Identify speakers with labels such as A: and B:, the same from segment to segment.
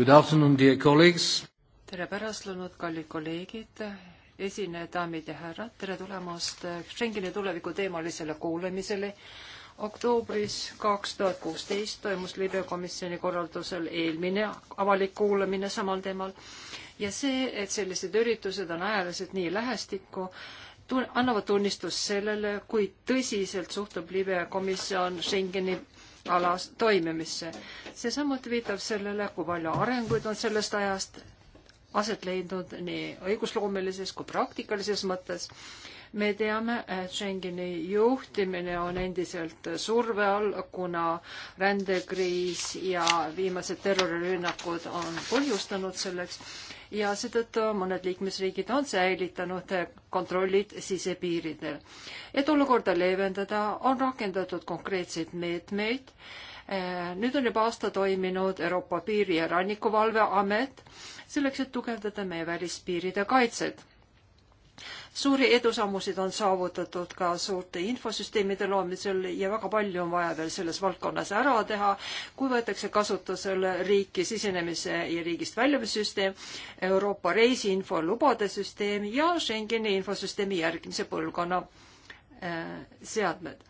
A: Good afternoon, dear colleagues.
B: tere pärastlõunat, kallid kolleegid, esinejad, daamid ja härrad, tere tulemast Schengeni tuleviku teemalisele kuulamisele. oktoobris kaks tuhat kuusteist toimus Liibüa komisjoni korraldusel eelmine avalik kuulamine samal teemal ja see, et sellised üritused on ajaliselt nii lähestikku, annavad tunnistust sellele, kui tõsiselt suhtub Liibüa komisjon Schengeni alas toimimisse. see samuti viitab sellele, kui palju arenguid on sellest ajast aset leidnud nii õigusloomelises kui praktikalises mõttes. me teame, et Schengeni juhtimine on endiselt surve all, kuna rändekriis ja viimased terrorirünnakud on põhjustanud selleks ja seetõttu mõned liikmesriigid on säilitanud kontrollid sisepiiridel. et olukorda leevendada, on rakendatud konkreetseid meetmeid. Eh, nüüd on juba aasta toiminud Euroopa Piiri- ja Rannikuvalveamet selleks, et tugevdada meie välispiiride kaitset suuri edusammusid on saavutatud ka suurte infosüsteemide loomisel ja väga palju on vaja veel selles valdkonnas ära teha, kui võetakse kasutusele riiki sisenemise ja riigist väljumise süsteem, Euroopa reisiinfo lubade süsteem ja Schengeni infosüsteemi järgmise põlvkonna äh, seadmed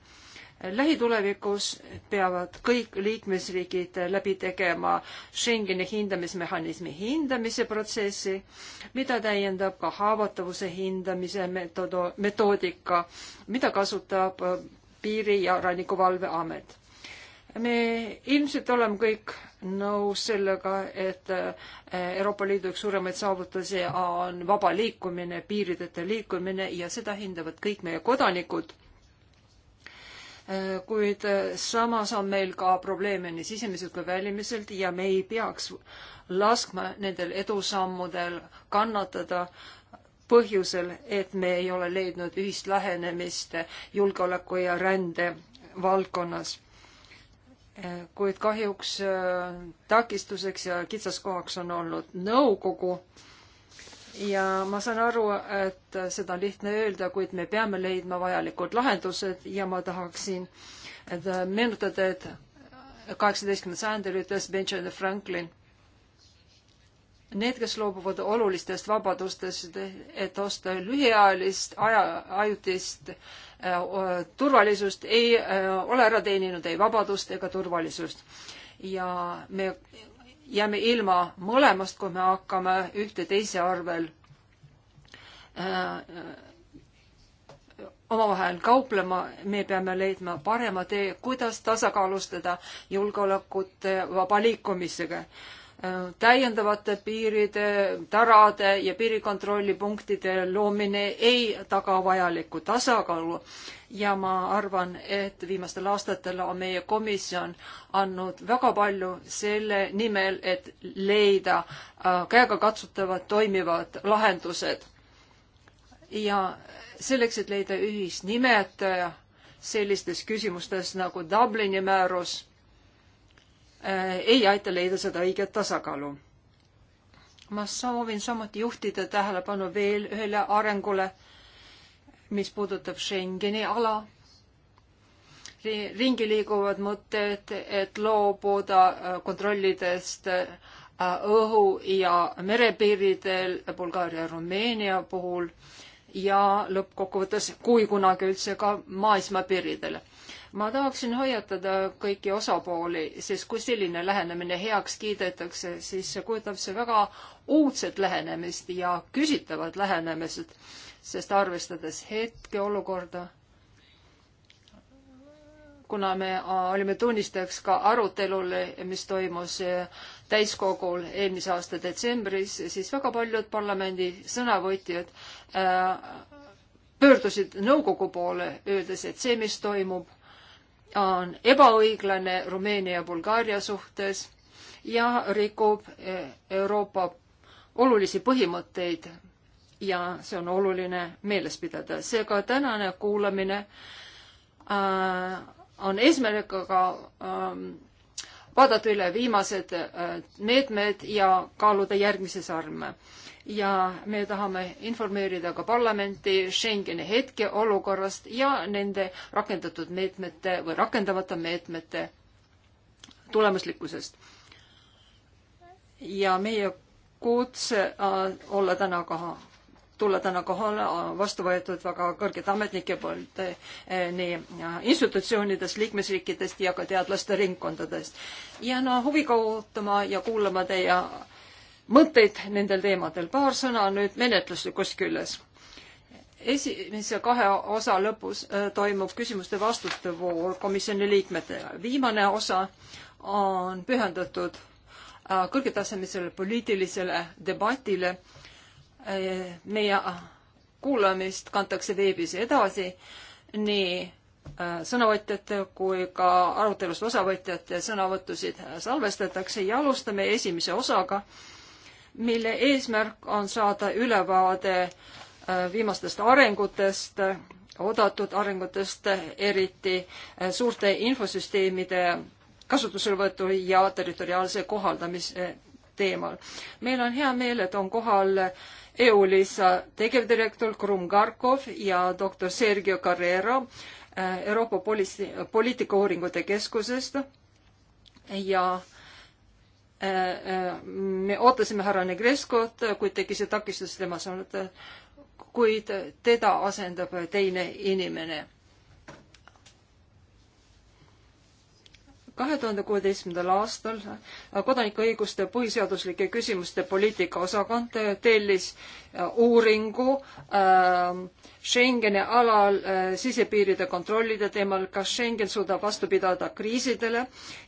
B: lähitulevikus peavad kõik liikmesriigid läbi tegema Schengeni hindamismehhanismi hindamise protsessi, mida täiendab ka haavatavuse hindamise metodo-, metoodika, mida kasutab Piiri- ja Rannikuvalveamet. me ilmselt oleme kõik nõus sellega, et eh, Euroopa Liidu üks suuremaid saavutusi on vaba liikumine, piirideta liikumine ja seda hindavad kõik meie kodanikud kuid samas on meil ka probleeme nii sisemiselt kui välimiselt ja me ei peaks laskma nendel edusammudel kannatada põhjusel, et me ei ole leidnud ühist lähenemist julgeoleku ja rände valdkonnas. kuid kahjuks takistuseks ja kitsaskohaks on olnud nõukogu no ja ma saan aru, et seda on lihtne öelda, kuid me peame leidma vajalikud lahendused ja ma tahaksin meenutada, et kaheksateistkümnendal sajandil ütles Benjamin Franklin need, kes loobuvad olulistest vabadustest, et osta lühiajalist aja, ajutist äh, turvalisust, ei äh, ole ära teeninud ei vabadust ega turvalisust. ja me jääme ilma mõlemast, kui me hakkame ühte teise arvel äh, omavahel kauplema, me peame leidma parema tee, kuidas tasakaalustada julgeolekut vaba liikumisega täiendavate piiride, tarade ja piirikontrollipunktide loomine ei taga vajalikku tasakaalu ja ma arvan, et viimastel aastatel on meie komisjon andnud väga palju selle nimel, et leida äh, käegakatsutavad toimivad lahendused. ja selleks, et leida ühisnimetaja äh, sellistes küsimustes nagu Dublini määrus Äh, ei aita leida seda õiget tasakaalu. ma soovin samuti juhtida tähelepanu veel ühele arengule, mis puudutab Schengeni ala. ringi liiguvad mõtted, et loobuda äh, kontrollidest äh, õhu- ja merepiiridel Bulgaaria ja Rumeenia puhul ja lõppkokkuvõttes, kui kunagi üldse ka maismaapiiridele. ma tahaksin hoiatada kõiki osapooli, sest kui selline lähenemine heaks kiidetakse, siis kujutab see väga uudset lähenemist ja küsitavat lähenemist, sest arvestades hetkeolukorda kuna me olime tunnistajaks ka arutelule, mis toimus e, täiskogul eelmise aasta detsembris, siis väga paljud parlamendi sõnavõtjad e, pöördusid nõukogu poole, öeldes, et see, mis toimub, on ebaõiglane Rumeenia ja Bulgaaria suhtes ja rikub e, Euroopa olulisi põhimõtteid ja see on oluline meeles pidada. seega tänane kuulamine äh, on eesmärk aga ähm, vaadata üle viimased äh, meetmed ja kaaluda järgmisi samme. ja me tahame informeerida ka parlamenti Schengeni hetkeolukorrast ja nende rakendatud meetmete või rakendamata meetmete tulemuslikkusest. ja meie kutse äh, olla täna ka tulla täna kohale, vastu võetud väga kõrgete ametnike poolt eh, nii institutsioonidest, liikmesriikidest ja ka teadlaste ringkondadest. jään no, huviga ootama ja kuulama teie mõtteid nendel teemadel. paar sõna nüüd menetluslikust küljes esimese kahe osa lõpus eh, toimub küsimuste-vastuste voor komisjoni liikmetele. viimane osa on pühendatud eh, kõrgetasemelisele poliitilisele debatile äh, Äh, meie kuulamist kantakse veebis edasi nii äh, sõnavõtjate kui ka arutelust osavõtjate sõnavõtusid salvestatakse ja alustame esimese osaga, mille eesmärk on saada ülevaade äh, viimastest arengutest, oodatud arengutest, eriti suurte infosüsteemide kasutuselevõtu ja territoriaalse kohaldamise teemal. meil on hea meel, et on kohal äh, EULISA tegevdirektor Krumm Karkov ja doktor Sergio Carrero eh, Euroopa Poliisi-, poliitikauuringute keskusest ja eh, eh, me ootasime härra Negreskot, kuid tekkis takistus tema saanud, kuid teda asendab teine inimene kahe tuhande kuueteistkümnendal aastal kodanikuõiguste põhiseaduslike küsimuste poliitika osakond tellis äh, uuringu äh, Schengeni alal äh, sisepiiride kontrollide teemal, kas Schengen suudab vastu pidada kriisidele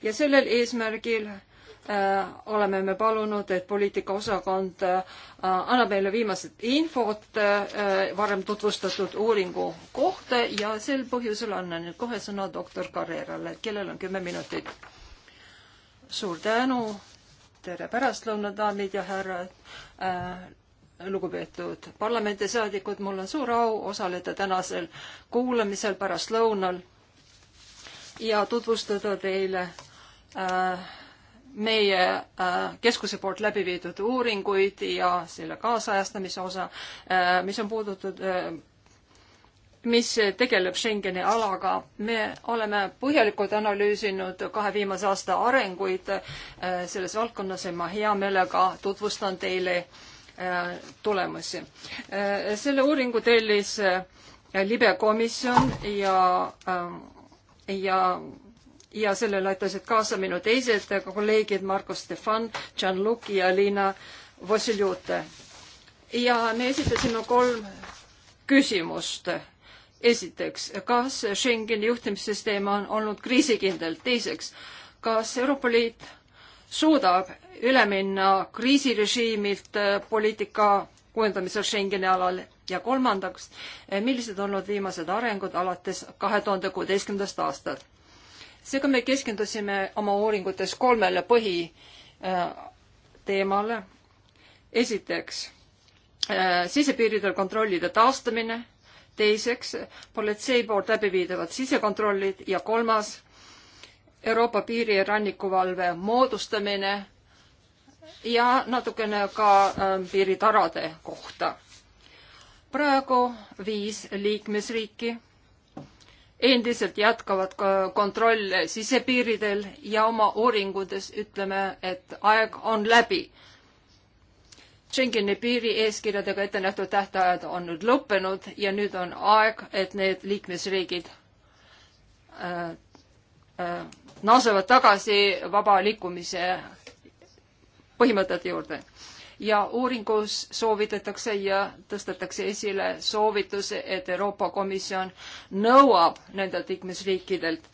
B: ja sellel eesmärgil äh, Äh, oleme me palunud, et poliitikaosakond äh, annab meile viimased infot äh, varem tutvustatud uuringu kohta ja sel põhjusel annan nüüd kohe sõna doktor Carrerale, kellel on kümme minutit. suur tänu, tere pärastlõunat, daamid ja härrad lugupeetud parlamendisaadikud, mul on suur au osaleda tänasel kuulamisel pärastlõunal ja tutvustada teile äh, meie äh, keskuse poolt läbi viidud uuringuid ja selle kaasajastamise osa, äh, mis on puudutud, äh, mis tegeleb Schengeni alaga. me oleme põhjalikult analüüsinud kahe viimase aasta arenguid selles valdkonnas ja ma hea meelega tutvustan teile tulemusi. selle uuringu tellis libekomisjon ja, ja ja sellele aitasid kaasa minu teised kolleegid Marko Stefan, Gianluki ja Liina Vossiljute. ja me esitasime kolm küsimust. esiteks, kas Schengeni juhtimissüsteem on olnud kriisikindel? teiseks, kas Euroopa Liit suudab üle minna kriisirežiimilt äh, poliitika kujundamisel Schengeni alal ja kolmandaks, millised on olnud viimased arengud alates kahe tuhande kuueteistkümnendast aastast? seega me keskendusime oma uuringutes kolmele põhiteemale. Äh, esiteks, äh, sisepiiridel kontrollide taastamine, teiseks, politsei poolt läbiviidavad sisekontrollid ja kolmas, Euroopa piiri ja rannikuvalve moodustamine ja natukene ka äh, piiritarade kohta. praegu viis liikmesriiki endiselt jätkavad ka kontrolle sisepiiridel ja oma uuringutes ütleme, et aeg on läbi. Schengeni piiri eeskirjadega ette nähtud tähtajad on nüüd lõppenud ja nüüd on aeg, et need liikmesriigid äh, äh, naasevad tagasi vaba liikumise põhimõtete juurde ja uuringus soovitatakse ja tõstetakse esile soovitus, et Euroopa Komisjon nõuab nendelt liikmesriikidelt,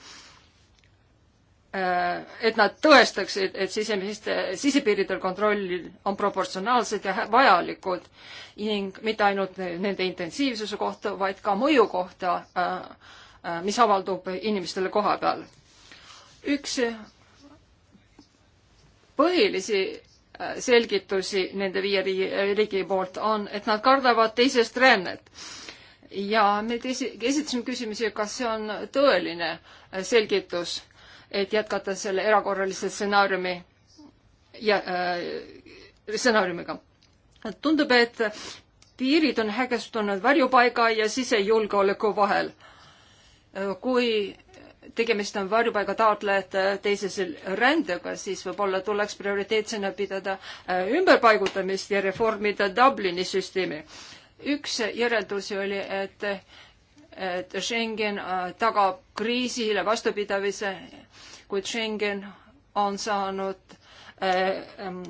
B: äh, et nad tõestaksid, et sisemiste, sisepiiridel kontroll on proportsionaalsed ja vajalikud ning mitte ainult nende intensiivsuse kohta, vaid ka mõju kohta, äh, äh, mis avaldub inimestele koha peal. üks põhilisi selgitusi nende viie riigi, riigi poolt on, et nad kardavad teisest rännet. ja me teisi, esitasime küsimusi, kas see on tõeline selgitus, et jätkata selle erakorralise stsenaariumi ja äh, stsenaariumiga. tundub, et piirid on hägestunud varjupaiga ja sisejulgeoleku vahel. kui tegemist on varjupaiga taotlejate teises rändega, siis võib-olla tuleks prioriteetsena pidada äh, ümberpaigutamist ja reformida Dublini süsteemi. üks järeldusi oli, et, et Schengen äh, tagab kriisile vastupidavuse, kuid Schengen on saanud äh, ähm,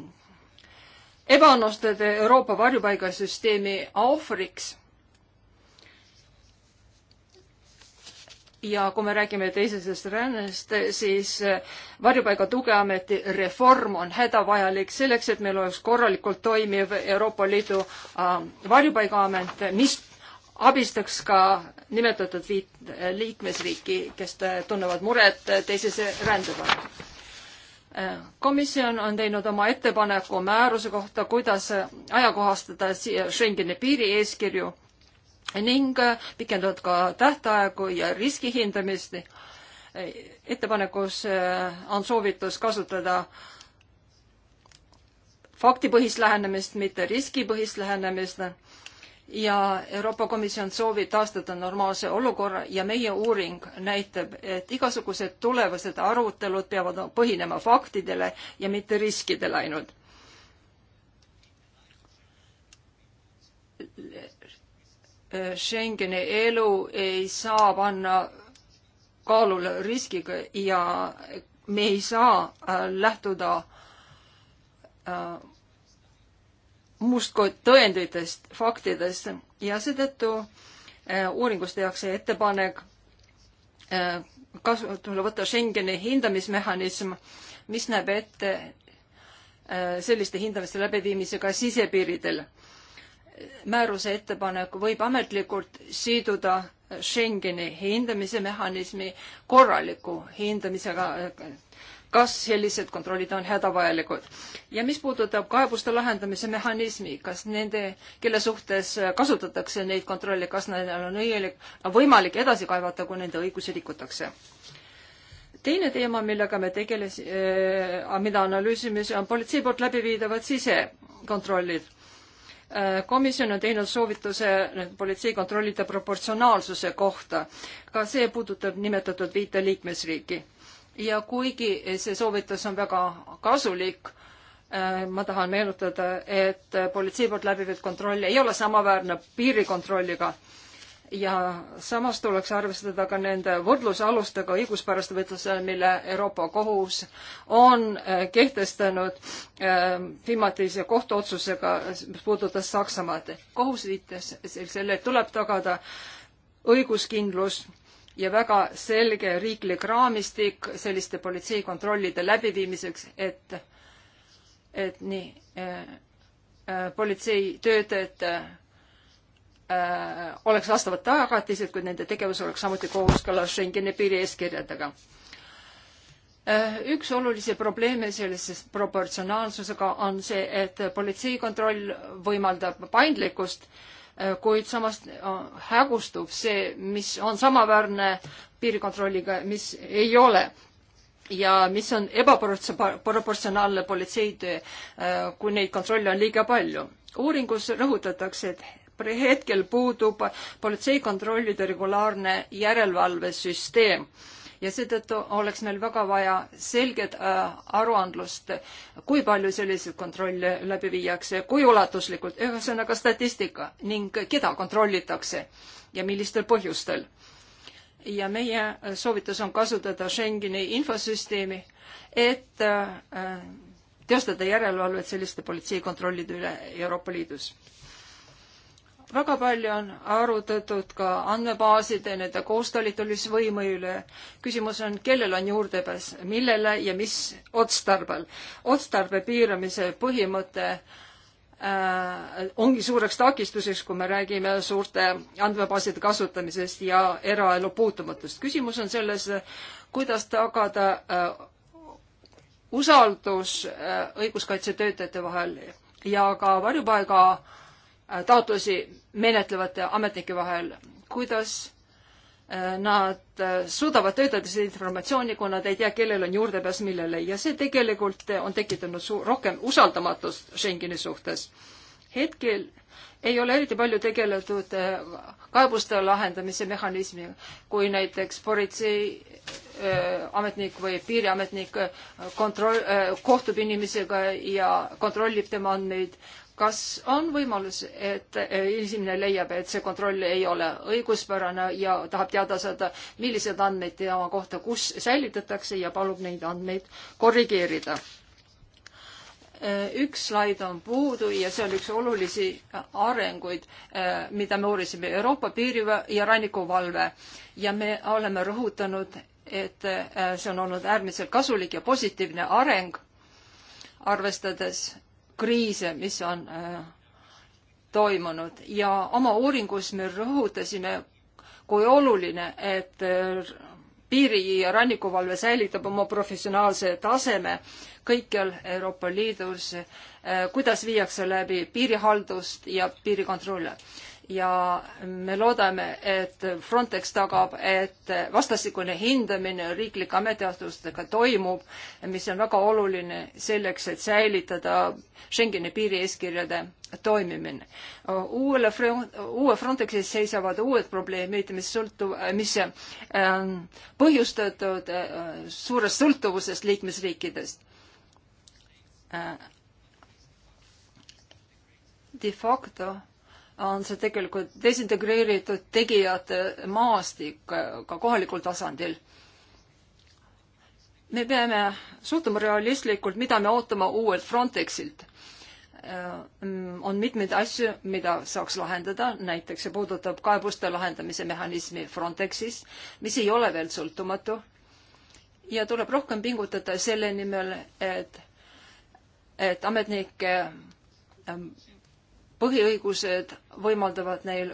B: ebaõnnestunud Euroopa varjupaigasüsteemi ohvriks ja kui me räägime teisest rändest, siis eh, varjupaiga tugiameti reform on hädavajalik selleks, et meil oleks korralikult toimiv Euroopa Liidu eh, varjupaigaamet, mis abistaks ka nimetatud viit liikmesriiki, kes eh, tunnevad muret teisese rände peale. komisjon on teinud oma ettepaneku määruse kohta, kuidas ajakohastada Schengeni piiri eeskirju ning äh, pikendavad ka tähtaegu ja riski hindamist. ettepanekus äh, on soovitus kasutada faktipõhist lähenemist, mitte riskipõhist lähenemist ja Euroopa Komisjon soovib taastada normaalse olukorra ja meie uuring näitab, et igasugused tulevased arutelud peavad põhinema faktidele ja mitte riskidele ainult. Schengeni elu ei saa panna kaalule riskiga ja me ei saa äh, lähtuda äh, mustkui tõenditest, faktidest ja seetõttu äh, uuringus tehakse ettepanek kasutusele võtta Schengeni hindamismehhanism, mis näeb ette selliste hindamiste läbiviimisega sisepiiridel määruse ettepanek võib ametlikult siduda Schengeni hindamise mehhanismi korraliku hindamisega, kas sellised kontrollid on hädavajalikud. ja mis puudutab kaebuste lahendamise mehhanismi, kas nende, kelle suhtes kasutatakse neid kontrolle, kas neil on õielik, võimalik edasi kaevata, kui nende õigusi rikutakse? teine teema, millega me tegeles- äh,, mida analüüsime, on politsei poolt läbiviidavad sisekontrollid Äh, komisjon on teinud soovituse politseikontrollide proportsionaalsuse kohta. ka see puudutab nimetatud viite liikmesriiki. ja kuigi see soovitus on väga kasulik, äh, ma tahan meenutada, et politsei poolt läbiviidud kontroll ei ole samaväärne piirikontrolliga ja samas tuleks arvestada ka nende võrdlusalustega õiguspäraste võtlusel, mille Euroopa Kohus on äh, kehtestanud äh, viimatise kohtuotsusega, mis puudutas Saksamaad. kohus viitas selle, et tuleb tagada õiguskindlus ja väga selge riiklik raamistik selliste politseikontrollide läbiviimiseks, et, et nii äh, äh politseitöötajate Äh, oleks vastavad tagatised, kui nende tegevus oleks samuti kooskõlas Schengeni piirieeskirjadega. Äh, üks olulisi probleeme sellises proportsionaalsusega on see, et politseikontroll võimaldab paindlikkust, äh, kuid samas hägustub see, mis on samaväärne piirikontrolliga, mis ei ole ja mis on ebaproportsionaalne politseitöö, kui neid kontrolle on liiga palju. uuringus rõhutatakse, et hetkel puudub politseikontrollide regulaarne järelevalvesüsteem ja seetõttu oleks meil väga vaja selget äh, aruandlust, kui palju selliseid kontrolle läbi viiakse, kui ulatuslikult, ühesõnaga statistika ning keda kontrollitakse ja millistel põhjustel. ja meie soovitus on kasutada Schengeni infosüsteemi, et äh, teostada järelevalvet selliste politseikontrollide üle Euroopa Liidus väga palju on arutatud ka andmebaaside, nende koostalitlusvõime üle. küsimus on, kellel on juurdepääs, millele ja mis otstarbel. otstarbe piiramise põhimõte äh, ongi suureks takistuseks, kui me räägime suurte andmebaaside kasutamisest ja eraelu puutumatust. küsimus on selles, kuidas tagada äh, usaldus äh, õiguskaitsetöötajate vahel ja ka varjupaiga äh, Äh, taotlusi menetlevate ametnike vahel, kuidas äh, nad äh, suudavad töötada seda informatsiooni, kui nad ei tea, kellel on juurdepääs millele ja see tegelikult on tekitanud suur, rohkem usaldamatust Schengeni suhtes. hetkel ei ole eriti palju tegeletud kaebuste lahendamise mehhanismiga, kui näiteks politseiametnik või piiriametnik kontroll, kohtub inimesega ja kontrollib tema andmeid kas on võimalus, et inimene leiab, et see kontroll ei ole õiguspärane ja tahab teada saada, millised andmeid tema kohta, kus säilitatakse ja palub neid andmeid korrigeerida? üks slaid on puudu ja see oli üks olulisi arenguid, mida me uurisime, Euroopa piirivalve ja rannikuvalve. ja me oleme rõhutanud, et see on olnud äärmiselt kasulik ja positiivne areng, arvestades kriise, mis on äh, toimunud ja oma uuringus me rõhutasime, kui oluline, et äh, piiri- ja rannikuvalve säilitab oma professionaalse taseme kõikjal Euroopa Liidus, äh, kuidas viiakse läbi piirihaldust ja piirikontrolle ja me loodame, et Frontex tagab, et vastastikune hindamine riiklike ametiasutustega toimub, mis on väga oluline selleks, et säilitada Schengeni piirieeskirjade toimimine. uuele, uue Frontexi seisavad uued probleemid, mis sõltu-, mis on ähm, põhjustatud äh, suurest sõltuvusest liikmesriikidest äh, de facto on see tegelikult desintegreeritud tegijate maastik ka kohalikul tasandil. me peame suhtuma realistlikult, mida me ootame uuelt Frontexilt. Äh, on mitmeid asju, mida saaks lahendada, näiteks see puudutab kaebuste lahendamise mehhanismi Frontexis, mis ei ole veel sõltumatu ja tuleb rohkem pingutada selle nimel, et, et ametnike ähm, põhiõigused võimaldavad neil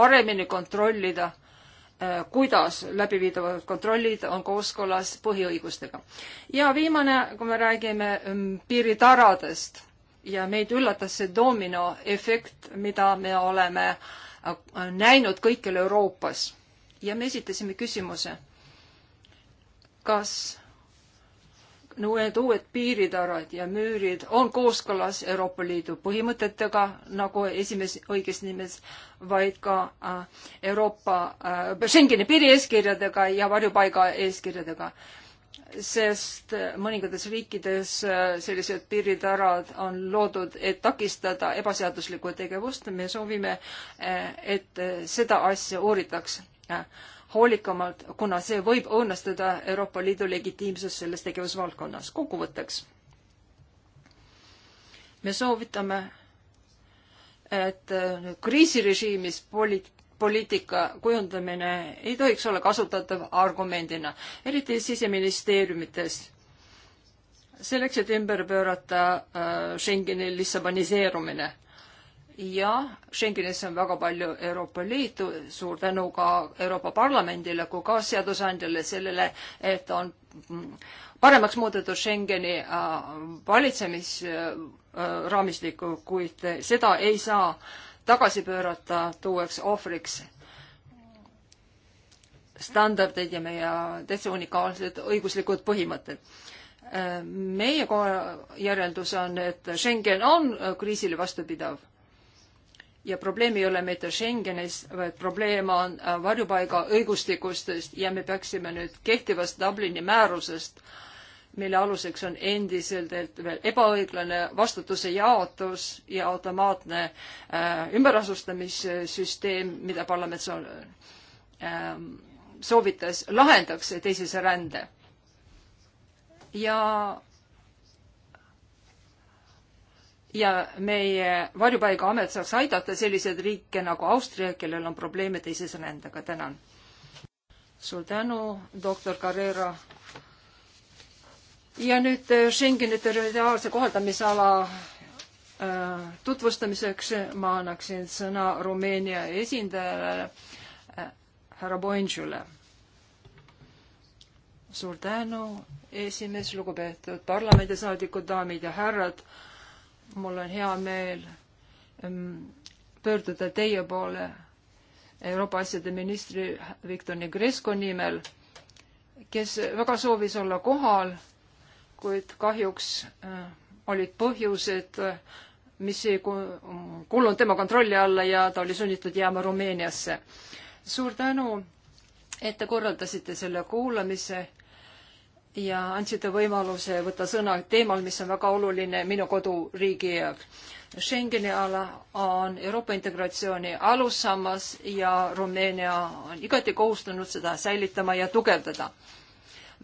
B: paremini kontrollida, äh, kuidas läbiviidavad kontrollid on kooskõlas põhiõigustega. ja viimane, kui me räägime mm, piiritaradest ja meid üllatas see dominoefekt, mida me oleme äh, näinud kõikjal Euroopas ja me esitasime küsimuse, kas need uued piiritarad ja müürid on kooskõlas Euroopa Liidu põhimõtetega, nagu esimees õiges nimes, vaid ka äh, Euroopa äh, Schengeni piirieeskirjadega ja varjupaiga eeskirjadega. sest äh, mõningates riikides äh, sellised piiritarad on loodud, et takistada ebaseaduslikku tegevust. me soovime, et seda asja uuritaks hoolikamalt, kuna see võib õõnestada Euroopa Liidu legitiimsust selles tegevusvaldkonnas. kokkuvõtteks me soovitame, et äh, kriisirežiimis poliit-, poliitika kujundamine ei tohiks olla kasutatav argumendina, eriti siseministeeriumites. selleks, et ümber pöörata äh, Schengeni lissaboniseerumine jah, Schengenis on väga palju Euroopa Liitu, suur tänu ka Euroopa Parlamendile kui kaasseadusandjale sellele, et on paremaks muudetud Schengeni äh, valitsemisraamistikku, kuid seda ei saa tagasi pöörata, tuues ohvriks standardeid ja meie täitsa unikaalsed õiguslikud põhimõtted äh, meie järeldus on, et Schengen on kriisile vastupidav ja probleem ei ole mitte Schengenis, vaid probleem on äh, varjupaiga õigustikustest ja me peaksime nüüd kehtivast Dublini määrusest, mille aluseks on endiselt veel ebaõiglane vastutuse jaotus ja automaatne äh, ümberasustamissüsteem, mida parlament so, äh, soovitas, lahendaks teisese rände. ja ja meie varjupaigaamet saaks aidata selliseid riike nagu Austria, kellel on probleeme teisese rändega. tänan. suur tänu, doktor Carrera. ja nüüd äh, Schengeni territoriaalse kohaldamisala äh, tutvustamiseks ma annaksin sõna Rumeenia esindajale äh, härra Boinžule. suur tänu, esimees, lugupeetud parlamendisaadikud, daamid ja härrad mul on hea meel ehm, pöörduda teie poole Euroopa asjade ministri Viktor Negresko nimel, kes väga soovis olla kohal, kuid kahjuks ehm, olid põhjused, mis ei kuulunud tema kontrolli alla ja ta oli sunnitud jääma Rumeeniasse. suur tänu, et te korraldasite selle kuulamise ja andsite võimaluse võtta sõna teemal, mis on väga oluline minu koduriigi jaoks. Schengeni ala on Euroopa integratsiooni alussammas ja Rumeenia on igati kohustunud seda säilitama ja tugevdada.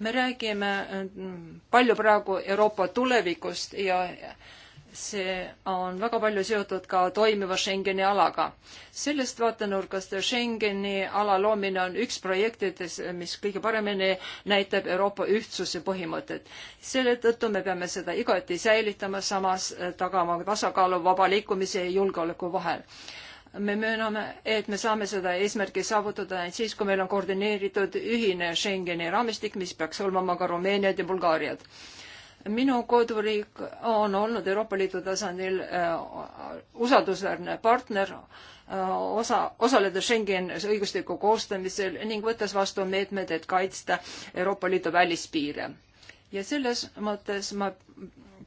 B: me räägime mm, palju praegu Euroopa tulevikust ja see on väga palju seotud ka toimiva Schengeni alaga. sellest vaatenurgast Schengeni ala loomine on üks projektidest, mis kõige paremini näitab Euroopa ühtsuse põhimõtet. selle tõttu me peame seda igati säilitama, samas tagama tasakaalu vaba liikumise ja julgeoleku vahel me mööname, et me saame seda eesmärki saavutada ainult siis, kui meil on koordineeritud ühine Schengeni raamistik, mis peaks hõlmama ka Rumeeniat ja Bulgaariat minu koduriik on olnud Euroopa Liidu tasandil äh, usaldusväärne partner, äh, osa, osaledes Schengenis õigustiku koostamisel ning võttes vastu meetmed, et kaitsta Euroopa Liidu välispiire. ja selles mõttes ma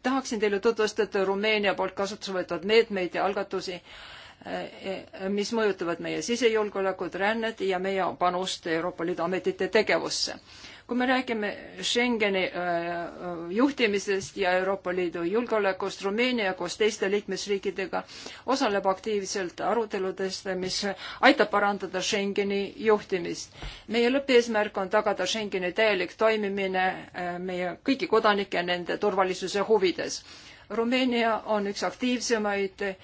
B: tahaksin teile tutvustada Rumeenia poolt kasutusele võetud meetmeid ja algatusi, äh, mis mõjutavad meie sisejulgeolekut, rännet ja meie panust Euroopa Liidu ametite tegevusse kui me räägime Schengeni äh, äh, juhtimisest ja Euroopa Liidu julgeolekust, Rumeenia koos teiste liikmesriikidega osaleb aktiivselt aruteludest, mis aitab parandada Schengeni juhtimist. meie lõppeesmärk on tagada Schengeni täielik toimimine äh, meie kõigi kodanike ja nende turvalisuse huvides. Rumeenia on üks aktiivsemaid äh,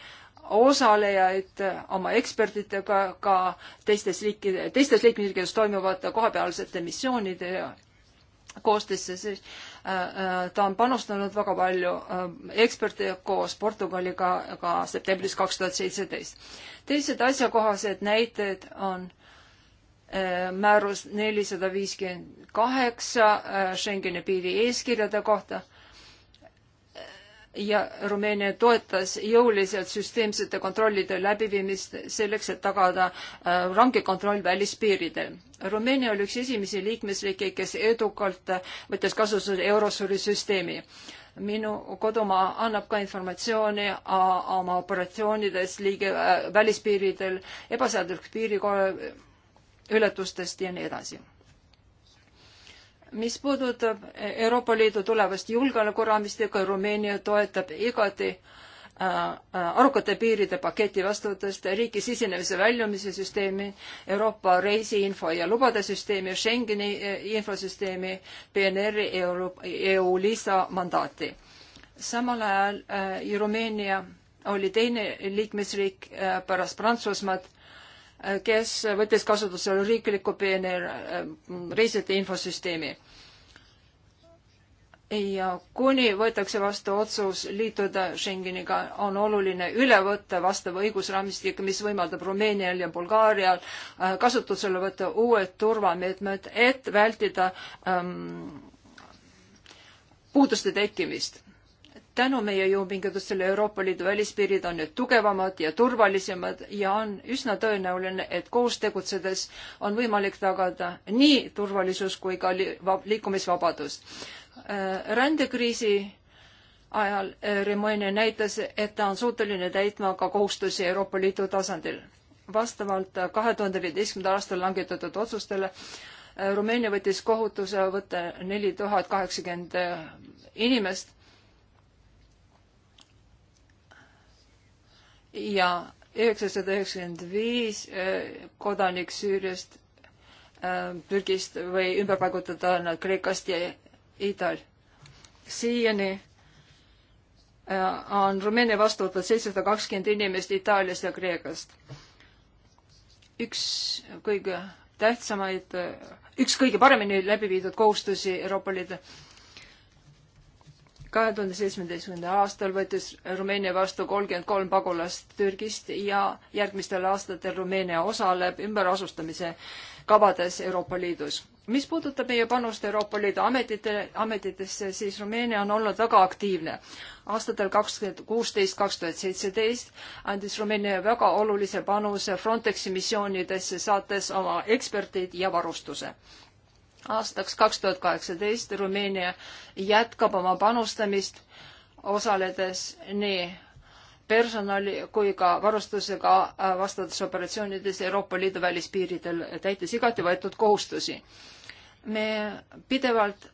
B: osalejaid oma ekspertidega ka teistes riikide, teistes liikmesriikides toimuvate kohapealsete missioonide koostöösse, siis äh, äh, ta on panustanud väga palju äh, eksperte koos Portugaliga ka septembris kaks tuhat seitseteist. teised asjakohased näited on määrus nelisada viiskümmend kaheksa Schengeni piiri eeskirjade kohta ja Rumeenia toetas jõuliselt süsteemsete kontrollide läbiviimist selleks, et tagada äh, range kontroll välispiiridel. Rumeenia oli üks esimesi liikmesriike, kes edukalt äh, võttis kasutusele Eurosuri süsteemi. minu kodumaa annab ka informatsiooni oma operatsioonides liige äh, välispiiridel, ebaseaduslik piiriületustest ja nii edasi mis puudutab Euroopa Liidu tulevast julgeolekuraamistikku, Rumeenia toetab igati äh, äh, arukate piiride paketi vastuvõtust, riiki sisenemise väljumise süsteemi, Euroopa reisiinfo ja lubade süsteemi, Schengeni äh, infosüsteemi, PNR-i, EU, EU lisa mandaati. samal ajal Rumeenia oli teine liikmesriik pärast Prantsusmaad kes võttis kasutusele riikliku PNR äh, reisijate infosüsteemi. ja kuni võetakse vastu otsus liituda Schengeniga, on oluline üle võtta vastav õigusraamistik, mis võimaldab Rumeenial ja Bulgaarial äh, kasutusele võtta uued turvameetmed, et vältida ähm, puuduste tekkimist tänu meie jõupingutustele Euroopa Liidu välispiirid on nüüd tugevamad ja turvalisemad ja on üsna tõenäoline, et koos tegutsedes on võimalik tagada nii turvalisus kui ka li liikumisvabadus. Äh, rändekriisi ajal äh, Remoine näitas, et ta on suuteline täitma ka kohustusi Euroopa Liidu tasandil. vastavalt äh, kahe tuhande viieteistkümnendal aastal langetatud otsustele Rumeenia võttis kohutuse võtta neli tuhat kaheksakümmend inimest ja üheksasada üheksakümmend viis eh, kodanik Süüriast, eh, Türgist või ümber paigutada nad Kreekast ja Itaal. siiani eh, on Rumeenia vastu võtnud seitsesada kakskümmend inimest Itaaliast ja Kreekast. üks kõige tähtsamaid, üks kõige paremini läbi viidud kohustusi Euroopa Liidu kahe tuhande seitsmeteistkümnendal aastal võttis Rumeenia vastu kolmkümmend kolm pagulast Türgist ja järgmistel aastatel Rumeenia osaleb ümberasustamise kavades Euroopa Liidus. mis puudutab meie panust Euroopa Liidu ametitele, ametitesse, siis Rumeenia on olnud väga aktiivne. aastatel kaks tuhat kuusteist, kaks tuhat seitseteist andis Rumeenia väga olulise panuse Frontexi missioonidesse, saates oma eksperdid ja varustuse aastaks kaks tuhat kaheksateist Rumeenia jätkab oma panustamist, osaledes nii personali kui ka varustusega äh, vastavates operatsioonides Euroopa Liidu välispiiridel, täites igati võetud kohustusi. me pidevalt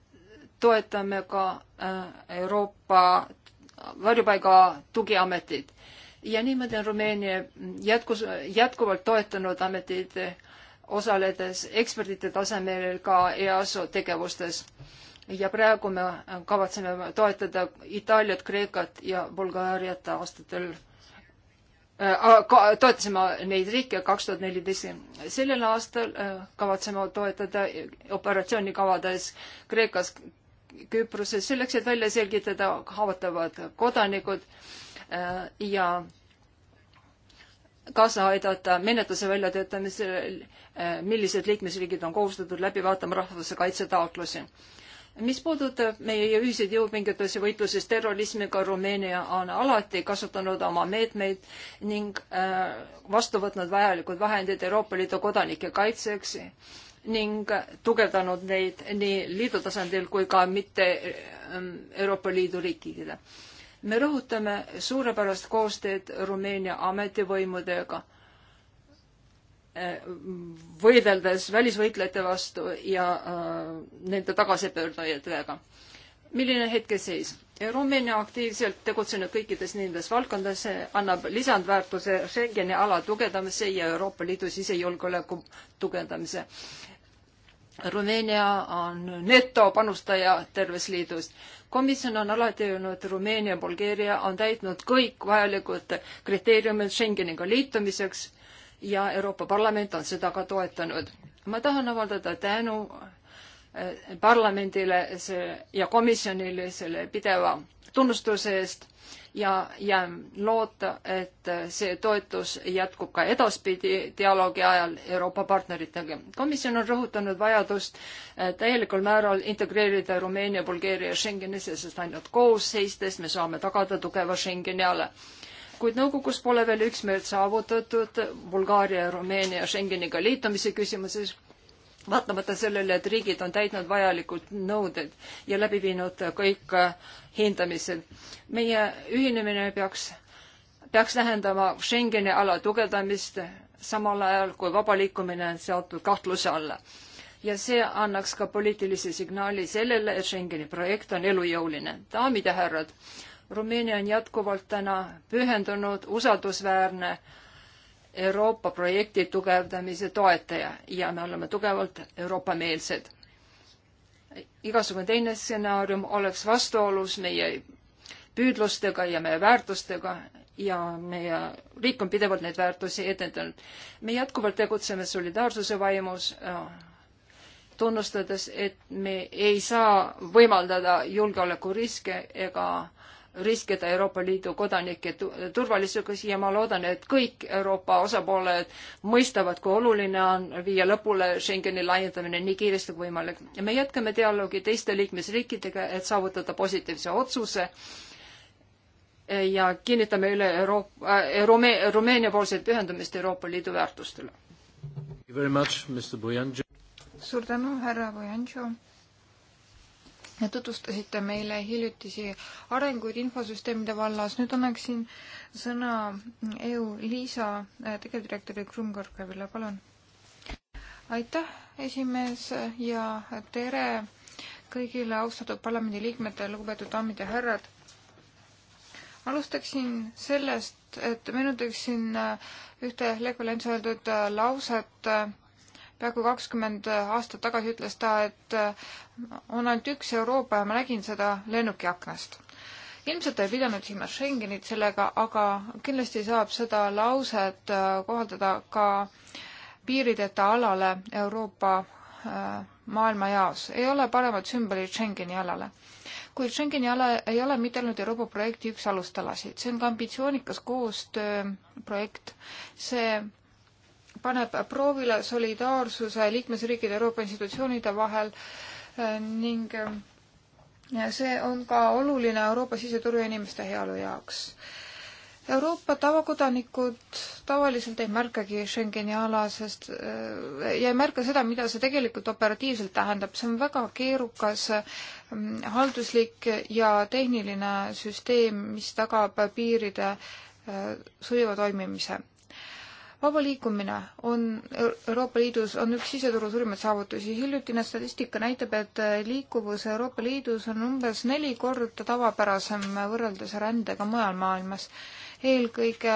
B: toetame ka äh, Euroopa varjupaiga tugiametit ja niimoodi on Rumeenia jätkus, jätkuvalt toetanud ametid osaledes ekspertide tasemel ka EASO tegevustes. ja praegu me kavatseme toetada Itaaliat, Kreekat ja Bulgaariat aastatel äh, toetasime neid riike kaks tuhat neliteist. sellel aastal äh, kavatseme toetada operatsioonikavades Kreekas, Küproses selleks, et välja selgitada haavatavad kodanikud äh, ja äh, kaasa aidata menetluse väljatöötamisel, äh, millised liikmesriigid on kohustatud läbi vaatama rahvuse kaitsetaotlusi. mis puudutab meie ühiseid jõupingutusi võitluses terrorismiga, Rumeenia on alati kasutanud oma meetmeid ning äh, vastu võtnud vajalikud vahendid Euroopa Liidu kodanike kaitseks ning tugevdanud neid nii liidu tasandil kui ka mitte äh, Euroopa Liidu riikidele me rõhutame suurepärast koostööd Rumeenia ametivõimudega, eh, võideldes välisvõitlejate vastu ja äh, nende tagasipöördujatega. milline hetkeseis? Rumeenia aktiivselt tegutsenud kõikides nendes valdkondades annab lisandväärtuse Schengeni ala tugevdamise ja Euroopa Liidu sisejulgeoleku tugevdamise. Rumeenia on netopanustaja terves liidus äh, komisjon on alati öelnud, Rumeenia ja Bulgaaria on täitnud kõik vajalikud kriteeriumid Schengeniga liitumiseks ja Euroopa Parlament on seda ka toetanud. ma tahan avaldada tänu eh, parlamendile see, ja komisjonile selle pideva tunnustuse eest ja jään loota, et see toetus jätkub ka edaspidi dialoogi ajal Euroopa partneritega. komisjon on rõhutanud vajadust eh, täielikul määral integreerida Rumeenia, Bulgaaria Schengenisse, sest ainult koos seistes me saame tagada tugeva Schengeni ala kuid nõukogus pole veel üksmeelt saavutatud Bulgaaria ja Rumeenia Schengeniga liitumise küsimuses vaatamata sellele, et riigid on täitnud vajalikud nõuded ja läbi viinud kõik hindamised. meie ühinemine peaks, peaks tähendama Schengeni ala tugevdamist, samal ajal kui vaba liikumine on seatud kahtluse alla. ja see annaks ka poliitilise signaali sellele, et Schengeni projekt on elujõuline. daamid ja härrad, Rumeenia on jätkuvalt täna pühendunud, usaldusväärne äh, Euroopa projekti tugevdamise toetaja ja me oleme tugevalt Euroopa-meelsed. igasugune teine stsenaarium oleks vastuolus meie püüdlustega ja meie väärtustega ja meie riik on pidevalt neid väärtusi edendanud. me jätkuvalt tegutseme solidaarsuse vaimus, äh, tunnustades, et me ei saa võimaldada julgeolekuriske ega riskida Euroopa Liidu kodanike turvalisusega ja ma loodan, et kõik Euroopa osapooled mõistavad, kui oluline on viia lõpule Schengeni laiendamine nii kiiresti kui võimalik. ja me jätkame dialoogi teiste liikmesriikidega, et saavutada positiivse otsuse ja kinnitame üle Euroopa äh,, Rume-, Rumeenia poolset pühendumist Euroopa Liidu väärtustele.
A: suur tänu, härra Bojanjo ja tutvustasite meile hiljutisi arenguid infosüsteemide vallas. nüüd annaksin sõna EU-LISA äh, tegevdirektori Krumm Kõrgevile, palun. aitäh, esimees ja tere kõigile austatud parlamendiliikmetele, lugupeetud daamid ja härrad. alustaksin sellest, et meenutaksin ühte Lego Lensa öeldud lauset peaaegu kakskümmend aastat tagasi ütles ta, et on ainult üks Euroopa ja ma nägin seda lennuki aknast. ilmselt ta ei pidanud silmas Schengenit sellega, aga kindlasti saab seda lauset äh, kohaldada ka piirideta alale Euroopa äh, maailmajaos. ei ole paremat sümbolit Schengeni alale kuid Schengeni ala ei ole mitte ainult Euroopa projekti üks alustalasid, see on ka ambitsioonikas koostööprojekt. see paneb proovile solidaarsuse liikmesriikide Euroopa institutsioonide vahel eh, ning eh, see on ka oluline Euroopa siseturu ja inimeste heaolu jaoks. Euroopa tavakodanikud tavaliselt ei märkagi Schengeni ala, sest eh, ja ei märka seda, mida see tegelikult operatiivselt tähendab. see on väga keerukas mm, halduslik ja tehniline süsteem, mis tagab piiride sujuva toimimise vaba liikumine on Euroopa Liidus, on üks siseturu suurimaid saavutusi. hiljutine statistika näitab, et liikuvus Euroopa Liidus on umbes neli korda tavapärasem võrreldes rändega mujal maailmas. eelkõige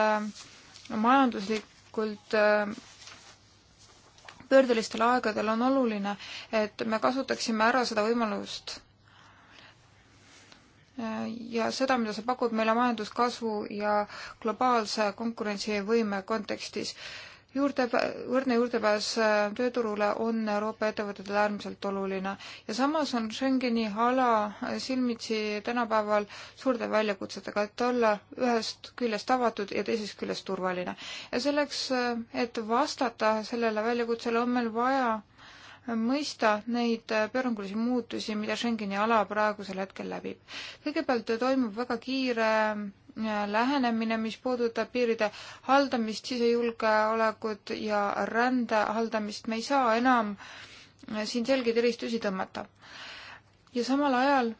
A: majanduslikult äh, pöördelistel aegadel on oluline, et me kasutaksime ära seda võimalust ja seda, mida see pakub meile majanduskasvu ja globaalse konkurentsivõime kontekstis. juurde, võrdne juurdepääs äh, tööturule on Euroopa ettevõtetele äärmiselt oluline ja samas on Schengeni ala äh, silmitsi tänapäeval suurte väljakutsetega, et olla ühest küljest avatud ja teisest küljest turvaline. ja selleks, äh, et vastata sellele väljakutsele, on meil vaja mõista neid pöörangulisi muutusi, mida Schengeni ala praegusel hetkel läbib. kõigepealt toimub väga kiire äh, lähenemine, mis puudutab piiride haldamist, sisejulgeolekut ja rände haldamist, me ei saa enam äh, siin selgeid eristusi tõmmata. ja samal ajal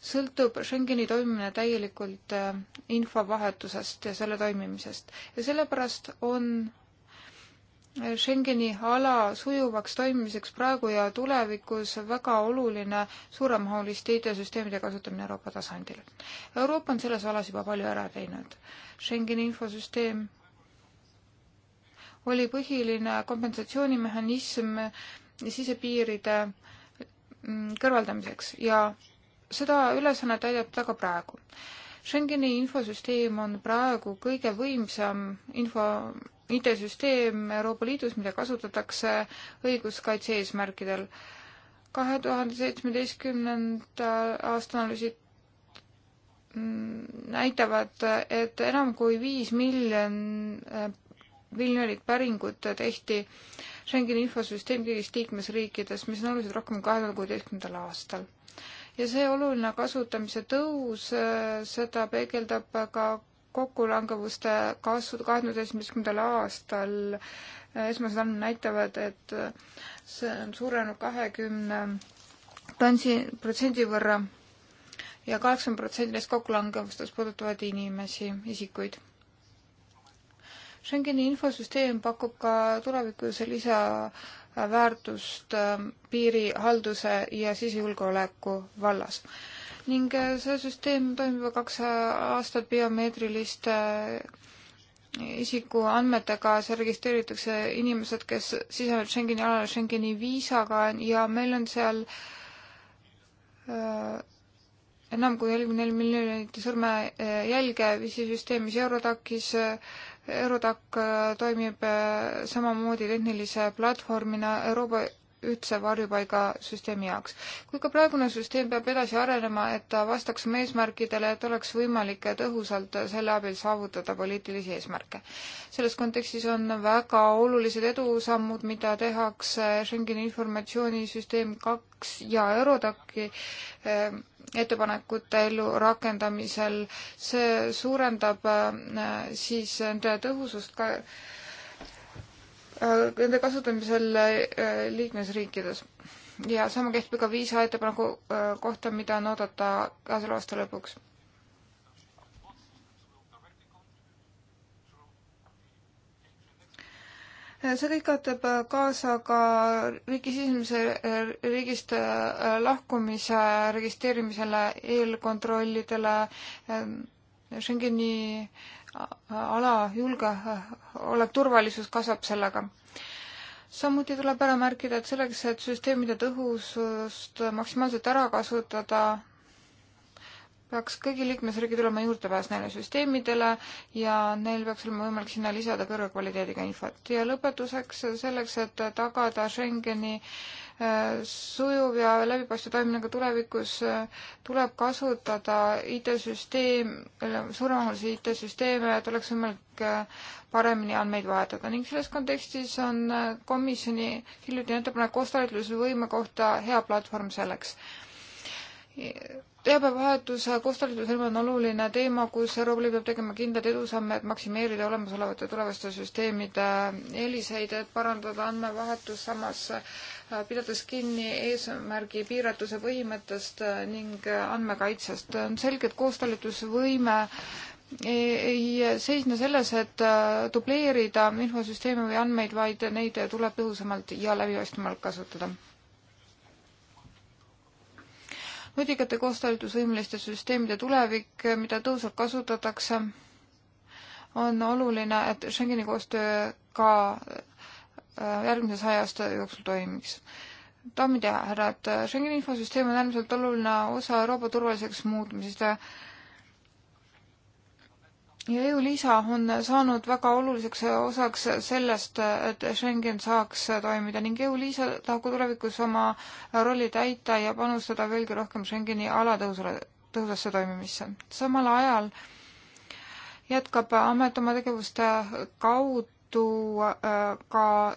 A: sõltub Schengeni toimimine täielikult äh, infovahetusest ja selle toimimisest ja sellepärast on Schengeni ala sujuvaks toimimiseks praegu ja tulevikus väga oluline suuremahuliste IT-süsteemide kasutamine Euroopa tasandil. Euroopa on selles alas juba palju ära teinud. Schengeni infosüsteem oli põhiline kompensatsioonimehhanism sisepiiride mm, kõrvaldamiseks ja seda ülesannet täidab ta ka praegu. Schengeni infosüsteem on praegu kõige võimsam info IT-süsteem Euroopa Liidus, mida kasutatakse õiguskaitse eesmärkidel. kahe tuhande seitsmeteistkümnenda aasta analüüsid mm, näitavad, et enam kui viis miljon, eh, miljonit päringut tehti Schengeni infosüsteem kõigis liikmesriikides, mis on oluliselt rohkem kui kahe tuhande kuueteistkümnendal aastal ja see oluline kasutamise tõus, äh, seda peegeldab ka kokkulangevuste kasvu kahe tuhande esimesendal aastal. Äh, esmased andmed näitavad, et äh, see on suurenenud kahekümne tantsi protsendi võrra ja kaheksakümmend protsenti neist kokkulangevustest puudutavad inimesi, isikuid Schengeni infosüsteem pakub ka tulevikus lisa väärtust ähm, piirihalduse ja sisejulgeoleku vallas. ning äh, see süsteem toimib juba kaks äh, aastat biomeetriliste äh, isikuandmetega, seal registreeritakse inimesed, kes sisenevad Schengeni alale Schengeni viisaga ja meil on seal öö, enam kui nelikümmend neli miljonit sõrmejälge visi süsteemis Eurodacis öö, Eurodac äh, toimib äh, samamoodi tehnilise platvormina Euroopa ühtse varjupaigasüsteemi jaoks. kui ka praegune süsteem peab edasi arenema, et ta vastaks oma eesmärkidele, et oleks võimalik tõhusalt selle abil saavutada poliitilisi eesmärke. selles kontekstis on väga olulised edusammud, mida tehakse Schengeni informatsioonisüsteem kaks ja Eurodaki ehm, ettepanekute ellu rakendamisel. see suurendab ehm, siis nende tõhusust ka nende kasutamisel äh, liikmesriikides. ja sama kehtib ka viisa ettepaneku äh, kohta, mida on oodata käesoleva aasta lõpuks. Äh, see kõik aitab kaasa ka riigi sisemise, riigist lahkumise registreerimisele, eelkontrollidele, Schengeni äh, ala julgeolek, turvalisus kasvab sellega. samuti tuleb ära märkida, et selleks, et süsteemide tõhusust maksimaalselt ära kasutada, peaks kõigil liikmesriigid olema juurdepääs neile süsteemidele ja neil peaks olema võimalik sinna lisada kõrge kvaliteediga infot. ja lõpetuseks selleks, et tagada Schengeni äh, sujuv ja läbipaistev toimimine ka tulevikus, tuleb kasutada IT-süsteem, suuremahulisi IT-süsteeme, et oleks võimalik äh, paremini andmeid vahetada ning selles kontekstis on äh, komisjoni hiljutine ettepanek koostalitlusvõime kohta hea platvorm selleks teabevahetuse koostööhaldusrühm on oluline teema, kus Euroopa Liit peab tegema kindlaid edusamme, et maksimeerida olemasolevate tulevaste süsteemide eeliseid, et parandada andmevahetust, samas äh, pidades kinni eesmärgi piiratuse põhimõttest äh, ning äh, andmekaitsest. on selge, et koostööhaldusvõime ei seisne selles, et dubleerida infosüsteeme või andmeid, vaid neid tuleb tõhusamalt ja läbipaistvamalt kasutada nutikate koostalitusvõimeliste süsteemide tulevik, mida tõhusalt kasutatakse, on oluline, et Schengeni koostöö ka äh, järgmise saja aasta jooksul toimiks. daamid ja härrad, Schengeni infosüsteem on äärmiselt oluline osa Euroopa turvaliseks muutmisest ja ja EU-lisa on saanud väga oluliseks osaks sellest, et Schengen saaks toimida ning EU-lisa tahab ka tulevikus oma rolli täita ja panustada veelgi rohkem Schengeni ala tõusule, tõhusasse toimimisse. samal ajal jätkab amet oma tegevuste kaudu äh, ka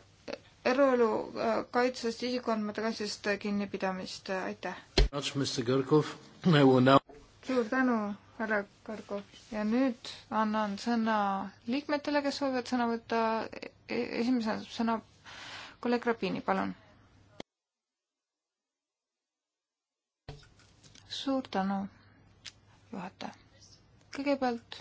A: eraelu äh, kaitsest, isikuandmete kaitsest kinnipidamist, aitäh! suur tänu! härra Kargo. ja nüüd annan sõna liikmetele, kes soovivad sõna võtta. E-, esimesena sõna kolleeg Rabini, palun. suur tänu, juhataja. kõigepealt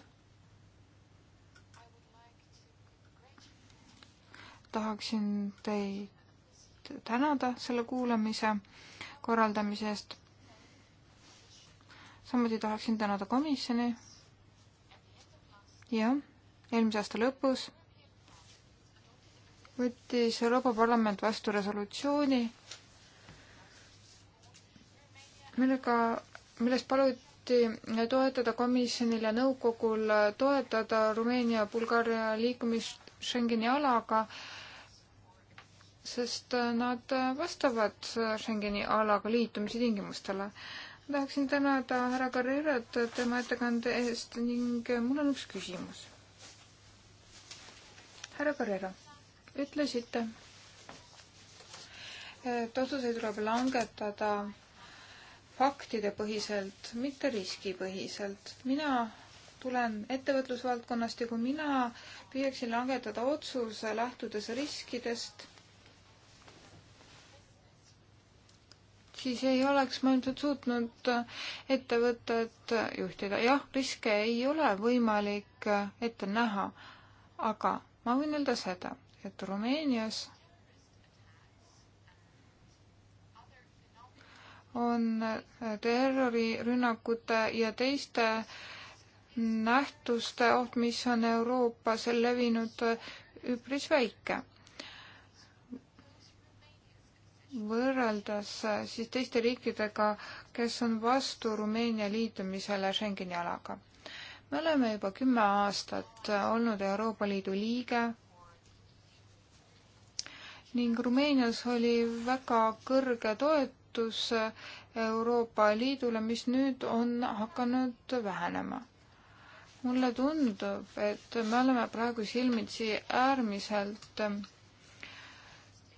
A: tahaksin teid tänada selle kuulamise korraldamise eest samuti tahaksin tänada komisjoni. jah, eelmise aasta lõpus võttis Euroopa Parlament vastu resolutsiooni, millega, milles paluti toetada komisjonil ja nõukogul toetada Rumeenia ja Bulgaaria liikumist Schengeni alaga, sest nad vastavad Schengeni alaga liitumise tingimustele tahaksin tänada härra Carrerot tema ettekande eest ning mul on üks küsimus. härra Carrero, ütlesite, et otsuseid tuleb langetada faktidepõhiselt, mitte riskipõhiselt. mina tulen ettevõtlusvaldkonnast ja kui mina püüaksin langetada otsuse lähtudes riskidest siis ei oleks ma ilmselt suutnud äh, ettevõtet äh, juhtida. jah, riske ei ole võimalik äh, ette näha, aga ma võin öelda seda, et Rumeenias on terrorirünnakute ja teiste nähtuste oht, mis on Euroopas levinud, üpris väike võrreldes äh, siis teiste riikidega, kes on vastu Rumeenia liitumisele Schengeni alaga. me oleme juba kümme aastat äh, olnud Euroopa Liidu liige ning Rumeenias oli väga kõrge toetus äh, Euroopa Liidule, mis nüüd on hakanud vähenema. mulle tundub, et me oleme praegu silmitsi äärmiselt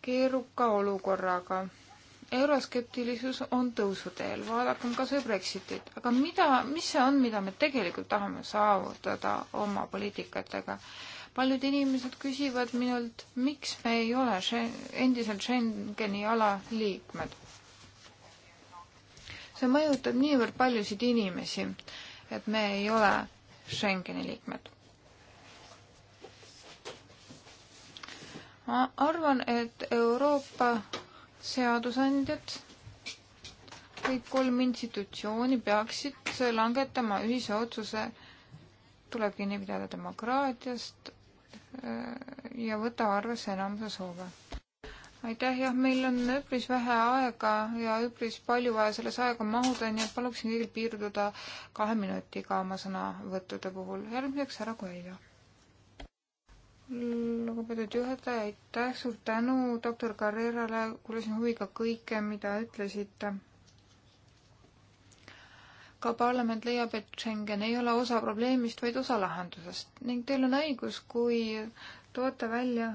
A: keeruka olukorraga. euroskeptilisus on tõusuteel, vaadakem kas või Brexitit, aga mida, mis see on, mida me tegelikult tahame saavutada oma poliitikatega? paljud inimesed küsivad minult, miks me ei ole endiselt Schengeni ala liikmed. see mõjutab niivõrd paljusid inimesi, et me ei ole Schengeni liikmed. ma arvan, et Euroopa seadusandjad, kõik kolm institutsiooni peaksid langetama ühise otsuse, tuleb kinni pidada demokraatiast äh, ja võtta arvesse enamuse soove. aitäh, jah, meil on üpris vähe aega ja üpris palju vaja selles aega mahuda, nii et paluksin kõigil piirduda kahe minutiga oma sõnavõttude puhul. järgmiseks härra Koelja lugupeetud juhataja, aitäh, suur tänu doktor Carrerale, kuulasin huviga kõike, mida ütlesite. ka parlament leiab, et Schengen ei ole osa probleemist, vaid osa lahendusest ning teil on õigus, kui toote välja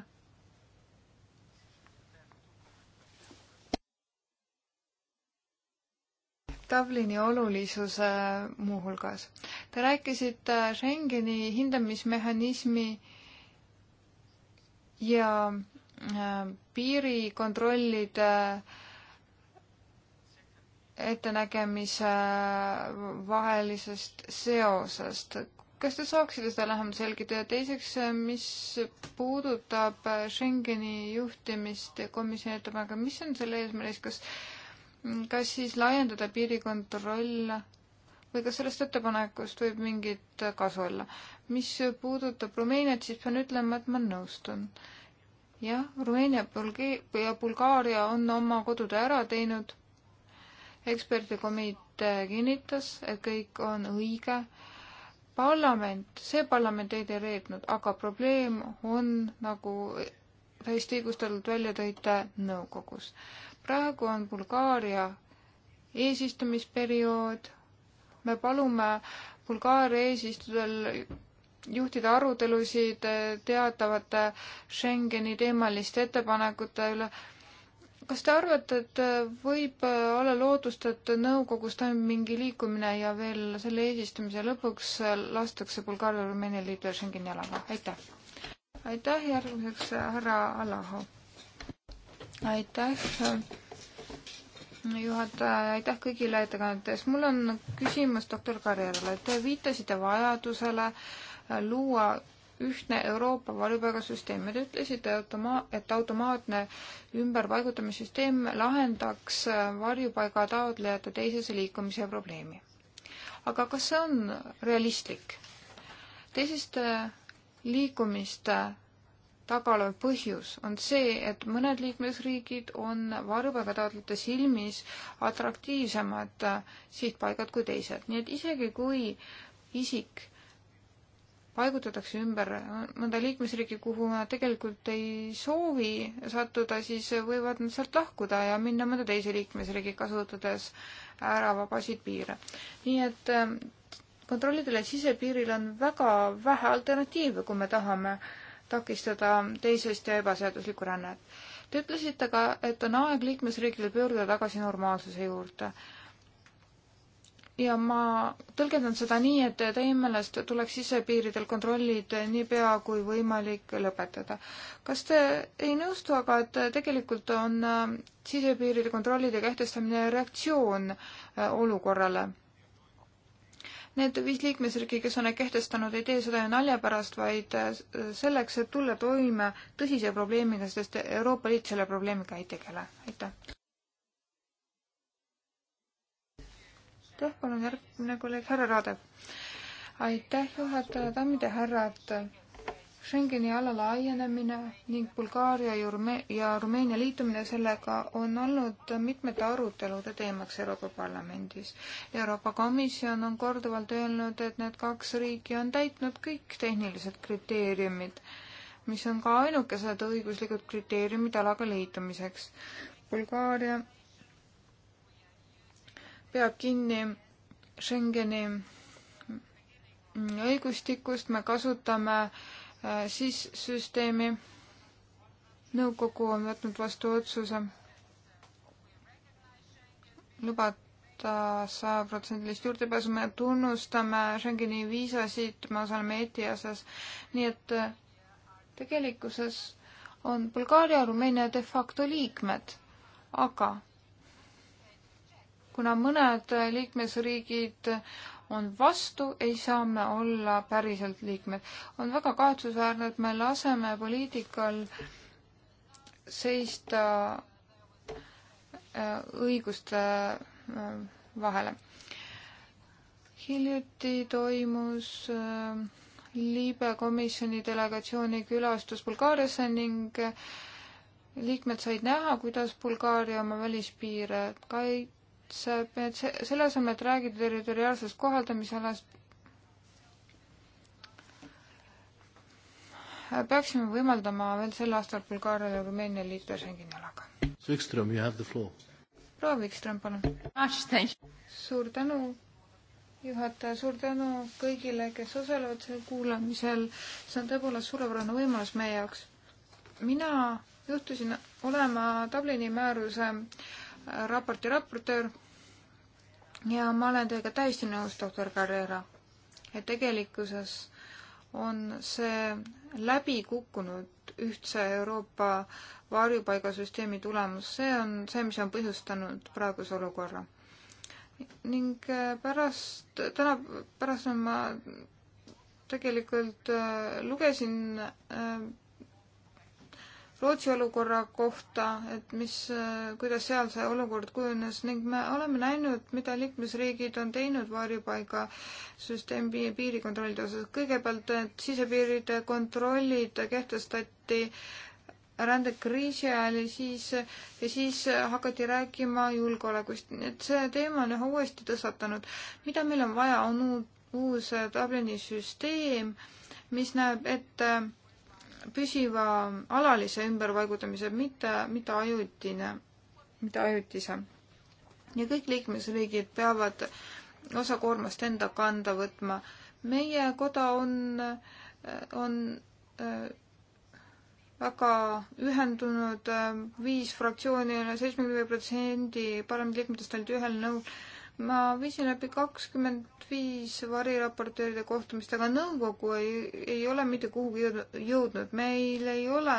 A: Dublini olulisuse muuhulgas. Te rääkisite Schengeni hindamismehhanismi ja äh, piirikontrollide ettenägemise vahelisest seosest. kas te saaksite seda lähemalt selgitada ja teiseks, mis puudutab Schengeni juhtimist komisjoni ettepanekuga, mis on selle eesmärgis, kas, kas siis laiendada piirikontroll või kas sellest ettepanekust võib mingit kasu olla. mis puudutab Rumeeniat, siis pean ütlema, et ma nõustun. jah, Rumeenia Bulge- ja Bulgaaria on oma kodude ära teinud. ekspertikomitee kinnitas, et kõik on õige. parlament, see parlament teid ei reetnud, aga probleem on, nagu täiesti õigustatult välja tõite, nõukogus. praegu on Bulgaaria eesistumisperiood me palume Bulgaaria eesistujal juhtida arutelusid teatavate Schengeni teemaliste ettepanekute üle. kas te arvate, et võib olla lootust, et nõukogus toimub mingi liikumine ja veel selle eesistumise lõpuks lastakse Bulgaaria Rumeenia liitu ja Schengeni jalaga? aitäh! aitäh, järgmiseks härra Alaho! aitäh! juhataja, aitäh kõigile ettekannete eest. mul on küsimus doktor Karjerale. Te viitasite vajadusele luua ühtne Euroopa varjupaigasüsteem ja te ütlesite, automa-, et automaatne ümberpaigutamissüsteem lahendaks varjupaiga taotlejate teisese liikumise probleemi. aga kas see on realistlik? teisest liikumiste tagalev põhjus on see, et mõned liikmesriigid on varjupaigataotlejate silmis atraktiivsemad sihtpaigad kui teised, nii et isegi kui isik paigutatakse ümber mõnda liikmesriiki, kuhu nad tegelikult ei soovi sattuda, siis võivad nad sealt lahkuda ja minna mõnda teise liikmesriigi, kasutades ära vabasid piire. nii et äh, kontrollidele sisepiiril on väga vähe alternatiive, kui me tahame äh, takistada teisest ja ebaseaduslikku rännet. Te ütlesite ka, et on aeg liikmesriigil pöörduda tagasi normaalsuse juurde. ja ma tõlgendan seda nii, et teie meelest tuleks sisepiiridel kontrollid niipea kui võimalik lõpetada. kas te ei nõustu aga, et tegelikult on sisepiiride kontrollide kehtestamine reaktsioon äh, olukorrale? Need viis liikmesriiki, kes on need kehtestanud, ei tee seda ju nalja pärast, vaid äh, selleks, et tulla toime tõsise probleemiga, sest Euroopa Liit selle probleemiga ei tegele. aitäh. aitäh, palun järgmine kolleeg, härra Raadev. aitäh, juhataja, daamid ja härrad Schengeni ala laienemine ning Bulgaaria ja, Rume ja Rumeenia liitumine sellega on olnud mitmete arutelude teemaks Euroopa Parlamendis. Euroopa Komisjon on korduvalt öelnud, et need kaks riiki on täitnud kõik tehnilised kriteeriumid, mis on ka ainukesed õiguslikud kriteeriumid alaga liitumiseks. Bulgaaria peab kinni Schengeni õigustikust, me kasutame äh, Äh, siis süsteemi. nõukogu on võtnud vastu otsuse lubada sajaprotsendilist juurdepääsu, me tunnustame Schengeni viisasid, me osaleme ETIAS-as, nii et äh, tegelikkuses on Bulgaaria ja Rumeenia de facto liikmed, aga kuna mõned liikmesriigid on vastu, ei saa me olla päriselt liikmed. on väga kahetsusväärne, et me laseme poliitikal seista äh, õiguste äh, vahele. hiljuti toimus äh, liibe komisjoni delegatsiooni külastus Bulgaariasse ning liikmed said näha, kuidas Bulgaaria oma välispiire kait-, kavatseb, et selle asemel, et räägida territoriaalsest kohaldamisalast, peaksime võimaldama veel sel aastal Bulgaariale ja Rumeeniale liituda Schengeni alaga.
C: Wikström, you have the floor.
A: proua Wikström, palun. suur tänu, juhataja, suur tänu kõigile, kes osalevad sellel kuulamisel. see on tõepoolest suurepärane võimalus meie jaoks. mina juhtusin olema Dublini määruse äh, raporti raportöör ja ma olen teiega täiesti nõus, doktor Carrera, et tegelikkuses on see läbi kukkunud ühtse Euroopa varjupaigasüsteemi tulemus, see on see, mis on põhjustanud praeguse olukorra. ning äh, pärast, täna pärast ma tegelikult äh, lugesin äh, Rootsi olukorra kohta, et mis, kuidas seal see olukord kujunes ning me oleme näinud, mida liikmesriigid on teinud varjupaigasüsteemi piirikontrollide osas. kõigepealt need sisepiiride kontrollid kehtestati rändekriisi ajal ja siis, ja siis hakati rääkima julgeolekust. et see teema on ühe uuesti tõstatanud. mida meil on vaja, on uus Dublini süsteem, mis näeb ette äh, püsiva alalise ümberpaigutamise, mitte, mitte ajutine, mitte ajutise. ja kõik liikmesriigid peavad osa koormast enda kanda võtma. meie koda on, on äh, väga ühendunud, äh, viis fraktsiooni üle seitsmekümne protsendi parlamendiliikmetest olid ühel nõul ma viisin läbi kakskümmend viis variraportööride kohtumist, aga nõukogu ei, ei ole mitte kuhugi jõudnud, meil ei ole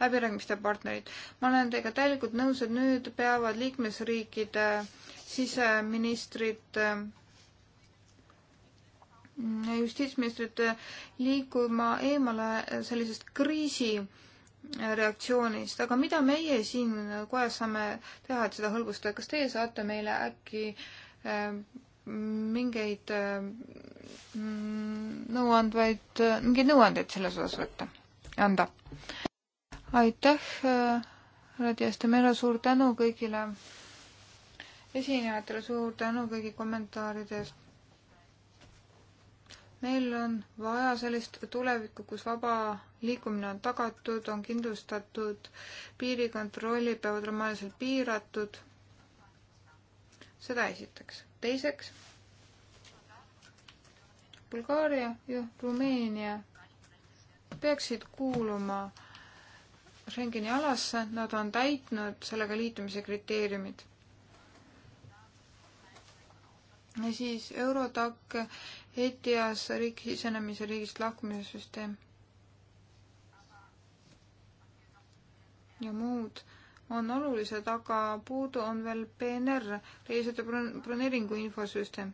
A: läbirääkimiste partnerit. ma olen teiega täielikult nõus, et nüüd peavad liikmesriikide siseministrid äh, justiitsministrid liikuma eemale sellisest kriisi äh, reaktsioonist, aga mida meie siin kojas saame teha, et seda hõlbustada, kas teie saate meile äkki äh, mingeid mm, nõuandvaid, mingeid nõuandeid selles osas võtta, anda. aitäh, Radia Estemera, suur tänu kõigile esinejatele, suur tänu kõigi kommentaaride eest. meil on vaja sellist tulevikku, kus vaba liikumine on tagatud, on kindlustatud, piirikontrollid peavad olema piiratud seda esiteks. teiseks, Bulgaaria ja Rumeenia peaksid kuuluma Schengeni alasse, nad on täitnud sellega liitumise kriteeriumid. ja siis Eurotac, ETIAS, riik sisenemise riigist lahkumise süsteem ja muud on olulised, aga puudu on veel PNR, reisijate broneeringu infosüsteem.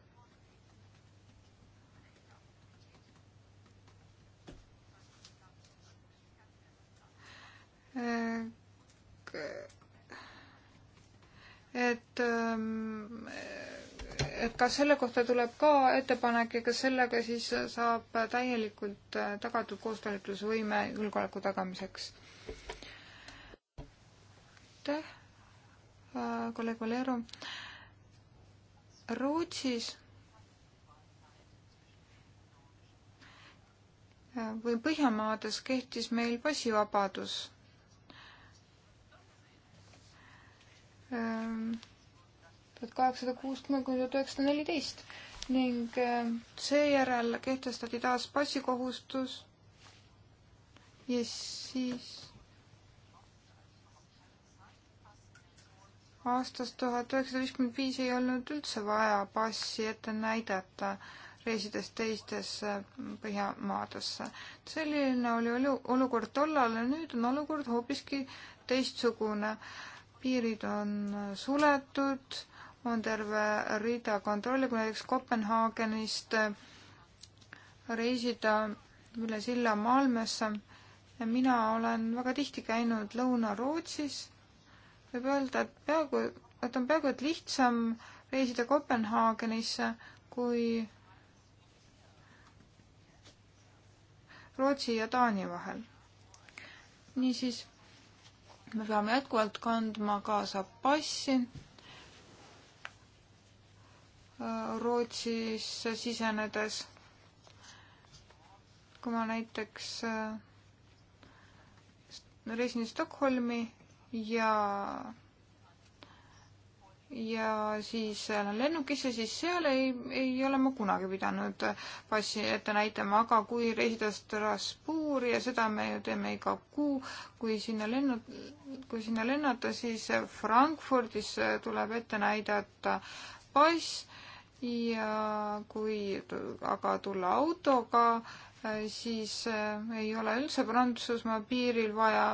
A: et, ähm, et kas selle kohta tuleb ka ettepanek ja kas sellega siis saab täielikult tagatud koostalitlusvõime julgeoleku tagamiseks? aitäh, äh, kolleeg Valero. Rootsis äh, või Põhjamaades kehtis meil passivabadus. Ähm, tuhat kaheksasada kuuskümmend kuni tuhat üheksasada neliteist ning äh, seejärel kehtestati taas passikohustus ja siis aastast tuhat üheksasada viiskümmend viis ei olnud üldse vaja passi ette näidata reisides teistesse Põhjamaadesse. selline oli olu-, olukord tollal ja nüüd on olukord hoopiski teistsugune. piirid on suletud, on terve rida kontrolle, kui näiteks Kopenhaagenist reisida üle silla Malmösse. mina olen väga tihti käinud Lõuna-Rootsis võib öelda, et peaaegu, et on peaaegu et lihtsam reisida Kopenhaagenisse kui Rootsi ja Taani vahel. niisiis, me peame jätkuvalt kandma kaasa passi. Äh, Rootsisse sisenedes, kui ma näiteks äh, reisin Stockholmi ja ja siis lähen lennukisse, siis seal ei, ei ole ma kunagi pidanud passi ette näitama, aga kui reisida Strasbourgi ja seda me ju teeme iga kuu, kui sinna lennu, kui sinna lennata, siis Frankfurdis tuleb ette näidata pass ja kui aga tulla autoga, siis ei ole üldse Prantsusmaa piiril vaja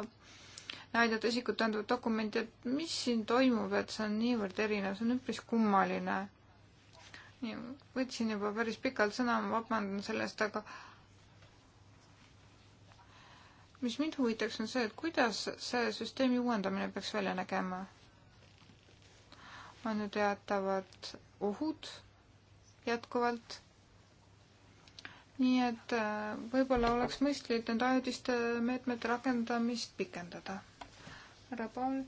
A: aidata isikut tõendavat dokumenti, et mis siin toimub, et see on niivõrd erinev, see on üpris kummaline. nii, võtsin juba päris pikalt sõna, ma vabandan selle eest, aga mis mind huvitaks, on see, et kuidas see süsteemi uuendamine peaks välja nägema? on ju teatavad ohud jätkuvalt. nii et äh, võib-olla oleks mõistlik nende ajutiste meetmete rakendamist pikendada härra Paul?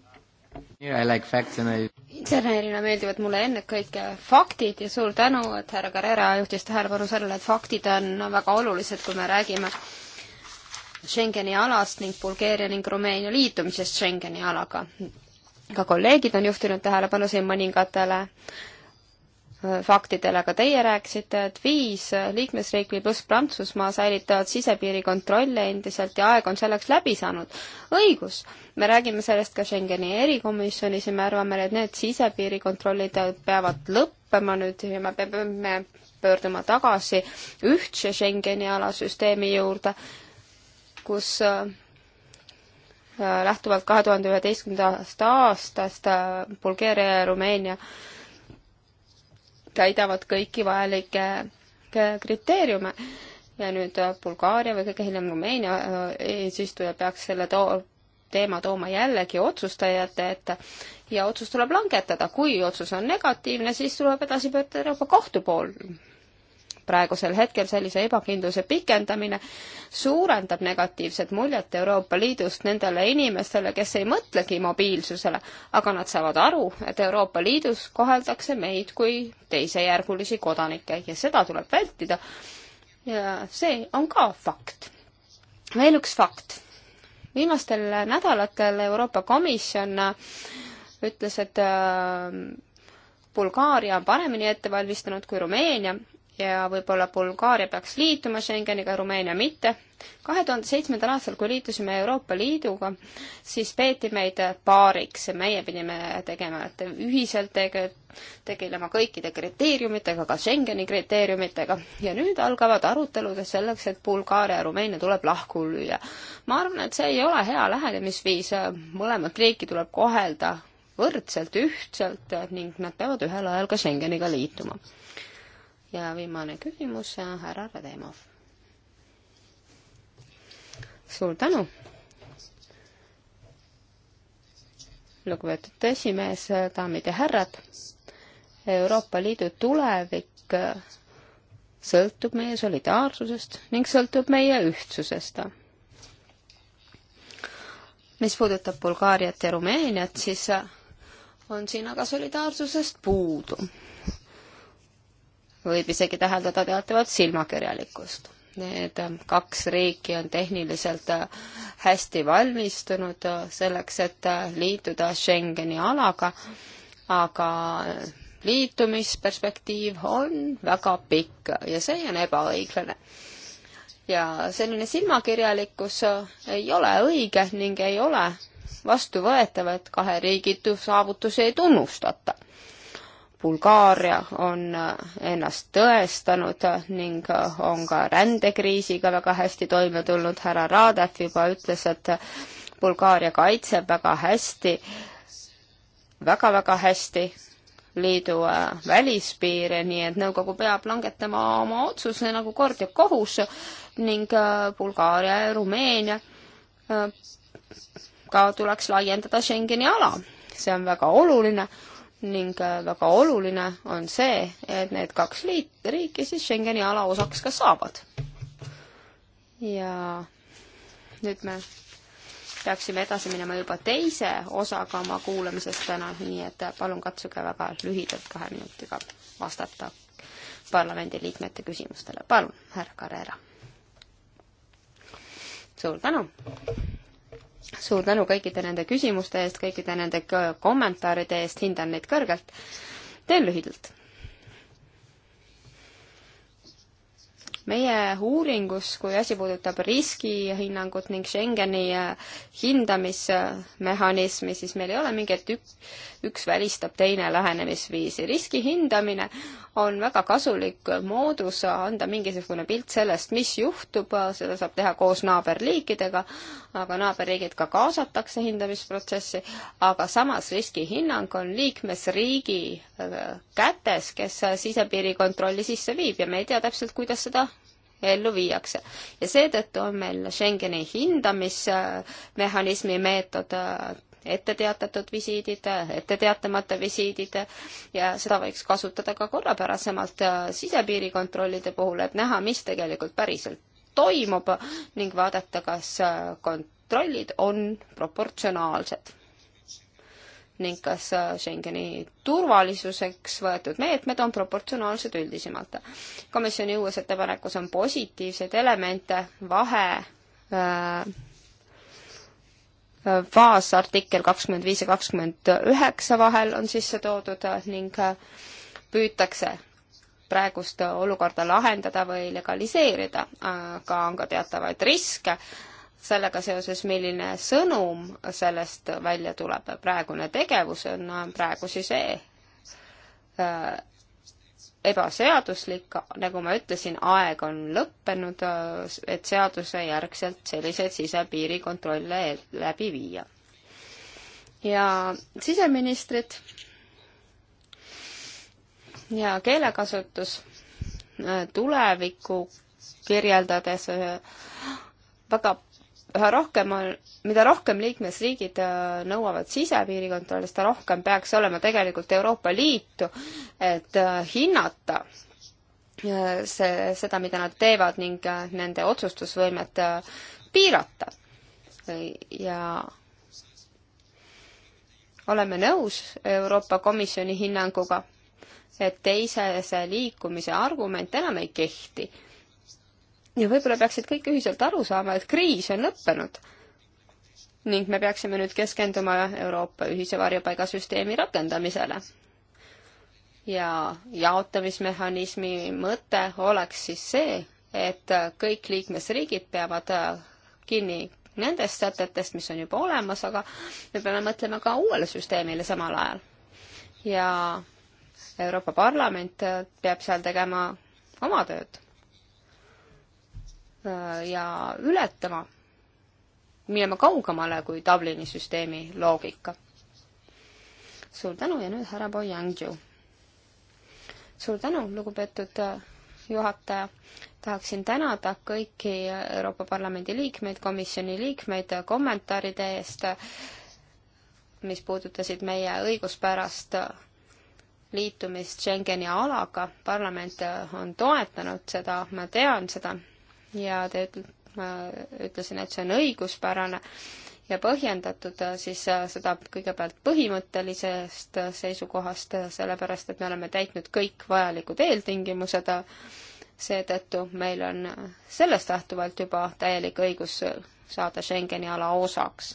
A: Yeah, I like facts and I
C: insenerina meeldivad mulle ennekõike faktid ja suur tänu, et härra Carrera juhtis tähelepanu sellele, et faktid on väga olulised, kui me räägime Schengeni alast ning Bulgaaria ning Rumeenia liitumisest Schengeni alaga. ka kolleegid on juhtinud tähelepanu siin mõningatele äh, faktidele, aga teie rääkisite, et viis liikmesriiki pluss Prantsusmaa säilitavad sisepiirikontrolle endiselt ja aeg on selleks läbi saanud. õigus, me räägime sellest ka Schengeni erikomisjonis ja me arvame, et need sisepiirikontrollid peavad lõppema nüüd ja me peame pöörduma tagasi ühtse Schengeni ala süsteemi juurde, kus äh, lähtuvalt kahe tuhande üheteistkümnendast aastast äh, Bulgaaria ja Rumeenia täidavad kõiki vajalikke äh, kriteeriume ja nüüd äh, Bulgaaria või kõige hiljem Rumeenia äh, eesistuja peaks selle too teema tooma jällegi otsustajate ette ja otsus tuleb langetada. kui otsus on negatiivne, siis tuleb edasi pöörduda Euroopa Kohtu pool, praegusel hetkel sellise ebakindluse pikendamine suurendab negatiivset muljet Euroopa Liidust nendele inimestele, kes ei mõtlegi mobiilsusele, aga nad saavad aru, et Euroopa Liidus koheldakse meid kui teisejärgulisi kodanikke ja seda tuleb vältida. ja see on ka fakt. veel üks fakt. viimastel nädalatel Euroopa Komisjon ütles, et äh, Bulgaaria on paremini ette valmistanud kui Rumeenia ja võib-olla Bulgaaria peaks liituma Schengeniga, Rumeenia mitte. kahe tuhande seitsmendal aastal, kui liitusime Euroopa Liiduga, siis peeti meid paariks, meie pidime tegema, et ühiselt tege-, tegelema kõikide kriteeriumitega, ka Schengeni kriteeriumitega, ja nüüd algavad arutelud selleks, et Bulgaaria ja Rumeenia tuleb lahku lüüa. ma arvan, et see ei ole hea lähenemisviis, mõlemat riiki tuleb kohelda võrdselt, ühtselt ning nad peavad ühel ajal ka Schengeniga liituma ja viimane küsimus, härra Rademov. suur tänu! lugupeetud esimees, daamid ja härrad, Euroopa Liidu tulevik sõltub meie solidaarsusest ning sõltub meie ühtsusest. mis puudutab Bulgaariat ja Rumeeniat, siis on siin aga solidaarsusest puudu võib isegi täheldada teatavat silmakirjalikkust. Need ähm, kaks riiki on tehniliselt äh, hästi valmistunud äh, selleks, et äh, liituda Schengeni alaga, aga liitumisperspektiiv on väga pikk ja see on ebaõiglane. ja selline silmakirjalikkus ei ole õige ning ei ole vastuvõetav, et kahe riigi saavutusi ei tunnustata Bulgaaria on äh, ennast tõestanud ning äh, on ka rändekriisiga väga hästi toime tulnud, härra Raadev juba ütles, et Bulgaaria kaitseb väga hästi väga,, väga-väga hästi liidu äh, välispiire, nii et nõukogu peab langetama oma otsuse nagu kord ja kohus ning Bulgaaria ja Rumeenia ka tuleks laiendada Schengeni ala. see on väga oluline ning äh, väga oluline on see, et need kaks liit, riiki siis Schengeni ala osaks ka saavad. ja nüüd me peaksime edasi minema juba teise osaga oma kuulamisest täna, nii et palun katsuge väga lühidalt kahe minutiga vastata parlamendiliikmete küsimustele. palun, härra Carrera. suur tänu, suur tänu kõikide nende küsimuste eest, kõikide nende kommentaaride eest, hindan neid kõrgelt. teen lühidalt meie uuringus, kui asi puudutab riskihinnangut ning Schengeni äh, hindamismehhanismi, siis meil ei ole mingit üks, üks välistab teine lähenemisviisi. riski hindamine on väga kasulik moodus anda mingisugune pilt sellest, mis juhtub, seda saab teha koos naaberriikidega, aga naaberriigid ka kaasatakse hindamisprotsessi, aga samas riskihinnang on liikmesriigi äh, kätes, kes sisepiirikontrolli sisse viib ja me ei tea täpselt, kuidas seda ellu viiakse. ja seetõttu on meil Schengeni hindamismehhanismi meetod äh, etteteatatud visiidid, äh, etteteatamata visiidid äh, ja seda võiks kasutada ka korrapärasemalt sisepiirikontrollide puhul, et näha, mis tegelikult päriselt toimub ning vaadata, kas kontrollid on proportsionaalsed ning kas äh, Schengeni turvalisuseks võetud meetmed on proportsionaalsed üldisemalt. komisjoni uues ettepanekus on positiivseid elemente, vahe äh, äh faas artikkel kakskümmend viis ja kakskümmend üheksa vahel on sisse toodud äh, ning püütakse praegust olukorda lahendada või legaliseerida, aga on ka teatavaid riske sellega seoses, milline sõnum sellest välja tuleb. praegune tegevus on praegu siis e äh, ebaseaduslik, nagu ma ütlesin, aeg on lõppenud, äh, et seaduse järgselt selliseid sisepiirikontrolle e- läbi viia. ja siseministrid ja keelekasutus äh, tulevikku kirjeldades väga üha rohkem on, mida rohkem liikmesriigid äh, nõuavad sisepiiri kontrolli, seda rohkem peaks olema tegelikult Euroopa Liitu, et äh, hinnata äh, see, seda, mida nad teevad ning nende otsustusvõimet piirata. ja oleme nõus Euroopa Komisjoni hinnanguga, et teisese liikumise argument enam ei kehti ja võib-olla peaksid kõik ühiselt aru saama, et kriis on lõppenud ning me peaksime nüüd keskenduma Euroopa ühise varjupaigasüsteemi rakendamisele. ja jaotamismehhanismi mõte oleks siis see, et kõik liikmesriigid peavad kinni nendest sätetest, mis on juba olemas, aga me peame mõtlema ka uuele süsteemile samal ajal. ja Euroopa Parlament peab seal tegema oma tööd. Äh, ja ületama, minema kaugemale kui Dublini süsteemi loogika. suur tänu ja nüüd härra Boyangju. suur tänu, lugupeetud äh, juhataja. tahaksin tänada kõiki Euroopa Parlamendi liikmeid, komisjoni liikmeid kommentaaride eest, mis puudutasid meie õiguspärast äh, liitumist Schengeni alaga. parlament on toetanud seda, ma tean seda ja te ütlete, ma ütlesin, et see on õiguspärane ja põhjendatud, siis äh, seda kõigepealt põhimõttelisest äh, seisukohast, äh, sellepärast et me oleme täitnud kõik vajalikud eeltingimused, seetõttu meil on sellest lähtuvalt juba täielik õigus saada Schengeni ala osaks.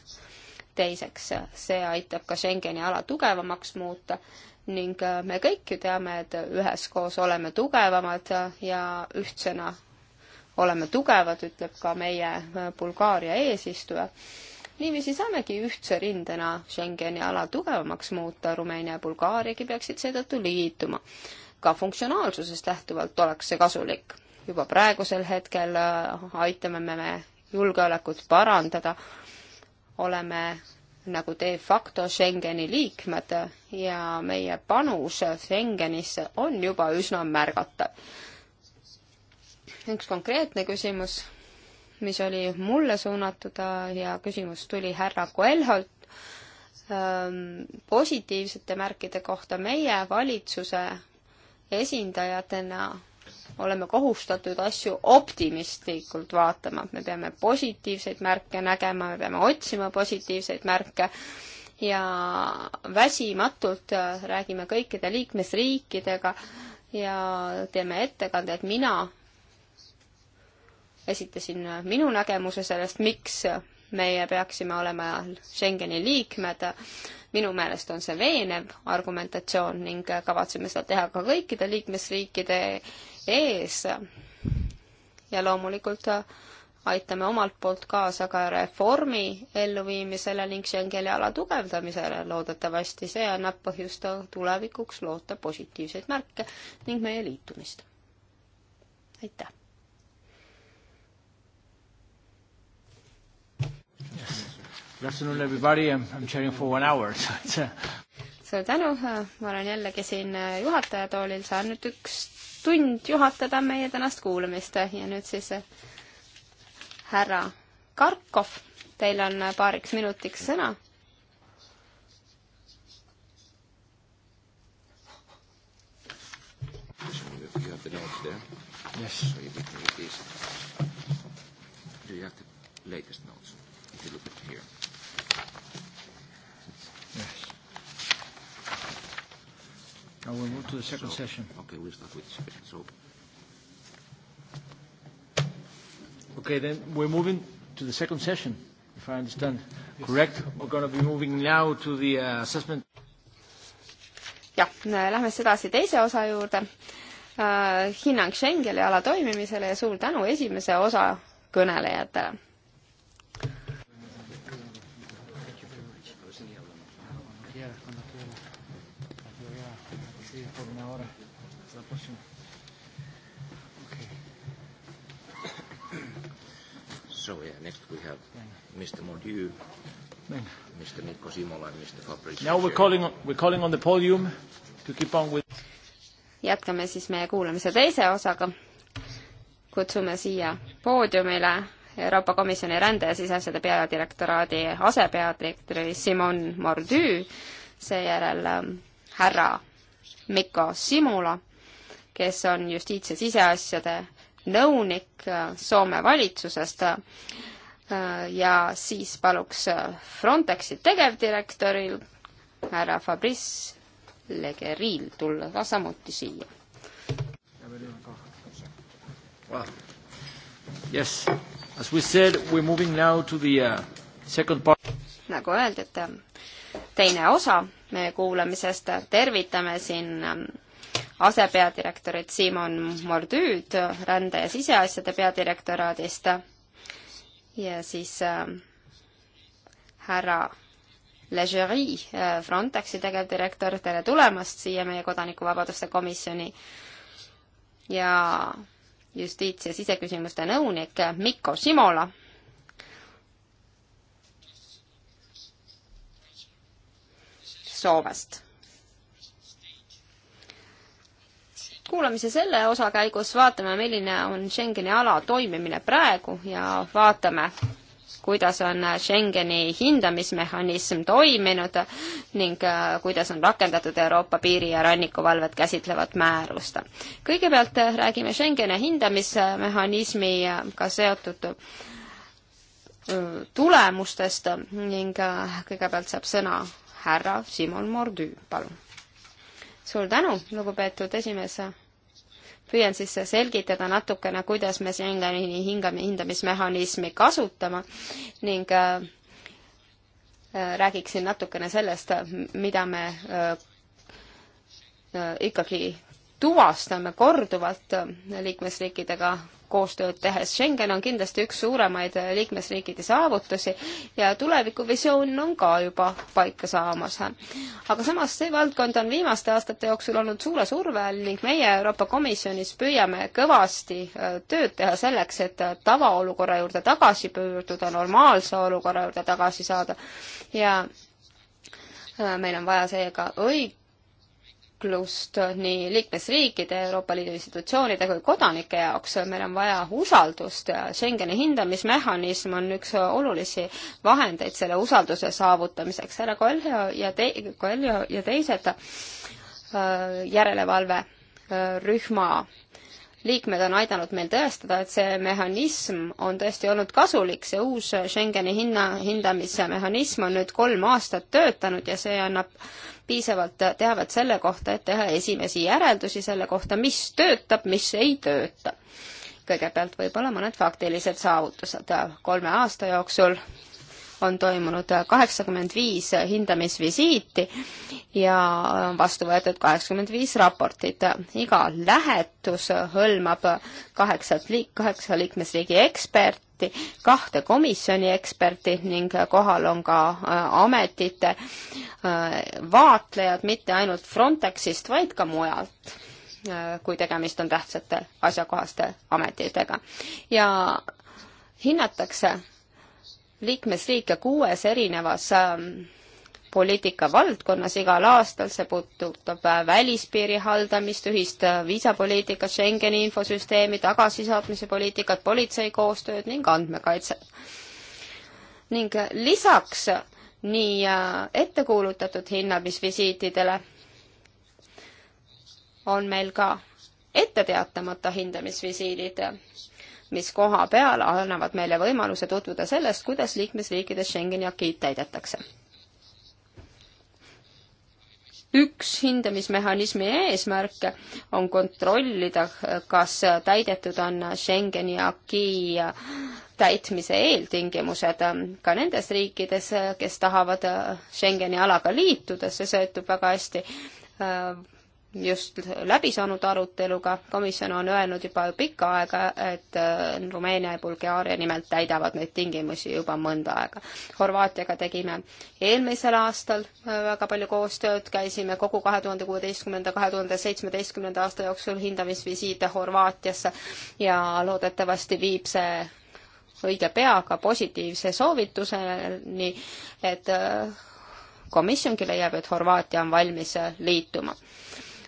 C: teiseks, see aitab ka Schengeni ala tugevamaks muuta ning me kõik ju teame, et üheskoos oleme tugevamad ja ühtsena oleme tugevad, ütleb ka meie äh, Bulgaaria eesistuja. niiviisi saamegi ühtse rindena Schengeni ala tugevamaks muuta, Rumeenia ja Bulgaariagi peaksid seetõttu liituma. ka funktsionaalsusest lähtuvalt oleks see kasulik. juba praegusel hetkel äh, aitame me julgeolekut parandada, oleme nagu de facto Schengeni liikmed ja meie panus Schengenisse on juba üsna märgatav üks konkreetne küsimus, mis oli mulle suunatud äh, ja küsimus tuli härra Koelholt ähm, positiivsete märkide kohta meie valitsuse esindajatena oleme kohustatud asju optimistlikult vaatama, me peame positiivseid märke nägema, me peame otsima positiivseid märke ja väsimatult äh, räägime kõikide liikmesriikidega ja teeme ettekande, et mina esitasin minu nägemuse sellest, miks meie peaksime olema Schengeni liikmed. minu meelest on see veenev argumentatsioon ning kavatseme seda teha ka kõikide liikmesriikide ees. ja loomulikult aitame omalt poolt kaasa ka reformi elluviimisele ning Schengeni ala tugevdamisele. loodetavasti see annab põhjust tulevikuks loota positiivseid märke ning meie liitumist. aitäh!
B: yes.. Good afternoon everybody, I am chairing for one hour, so it's a
C: suur tänu, ma olen jällegi siin äh, juhataja toolil, saan nüüd üks tund juhatada meie tänast kuulamist ja nüüd siis äh, härra Karkov, teil on äh, paariks minutiks sõna.
A: You have the notes there? Yes. So you can read these.
B: Do you have the latest notes? If you look at here. Yes. Now we'll move to the second so, session. Okay, we'll start with Spain. So. Okay, then we're moving to the second session, if I understand yes. correct. We're going to be moving now to the uh, assessment.
C: jah, lähme siis edasi teise osa juurde uh,. hinnang Schengeni ala toimimisele ja suur tänu esimese osa kõnelejatele
B: So yeah, next we have Mr. Mordieu, Mr. Mikko Simola and Mr. Fabrice. Now we're calling on, we're calling on the podium to keep on with
C: jätkame siis meie kuulamise teise osaga. kutsume siia poodiumile Euroopa Komisjoni rände ja siseasjade peadirektoraadi asepeadirektori Simon Mordüü, seejärel ähm, härra Mikko Simula kes on justiits- ja siseasjade nõunik äh, Soome valitsusest äh, ja siis paluks äh, Frontexi tegevdirektoril härra Fabrice Legeril tulla ka samuti siia.
B: Well, yes, as we said, we are moving now to the uh, second part.
C: nagu öeldud, teine osa meie kuulamisest, tervitame siin ähm, asepeadirektorit Simon Mordüüd rände- ja siseasjade peadirektoraadist ja siis äh, härra Legerie äh,, Frontexi tegevdirektor, tere tulemast siia meie kodanikuvabaduste komisjoni ja justiits- ja siseküsimuste nõunik äh, Mikko Simola Soomest kuulamise selle osa käigus vaatame, milline on Schengeni ala toimimine praegu ja vaatame, kuidas on Schengeni hindamismehhanism toiminud ning äh, kuidas on rakendatud Euroopa piiri- ja rannikuvalvet käsitlevat määrust. kõigepealt äh, räägime Schengeni hindamismehhanismiga seotud äh, tulemustest ning kõigepealt saab sõna härra Simon Mordüü, palun suur tänu, lugupeetud esimees. püüan siis selgitada natukene, kuidas me Schengeni hingami-, hindamismehhanismi kasutame ning äh, äh, räägiksin natukene sellest, mida me äh, äh ikkagi tuvastame korduvalt liikmesriikidega koostööd tehes. Schengen on kindlasti üks suuremaid äh, liikmesriikide saavutusi ja tulevikuvisioon on ka juba paika saamas. aga samas see valdkond on viimaste aastate jooksul olnud suure surve all ning meie Euroopa Komisjonis püüame kõvasti äh, tööd teha selleks, et äh, tavaolukorra juurde tagasi pöörduda, normaalse olukorra juurde tagasi saada ja meil on vaja seega õig-, liiklust nii liikmesriikide, Euroopa Liidu institutsioonide kui kodanike jaoks, meil on vaja usaldust ja Schengeni hindamismehhanism on üks olulisi vahendeid selle usalduse saavutamiseks. härra Koelho ja te-, Koelho ja teised äh, järelevalverühma äh, liikmed on aidanud meil tõestada, et see mehhanism on tõesti olnud kasulik, see uus Schengeni hinna, hindamise mehhanism on nüüd kolm aastat töötanud ja see annab piisavalt teavet selle kohta, et teha esimesi järeldusi selle kohta, mis töötab, mis ei tööta. kõigepealt võib-olla mõned faktilised saavutused. kolme aasta jooksul on toimunud kaheksakümmend viis hindamisvisiiti ja on vastu võetud kaheksakümmend viis raportit. iga lähetus hõlmab kaheksat liik-, kaheksa liikmesriigi ekspert, eksperti, kahte komisjoni eksperti ning kohal on ka äh, ametite äh, vaatlejad mitte ainult Frontexist, vaid ka mujalt äh, kui tegemist on tähtsate asjakohaste ametitega. ja hinnatakse liikmesriike kuues erinevas ähm, poliitika valdkonnas igal aastal, see puudutab äh, välispiiri haldamist, ühist äh, viisapoliitikat, Schengeni infosüsteemi, tagasisaatmise poliitikat, politsei koostööd ning andmekaitset. ning äh, lisaks nii ettekuulutatud hindamisvisiitidele on meil ka etteteatamata hindamisvisiidid, mis koha peal annavad meile võimaluse tutvuda sellest, kuidas liikmesriikides Schengeni akiid täidetakse üks hindamismehhanismi eesmärke on kontrollida, kas täidetud on Schengeni aki täitmise eeltingimused ka nendes riikides, kes tahavad Schengeni alaga liituda, see sõltub väga hästi äh, just läbi saanud aruteluga, komisjon on öelnud juba pikka aega, et äh, Rumeenia ja Bulgaaria nimelt täidavad neid tingimusi juba mõnda aega. Horvaatiaga tegime eelmisel aastal äh, väga palju koostööd, käisime kogu kahe tuhande kuueteistkümnenda, kahe tuhande seitsmeteistkümnenda aasta jooksul hindamisvisiite Horvaatiasse ja loodetavasti viib see õige pea ka positiivse soovituseni, et äh, komisjongi leiab, et Horvaatia on valmis liituma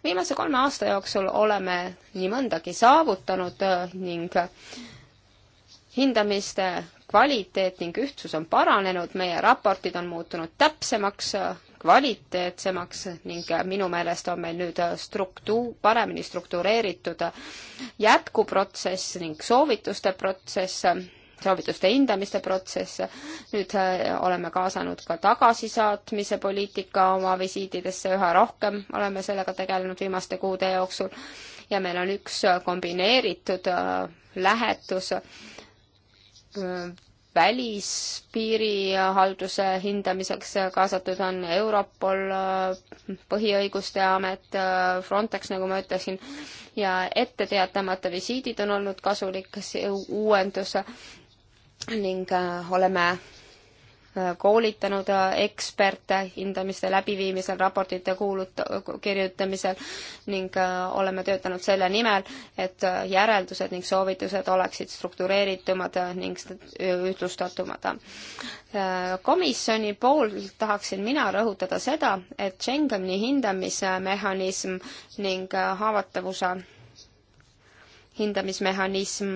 C: viimase kolme aasta jooksul oleme nii mõndagi saavutanud äh, ning hindamiste kvaliteet ning ühtsus on paranenud, meie raportid on muutunud täpsemaks, äh, kvaliteetsemaks ning äh, minu meelest on meil nüüd struktuur, paremini struktureeritud jätkuprotsess ning soovituste protsess soovituste hindamiste protsess, nüüd äh, oleme kaasanud ka tagasisaatmise poliitika oma visiididesse, üha rohkem oleme sellega tegelenud viimaste kuude jooksul ja meil on üks kombineeritud äh, lähetus äh, välispiiri halduse hindamiseks kaasatud on Europol, Põhiõiguste Amet, Frontex, nagu ma ütlesin, ja etteteatamata visiidid on olnud kasulik uuendus ning äh, oleme äh, koolitanud äh, eksperte hindamiste läbiviimisel, raportite kuulut-, kirjutamisel ning oleme töötanud selle nimel, et järeldused ning soovitused oleksid struktureeritumad ning ühtlustatumad. Komisjoni pool tahaksin mina rõhutada seda, et Schengeni hindamismehhanism ning haavatavuse hindamismehhanism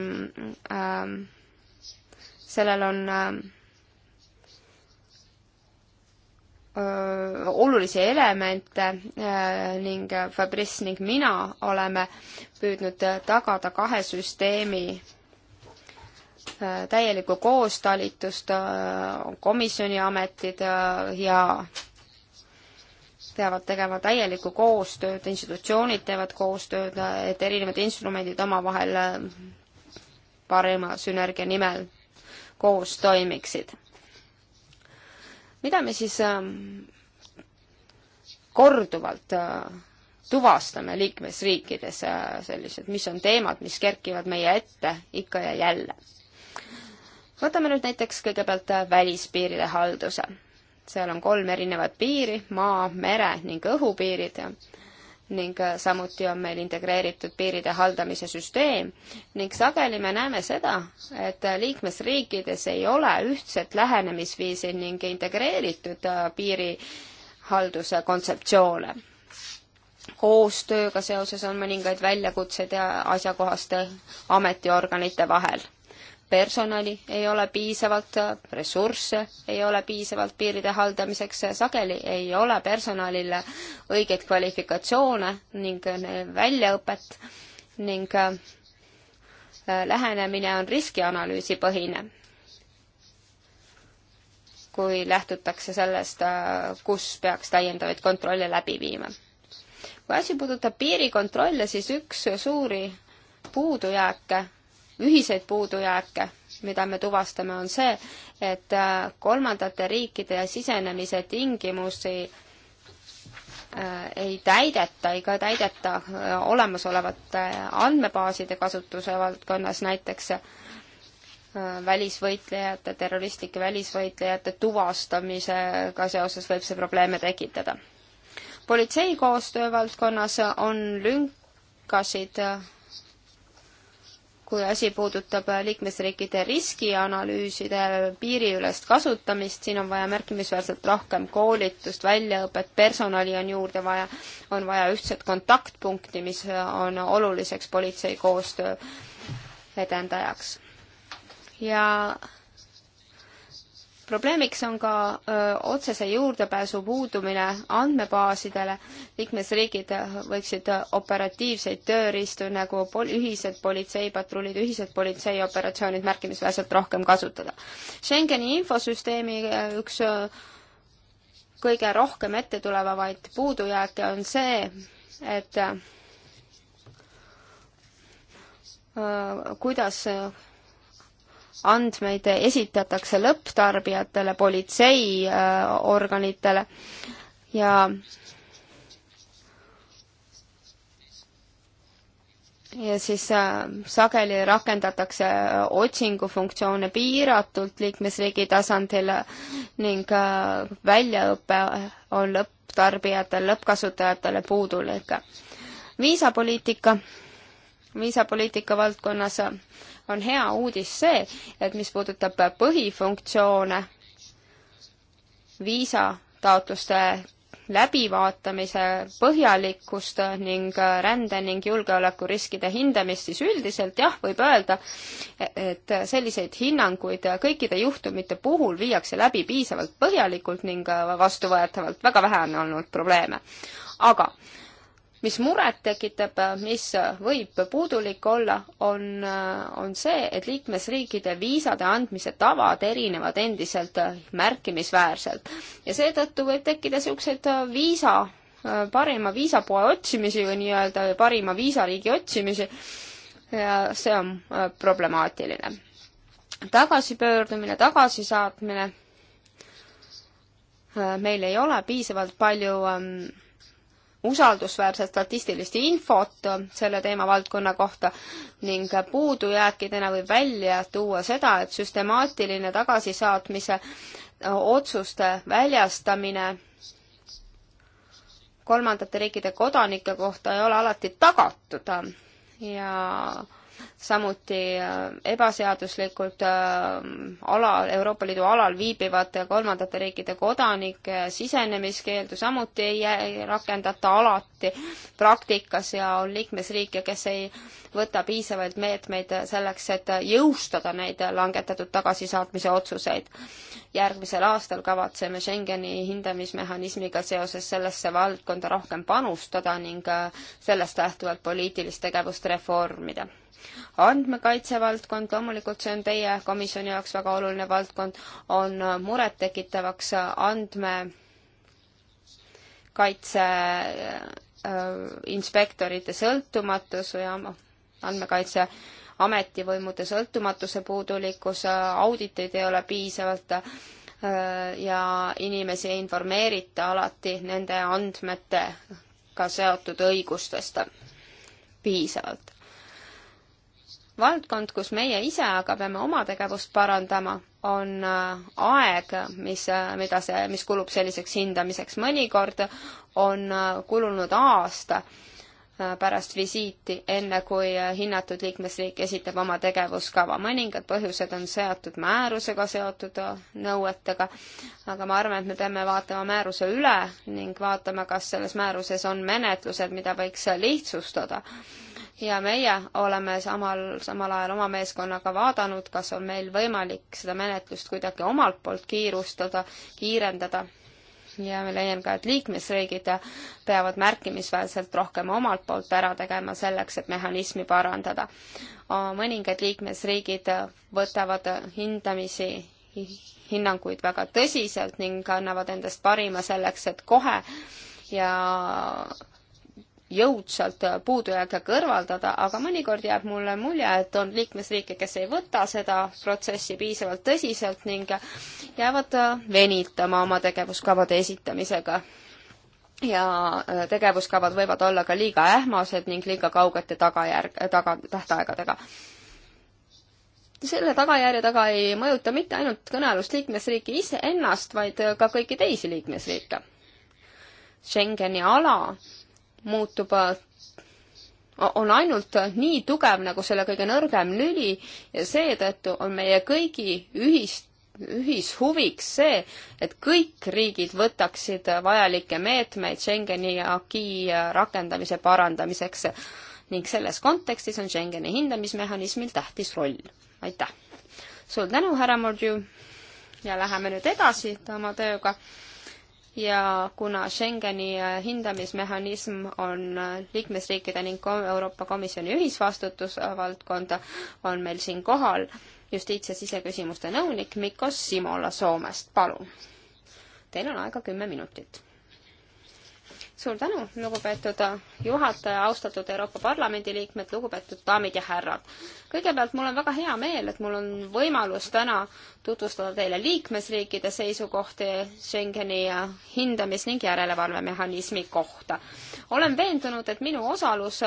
C: ähm, sellel on öö, olulisi elemente öö, ning Fabrice ning mina oleme püüdnud tagada kahe süsteemi öö, täielikku koostalitust, komisjoni ametid ja peavad tegema täielikku koostööd, institutsioonid teevad koostööd, et erinevad instrumendid omavahel parima sünergia nimel koos toimiksid. mida me siis ähm, korduvalt äh, tuvastame liikmesriikides äh, sellised, mis on teemad, mis kerkivad meie ette ikka ja jälle. võtame nüüd näiteks kõigepealt äh, välispiiride halduse. seal on kolm erinevat piiri, maa, mere ning õhupiirid ning äh, samuti on meil integreeritud piiride haldamise süsteem ning sageli me näeme seda, et äh, liikmesriikides ei ole ühtset lähenemisviisi ning integreeritud äh, piirihalduse kontseptsioone. koostööga seoses on mõningaid väljakutseid ja asjakohaste ametiorganite vahel personali ei ole piisavalt, ressursse ei ole piisavalt piiride haldamiseks, sageli ei ole personalil õigeid kvalifikatsioone ning väljaõpet ning äh, lähenemine on riskianalüüsi põhine. kui lähtutakse sellest, äh, kus peaks täiendavaid kontrolle läbi viima. kui asi puudutab piirikontrolle, siis üks suuri puudujääke ühiseid puudujääke, mida me tuvastame, on see, et äh, kolmandate riikide sisenemise tingimusi äh, ei täideta ega täideta äh, olemasolevate andmebaaside kasutuse valdkonnas näiteks välisvõitlejate, terroristlike välisvõitlejate tuvastamisega seoses võib see probleeme tekitada. politsei koostöö valdkonnas on lünkasid kui asi puudutab liikmesriikide riskianalüüside piiriülest kasutamist, siin on vaja märkimisväärselt rohkem koolitust, väljaõpet, personali on juurde vaja, on vaja ühtset kontaktpunkti, mis on oluliseks politsei koostöö edendajaks. ja probleemiks on ka öö, otsese juurdepääsu puudumine andmebaasidele. liikmesriigid võiksid operatiivseid tööriistu nagu pol ühised politseipatrullid, ühised politseioperatsioonid märkimisväärselt rohkem kasutada. Schengeni infosüsteemi üks öö, kõige rohkem ette tulevaid puudujääke on see, et öö, kuidas öö, andmeid esitatakse lõpptarbijatele, politseiorganitele äh, ja ja siis äh, sageli rakendatakse äh, otsingufunktsioone piiratult liikmesriigi tasandil ning väljaõpe on lõpptarbijatel, lõppkasutajatele puudulik. viisapoliitika, viisapoliitika valdkonnas on hea uudis see, et mis puudutab põhifunktsioone, viisataotluste läbivaatamise põhjalikkust ning rände ning julgeolekuriskide hindamist, siis üldiselt jah, võib öelda, et selliseid hinnanguid kõikide juhtumite puhul viiakse läbi piisavalt põhjalikult ning vastuvõetavalt, väga vähe on olnud probleeme. aga äh, mis muret tekitab, mis võib puudulik olla, on, on see, et liikmesriikide viisade andmise tavad erinevad endiselt märkimisväärselt. ja seetõttu võib tekkida niisuguseid viisa, parima viisapoe otsimisi või nii-öelda parima viisariigi otsimisi ja see on äh, problemaatiline. tagasipöördumine, tagasisaatmine, äh, meil ei ole piisavalt palju ähm, usaldusväärset statistilist infot selle teemavaldkonna kohta ning puudujääkidena võib välja tuua seda, et süstemaatiline tagasisaatmise otsuste väljastamine kolmandate riikide kodanike kohta ei ole alati tagatud ja samuti äh, ebaseaduslikult äh, alal, Euroopa Liidu alal viibivate kolmandate riikide kodanike sisenemiskeeldu samuti ei rakendata alati praktikas ja on liikmesriike, kes ei võta piisavalt meetmeid selleks, et jõustada neid langetatud tagasisaatmise otsuseid. järgmisel aastal kavatseme Schengeni hindamismehhanismiga seoses sellesse valdkonda rohkem panustada ning äh, sellest lähtuvalt poliitilist tegevust reformida andmekaitse valdkond, loomulikult see on teie komisjoni jaoks väga oluline valdkond, on murettekitavaks andmekaitse äh, inspektorite sõltumatus või andmekaitse ametivõimude sõltumatuse puudulikkus, auditeid ei ole piisavalt äh, ja inimesi ei informeerita alati nende andmetega seotud õigustest piisavalt valdkond, kus meie ise aga peame oma tegevust parandama, on äh, aeg, mis, äh, mida see, mis kulub selliseks hindamiseks. mõnikord on äh, kulunud aasta pärast visiiti, enne kui hinnatud liikmesriik esitab oma tegevuskava. mõningad põhjused on seotud määrusega seotud nõuetega, aga ma arvan, et me peame vaatama määruse üle ning vaatama, kas selles määruses on menetlused, mida võiks lihtsustada ja meie oleme samal, samal ajal oma meeskonnaga vaadanud, kas on meil võimalik seda menetlust kuidagi omalt poolt kiirustada, kiirendada. ja ma leian ka, et liikmesriigid peavad märkimisväärselt rohkem omalt poolt ära tegema selleks, et mehhanismi parandada. mõningad liikmesriigid võtavad hindamisi hinnanguid väga tõsiselt ning annavad endast parima selleks, et kohe ja jõudsalt puudujääke kõrvaldada, aga mõnikord jääb mulle mulje, et on liikmesriike, kes ei võta seda protsessi piisavalt tõsiselt ning jäävad venitama oma tegevuskavade esitamisega. ja äh, tegevuskavad võivad olla ka liiga ähmased ning liiga kaugete tagajärg, taga, tähtaegadega selle tagajärje taga ei mõjuta mitte ainult kõnealust liikmesriiki iseennast, vaid ka kõiki teisi liikmesriike Schengeni ala muutub, äh, on ainult nii tugev nagu selle kõige nõrgem lüli ja seetõttu on meie kõigi ühist ühishuviks see, et kõik riigid võtaksid vajalikke meetmeid Schengeni ja AKI rakendamise parandamiseks ning selles kontekstis on Schengeni hindamismehhanismil tähtis roll. aitäh! suur tänu, härra Mordju ja läheme nüüd edasi oma tööga ja kuna Schengeni äh, hindamismehhanism on äh, liikmesriikide ning Euroopa Komisjoni ühisvastutusvaldkonda, on meil siin kohal justiits- ja siseküsimuste nõunik Mikko Simola Soomest, palun. Teil on aega kümme minutit suur tänu, lugupeetud juhataja, austatud Euroopa Parlamendi liikmed, lugupeetud daamid ja härrad. kõigepealt mul on väga hea meel, et mul on võimalus täna tutvustada teile liikmesriikide seisukohti Schengeni hindamis- ning järelevalvemehhanismi kohta. olen veendunud, et minu osalus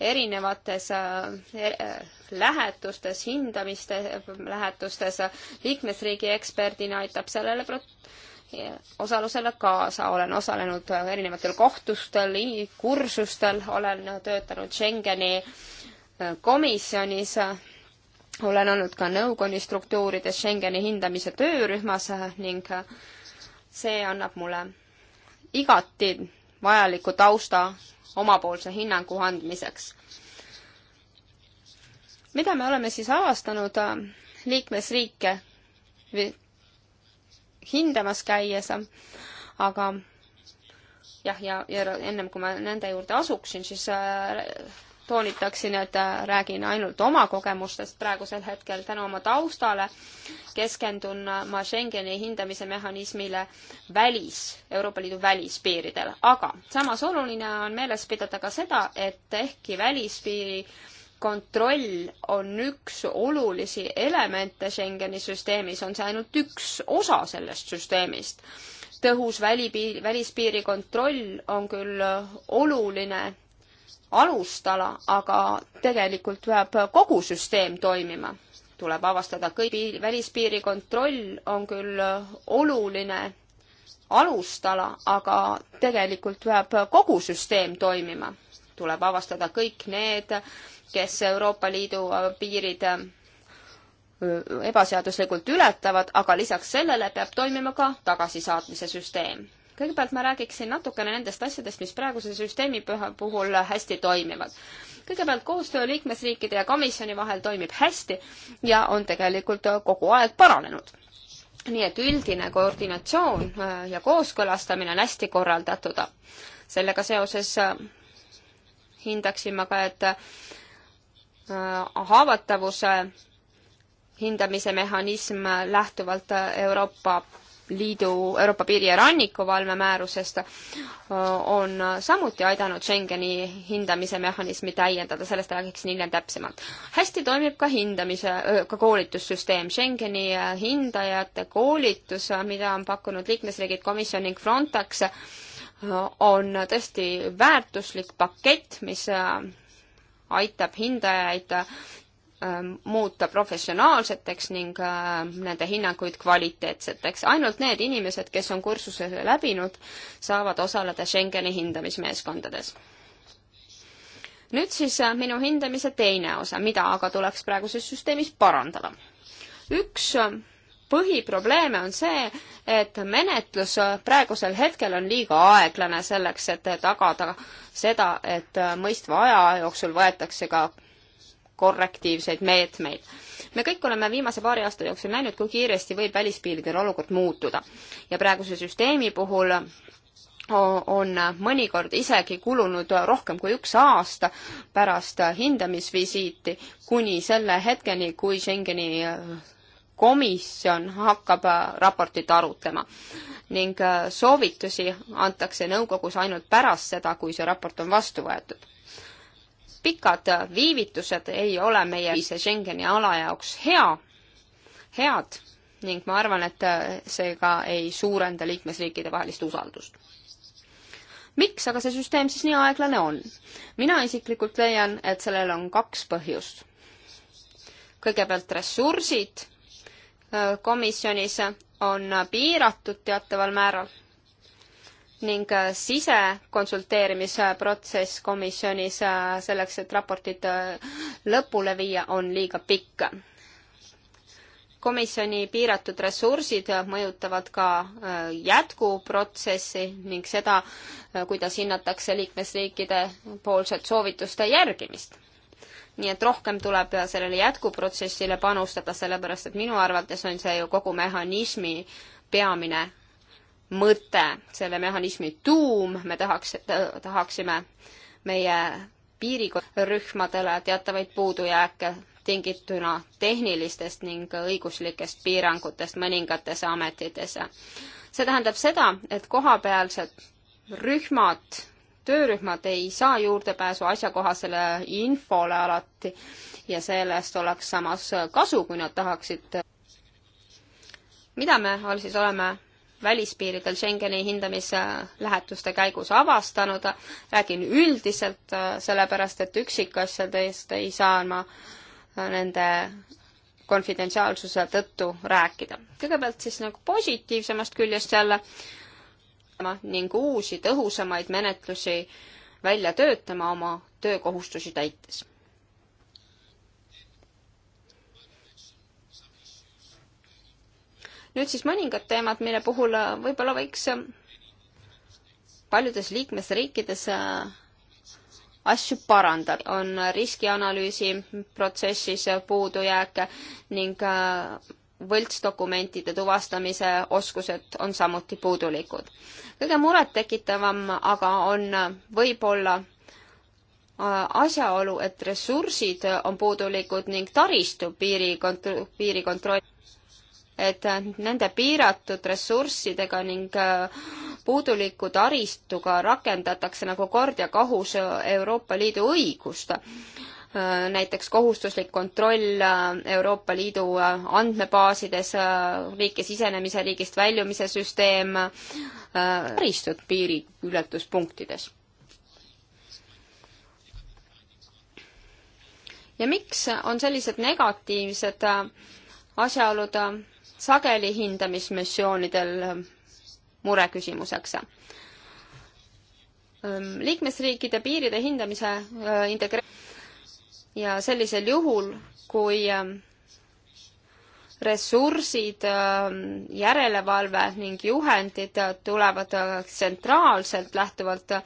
C: erinevates äh, lähetustes, hindamiste lähetustes liikmesriigi eksperdina aitab sellele prot-, osalusele kaasa, olen osalenud erinevatel kohtustel, kursustel, olen töötanud Schengeni komisjonis, olen olnud ka nõukoguni struktuurides Schengeni hindamise töörühmas ning see annab mulle igati vajaliku tausta omapoolse hinnangu andmiseks. mida me oleme siis avastanud liikmesriike hindamas käies, aga jah, ja, ja, ja ennem kui ma nende juurde asuksin, siis äh, toonitaksin, et äh, räägin ainult oma kogemustest praegusel hetkel tänu oma taustale. keskendun äh, ma Schengeni hindamise mehhanismile välis, Euroopa Liidu välispiiridel, aga samas oluline on meeles pidada ka seda, et ehkki välispiiri äh, kontroll on üks olulisi elemente Schengeni süsteemis, on see ainult üks osa sellest süsteemist. tõhus välipiir, välispiiri kontroll on küll oluline alustala, aga tegelikult peab kogu süsteem toimima. tuleb avastada kõigi, välispiiri kontroll on küll oluline alustala, aga tegelikult peab kogu süsteem toimima. tuleb avastada kõik need äh, kes Euroopa Liidu piirid äh, ebaseaduslikult ületavad, aga lisaks sellele peab toimima ka tagasisaatmise süsteem. kõigepealt ma räägiksin natukene nendest asjadest, mis praeguse süsteemi puhul hästi toimivad. kõigepealt koostöö liikmesriikide ja komisjoni vahel toimib hästi ja on tegelikult kogu aeg paranenud nii et üldine koordinatsioon äh, ja kooskõlastamine on hästi korraldatud. sellega seoses äh, hindaksin ma ka, et Äh, haavatavuse hindamise mehhanism lähtuvalt Euroopa Liidu, Euroopa Piiri- ja Rannikuvalve määrusest äh, on samuti aidanud Schengeni hindamise mehhanismi täiendada, sellest räägiksin hiljem täpsemalt. hästi toimib ka hindamise, ka koolitussüsteem. Schengeni äh, hindajate koolitus, mida on pakkunud liikmesriigid, komisjon ning Frontex, on tõesti väärtuslik pakett, mis aitab hindajaid ähm, muuta professionaalseteks ning ähm, nende hinnanguid kvaliteetseteks. ainult need inimesed, kes on kursuse läbinud, saavad osaleda Schengeni hindamismeeskondades. nüüd siis äh, minu hindamise teine osa, mida aga tuleks praeguses süsteemis parandada. üks äh, põhiprobleeme on see, et menetlus praegusel hetkel on liiga aeglane selleks, et tagada seda, et mõistva aja jooksul võetakse ka korrektiivseid meetmeid. me kõik oleme viimase paari aasta jooksul näinud, kui kiiresti võib välispiiridel olukord muutuda ja praeguse süsteemi puhul on mõnikord isegi kulunud rohkem kui üks aasta pärast hindamisvisiiti kuni selle hetkeni, kui Schengeni komisjon hakkab äh, raportit arutlema ning äh, soovitusi antakse nõukogus ainult pärast seda, kui see raport on vastu võetud. pikad äh, viivitused ei ole meie Schengeni ala jaoks hea, head ning ma arvan, et see ka ei suurenda liikmesriikide vahelist usaldust miks aga see süsteem siis nii aeglane on? mina isiklikult leian, et sellel on kaks põhjust. kõigepealt ressursid komisjonis on piiratud teataval määral ning sisekonsulteerimise protsess komisjonis selleks, et raportit lõpule viia, on liiga pikk. komisjoni piiratud ressursid mõjutavad ka äh, jätkuprotsessi ning seda, äh, kuidas hinnatakse liikmesriikide poolset soovituste järgimist nii et rohkem tuleb sellele jätkuprotsessile panustada, sellepärast et minu arvates on see ju kogu mehhanismi peamine mõte, selle mehhanismi tuum, me tahaks, tahaksime meie piirikonnarühmadele teatavaid puudujääke tingituna tehnilistest ning õiguslikest piirangutest mõningates ametites. see tähendab seda, et kohapealsed rühmad töörühmad ei saa juurdepääsu asjakohasele infole alati ja sellest oleks samas kasu, kui nad tahaksid. mida me all siis oleme välispiiridel Schengeni hindamislähetuste käigus avastanud, räägin üldiselt, sellepärast et üksikasjadest ei saa ma nende konfidentsiaalsuse tõttu rääkida. kõigepealt siis nagu positiivsemast küljest jälle ning uusi tõhusamaid menetlusi välja töötama oma töökohustusi täites. nüüd siis mõningad teemad, mille puhul võib-olla võiks paljudes liikmesriikides asju parandada, on riskianalüüsi protsessis puudujääke ning võltsdokumentide tuvastamise oskused on samuti puudulikud. kõige murettekitavam aga on võib-olla äh, asjaolu, et ressursid on puudulikud ning taristu piirikontro-, piirikontroll, et äh, nende piiratud ressurssidega ning äh, puuduliku taristuga rakendatakse nagu kord ja kohus Euroopa Liidu õigust Äh, näiteks kohustuslik kontroll äh, Euroopa Liidu äh, andmebaasides, riiki sisenemise, riigist väljumise süsteem, karistud piiriületuspunktides. ja miks on sellised negatiivsed asjaolud sageli hindamismissioonidel mureküsimuseks? liikmesriikide piiride hindamise integre-, ja sellisel juhul, kui ähm, ressursid, ähm, järelevalve ning juhendid äh, tulevad äh, tsentraalselt lähtuvalt äh,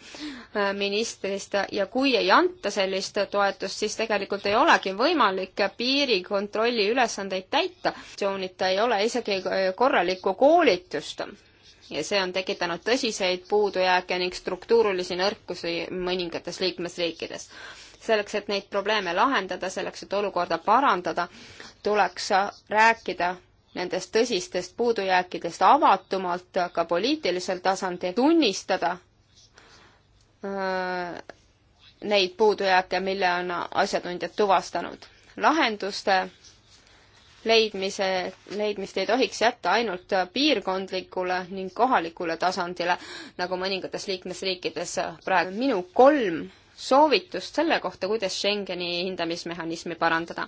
C: ministrist ja kui ei anta sellist toetust, siis tegelikult ei olegi võimalik piirikontrolli ülesandeid täita. tsoonita ei ole isegi korralikku koolitust ja see on tekitanud tõsiseid puudujääke ning struktuurilisi nõrkusi mõningates liikmesriikides selleks, et neid probleeme lahendada, selleks, et olukorda parandada, tuleks rääkida nendest tõsistest puudujääkidest avatumalt ka poliitilisel tasandil, tunnistada öö, äh, neid puudujääke, mille on asjatundjad tuvastanud. lahenduste leidmise, leidmist ei tohiks jätta ainult piirkondlikule ning kohalikule tasandile, nagu mõningates liikmesriikides praegu. minu kolm soovitust selle kohta, kuidas Schengeni hindamismehhanismi parandada.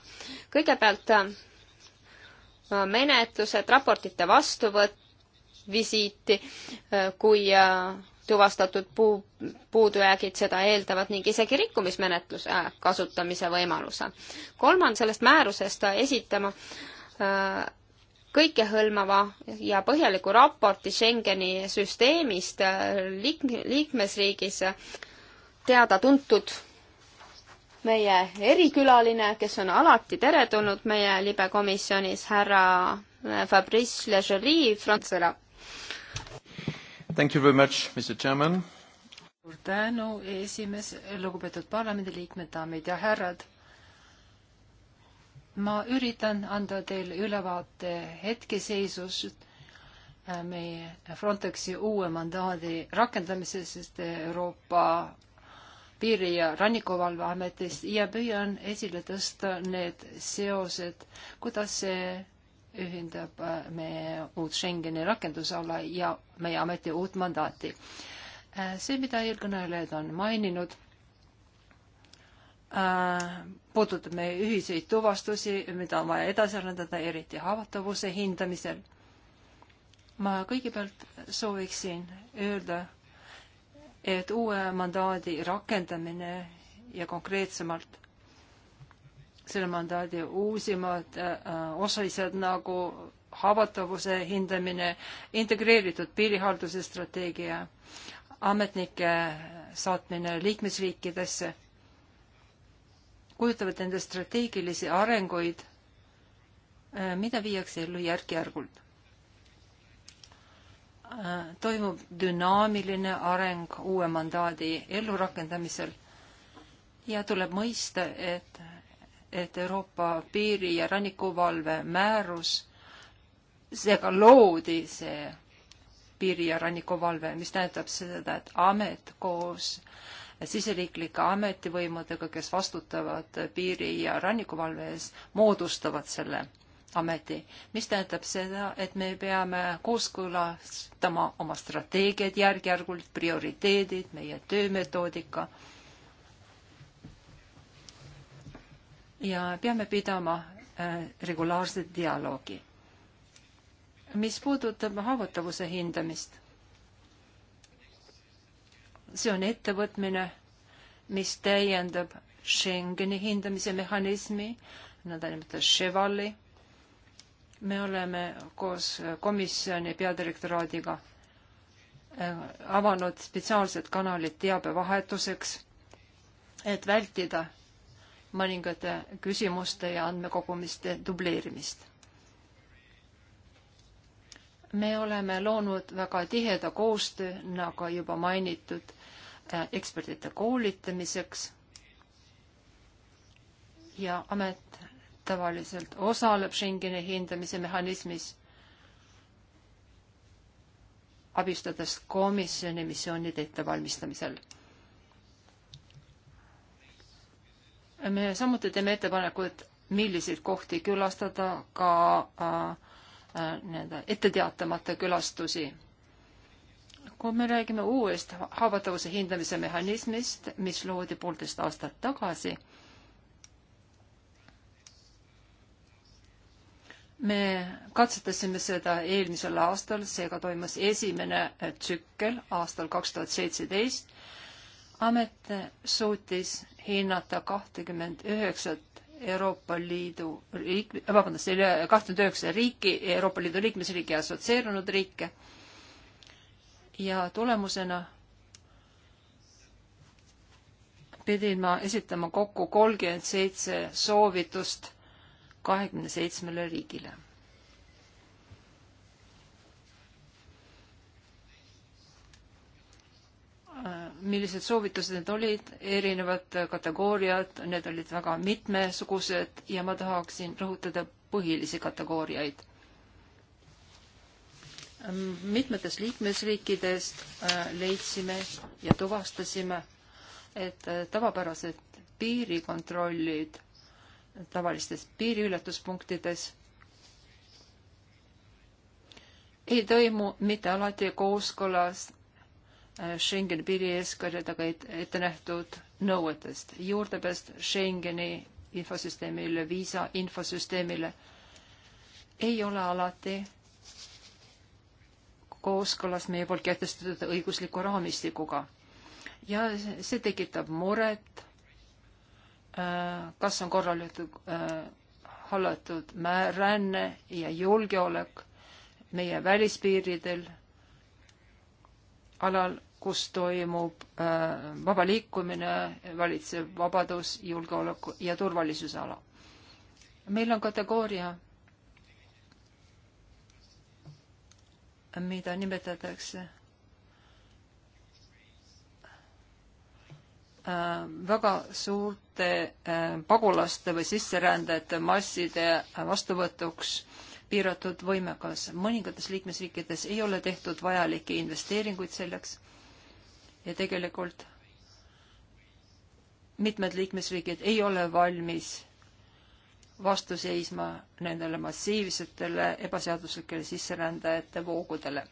C: kõigepealt äh, menetlused, raportite vastuvõtt, visiiti, äh, kui äh, tuvastatud puu, puudujäägid seda eeldavad ning isegi rikkumismenetluse kasutamise võimaluse. kolm on sellest määrusest esitama kõikehõlmava ja põhjaliku raporti Schengeni süsteemist liik-, liikmesriigis teada-tuntud meie erikülaline, kes on alati teretulnud meie libekomisjonis, härra äh, Fabrice Legerie Frantsela.
A: Thank you very much, Mr Chairman.
C: suur tänu, esimees, lugupeetud
B: parlamendiliikmed, daamid ja härrad. ma üritan anda teile ülevaate hetkeseisust äh, meie Frontexi uue mandaadi rakendamises, sest Euroopa Piiri- ja Rannikuvalveametist ja püüan esile tõsta need seosed, kuidas see ühendab äh, meie uut Schengeni rakendusala ja meie ameti uut mandaati. Äh, see, mida eelkõnelejad on maininud, äh, puudutab meie ühiseid tuvastusi, mida on vaja edasi arendada, eriti haavatavuse hindamisel. ma kõigepealt sooviksin öelda, et uue mandaadi rakendamine ja konkreetsemalt selle mandaadi uusimad äh, osalised nagu haavatavuse hindamine, integreeritud piirihalduse strateegia, ametnike saatmine liikmesriikidesse kujutavad endast strateegilisi arenguid, äh, mida viiakse ellu järk-järgult toimub dünaamiline areng uue mandaadi ellurakendamisel ja tuleb mõista, et, et Euroopa piiri- ja rannikuvalve määrus, seega loodi see piiri- ja rannikuvalve, mis tähendab seda, et amet koos siseriiklike ametivõimudega, kes vastutavad piiri- ja rannikuvalve ees, moodustavad selle ameti, mis tähendab seda, et me peame kooskõlastama oma strateegiad järk-järgult, prioriteedid, meie töömetoodika. ja peame pidama äh, regulaarset dialoogi. mis puudutab haavatavuse hindamist, see on ettevõtmine, mis täiendab Schengeni hindamise mehhanismi, nõndanimetatud Chevali me oleme koos komisjoni peadirektoraadiga äh, avanud spetsiaalsed kanalid teabevahetuseks, et vältida mõningate küsimuste ja andmekogumiste dubleerimist. me oleme loonud väga tiheda koostöö, nagu juba mainitud, äh, ekspertide koolitamiseks ja amet tavaliselt osaleb Schengeni hindamise mehhanismis, abistades komisjoni missioonide ettevalmistamisel. me samuti teeme ettepanekud, milliseid kohti külastada, ka äh, äh nii-öelda ette teatamata külastusi kui me räägime uuest haavatavuse hindamise mehhanismist, mis loodi poolteist aastat tagasi, me katsetasime seda eelmisel aastal, seega toimus esimene tsükkel aastal kaks tuhat seitseteist. amet suutis hinnata kahtekümmend üheksat Euroopa Liidu liik-, vabandust, kahtekümmend üheksa riiki, Euroopa Liidu liikmesriigi assotsieerunud riike ja tulemusena pidin ma esitama kokku kolmkümmend seitse soovitust kahekümne seitsmele riigile. millised soovitused need olid, erinevad kategooriad, need olid väga mitmesugused ja ma tahaksin rõhutada põhilisi kategooriaid mitmetest liikmesriikidest äh, leidsime ja tuvastasime, et äh, tavapärased piirikontrollid tavalistes piiriületuspunktides ei toimu mitte alati kooskõlas äh, Schengeni piirieeskõrjadega ette nähtud nõuetest, juurdepääs Schengeni infosüsteemile, viisa infosüsteemile ei ole alati kooskõlas meie poolt kehtestatud õigusliku raamistikuga. ja see tekitab muret Äh, kas on korralikult äh, hallatud ränne ja julgeolek meie välispiiridel, alal, kus toimub äh, vaba liikumine, valitsev vabadus, julgeoleku ja turvalisuse ala. meil on kategooria, mida nimetatakse Äh, väga suurte äh, pagulaste või sisserändajate masside vastuvõtuks piiratud võimekas. mõningates liikmesriikides ei ole tehtud vajalikke investeeringuid selleks ja tegelikult mitmed liikmesriigid ei ole valmis vastu seisma nendele massiivsetele ebaseaduslikele sisserändajate voogudele.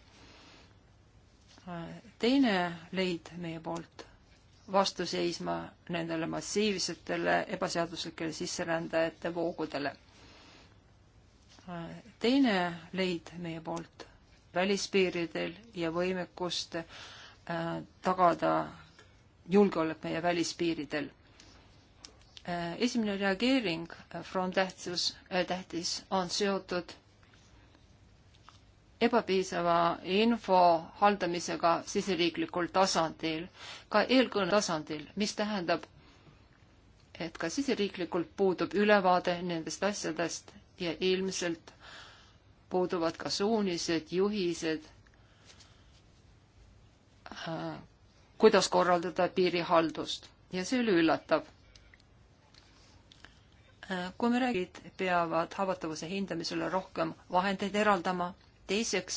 B: Äh, teine leid meie poolt vastu seisma nendele massiivsetele ebaseaduslikele sisserändajate voogudele. teine leid meie poolt välispiiridel ja võimekust äh, tagada julgeolek meie välispiiridel äh,. esimene reageering äh,, From tähtsus, äh, tähtis, on seotud ebapiisava info haldamisega siseriiklikul tasandil, ka eelkõne tasandil, mis tähendab, et ka siseriiklikult puudub ülevaade nendest asjadest ja ilmselt puuduvad ka suunised, juhised, äh, kuidas korraldada piirihaldust ja see oli üllatav äh, kui me räägid, peavad haavatavuse hindamisele rohkem vahendeid eraldama teiseks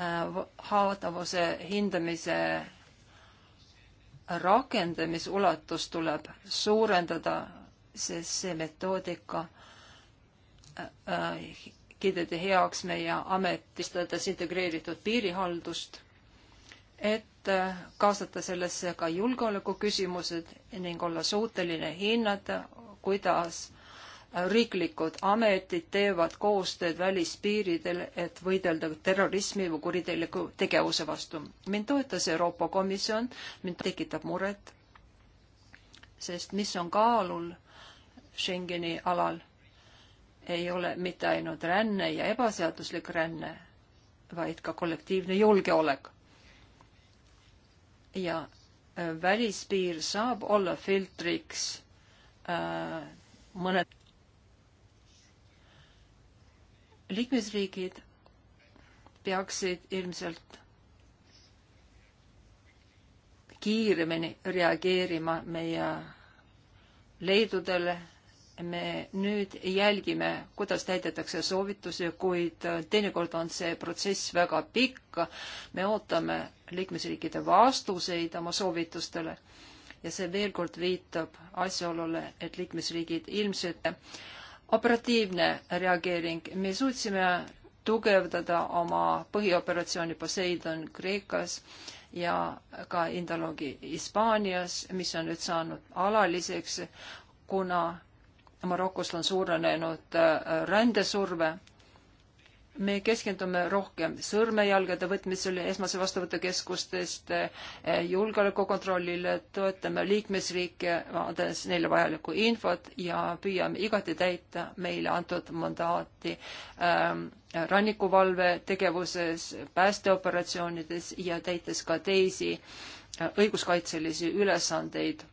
B: äh, haavatavuse hindamise rakendamisulatus tuleb suurendada, sest see metoodika äh, äh, kiideti heaks meie ametistades integreeritud piirihaldust, et kaasata sellesse ka julgeolekuküsimused ning olla suuteline hinnata, kuidas riiklikud ametid teevad koostööd välispiiridel, et võidelda terrorismi või kuritegeliku tegevuse vastu. mind toetas Euroopa Komisjon, mind tekitab muret, sest mis on kaalul Schengeni alal, ei ole mitte ainult ränne ja ebaseaduslik ränne, vaid ka kollektiivne julgeolek. ja äh, välispiir saab olla filtriks äh, mõned liikmesriigid peaksid ilmselt kiiremini reageerima meie leidudele. me nüüd jälgime, kuidas täidetakse soovitusi, kuid teinekord on see protsess väga pikk. me ootame liikmesriikide vastuseid oma soovitustele ja see veel kord viitab asjaolule, et liikmesriigid ilmselt operatiivne reageering, me suutsime tugevdada oma põhioperatsiooni Poseidon Kreekas ja ka Indologi Hispaanias, mis on nüüd saanud alaliseks, kuna Marokost on suurenenud äh, rändesurve me keskendume rohkem sõrmejalgade võtmisele esmase vastuvõtukeskustest, eh, julgeolekukontrollile, toetame liikmesriike, andes neile vajalikku infot ja püüame igati täita meile antud mandaati ähm, rannikuvalve tegevuses, päästeoperatsioonides ja täites ka teisi äh, õiguskaitselisi ülesandeid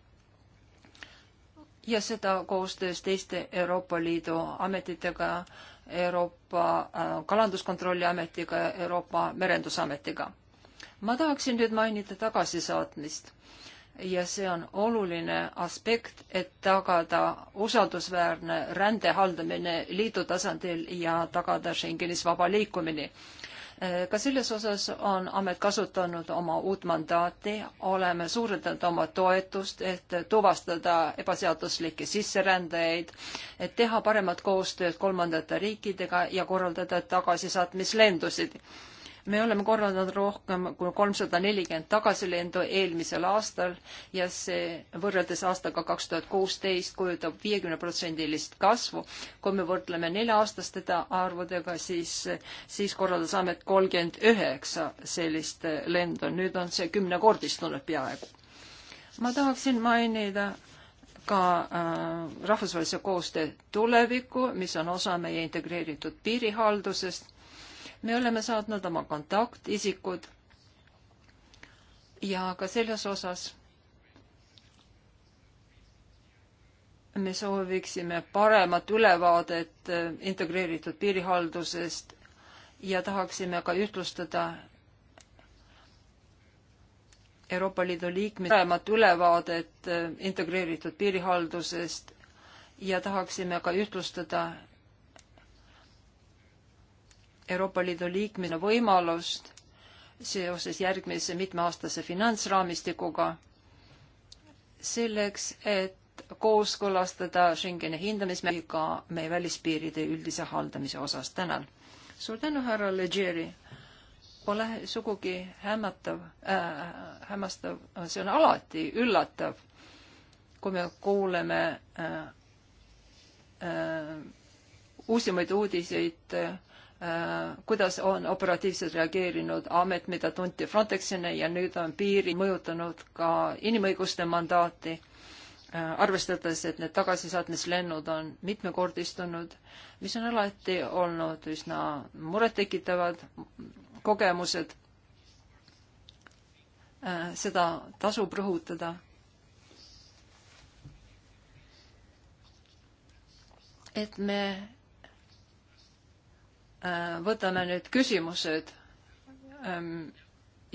B: ja seda koostöös teiste Euroopa Liidu ametitega äh, Euroopa äh, Kalanduskontrolli Ametiga ja Euroopa Merendusametiga. ma tahaksin nüüd mainida tagasisaatmist ja see on oluline aspekt, et tagada usaldusväärne rände haldamine liidu tasandil ja tagada Schengenis vaba liikumine ka selles osas on amet kasutanud oma uut mandaati, oleme suurendanud oma toetust, et tuvastada ebaseaduslikke sisserändajaid, et teha paremat koostööd kolmandate riikidega ja korraldada tagasisaatmislendusid me oleme korraldanud rohkem kui kolmsada nelikümmend tagasilendu eelmisel aastal ja see võrreldes aastaga kaks tuhat kuusteist kujutab viiekümneprotsendilist kasvu. kui me võrdleme nelja-aastastega arvudega, siis, siis korraldas amet kolmkümmend üheksa sellist lendu, nüüd on see kümnekordistunud peaaegu. ma tahaksin mainida ka äh, rahvusvahelise koostöö tulevikku, mis on osa meie integreeritud piirihaldusest me oleme saatnud oma kontaktisikud ja ka selles osas me sooviksime paremat ülevaadet äh, integreeritud piirihaldusest ja tahaksime ka ühtlustada Euroopa Liidu liikme paremat ülevaadet äh, integreeritud piirihaldusest ja tahaksime ka ühtlustada Euroopa Liidu liikmine võimalust seoses järgmise mitmeaastase finantsraamistikuga selleks, et kooskõlastada Schengeni hindamismärgiga meie välispiiride üldise haldamise osas. tänan. suur tänu, härra Legeri. Pole sugugi hämmatav äh,, hämmastav, see on alati üllatav, kui me kuuleme äh, äh, uusimaid uudiseid äh, Äh, kuidas on operatiivselt reageerinud amet, mida tunti Frontexina ja nüüd on piiri mõjutanud ka inimõiguste mandaati, äh, arvestades, et need tagasisaatmislennud on mitmekordistunud, mis on alati olnud üsna murettekitavad kogemused. Äh, seda tasub rõhutada et me Äh, võtame nüüd küsimused. Ähm,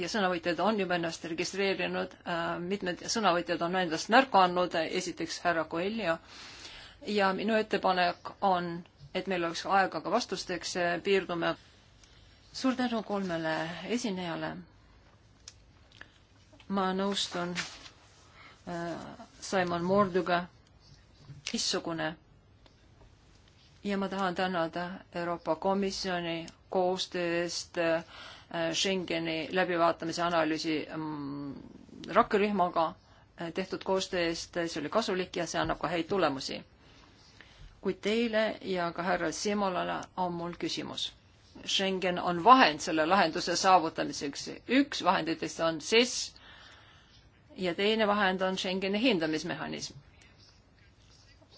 B: ja sõnavõtjad on juba ennast registreerinud, äh, mitmed sõnavõtjad on endast märku andnud, esiteks härra Coelho. ja minu ettepanek on, et meil oleks aega ka vastusteks, äh, piirdume. suur tänu kolmele esinejale. ma nõustun Simon Morduga, missugune ja ma tahan tänada Euroopa Komisjoni koostöö eest äh, Schengeni läbivaatamise analüüsi mm, rakkerühmaga äh, tehtud koostöö eest, see oli kasulik ja see annab ka häid tulemusi. kuid teile ja ka härra Simolale on mul küsimus. Schengen on vahend selle lahenduse saavutamiseks, üks vahenditest on SIS ja teine vahend on Schengeni hindamismehhanism.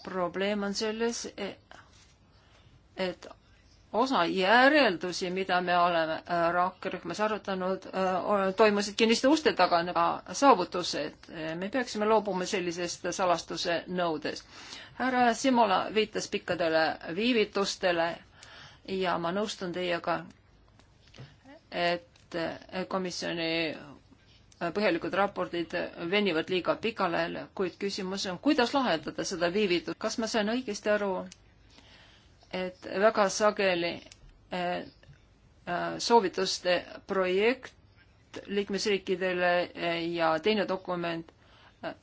B: probleem on selles, et osa järeldusi, mida me oleme äh, rakkerühmas arutanud, äh, toimusid kinniste uste taga, nagu saavutused. me peaksime loobuma sellisest salastuse nõudest. härra Simola viitas pikkadele viivitustele ja ma nõustun teiega, et komisjoni põhjalikud raportid venivad liiga pikale, kuid küsimus on, kuidas lahendada seda viivitust. kas ma sain õigesti aru, et väga sageli äh, soovituste projekt liikmesriikidele äh, ja teine dokument äh,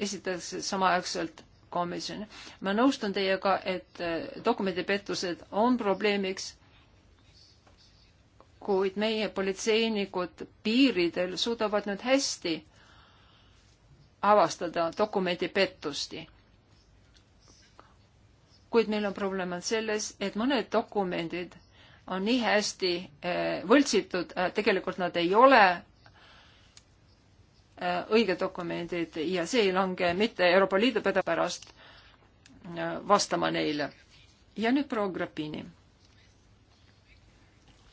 B: esitatakse samaaegselt komisjoni. ma nõustun teiega, et dokumendipettused on probleemiks, kuid meie politseinikud piiridel suudavad nüüd hästi avastada dokumendipettust kuid meil on probleem on selles, et mõned dokumendid on nii hästi eh, võltsitud, eh, tegelikult nad ei ole eh, õiged dokumendid ja see ei lange mitte Euroopa Liidu pädeva pärast vastama neile. ja nüüd proua Grappini.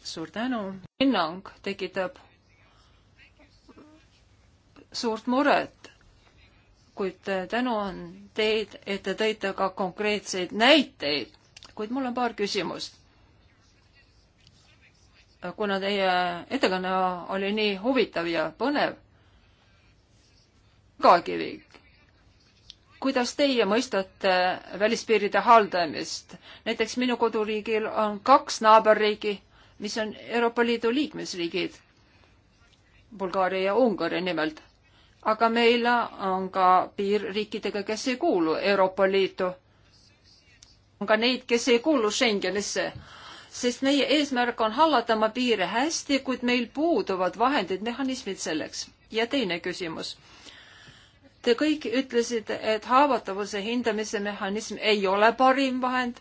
B: suur tänu. hinnang tekitab suurt muret kuid tänu on teid, et te tõite ka konkreetseid näiteid, kuid mul on paar küsimust. kuna teie ettekanne oli nii huvitav ja põnev, Kaagivi, kuidas teie mõistate välispiiride haldamist? näiteks minu koduriigil on kaks naaberriigi, mis on Euroopa Liidu liikmesriigid, Bulgaaria ja Ungari nimelt aga meil on ka piir riikidega, kes ei kuulu Euroopa Liitu. on ka neid, kes ei kuulu Schengenisse, sest meie eesmärk on hallata oma piire hästi, kuid meil puuduvad vahendid, mehhanismid selleks. ja teine küsimus. Te kõik ütlesite, et haavatavuse hindamise mehhanism ei ole parim vahend,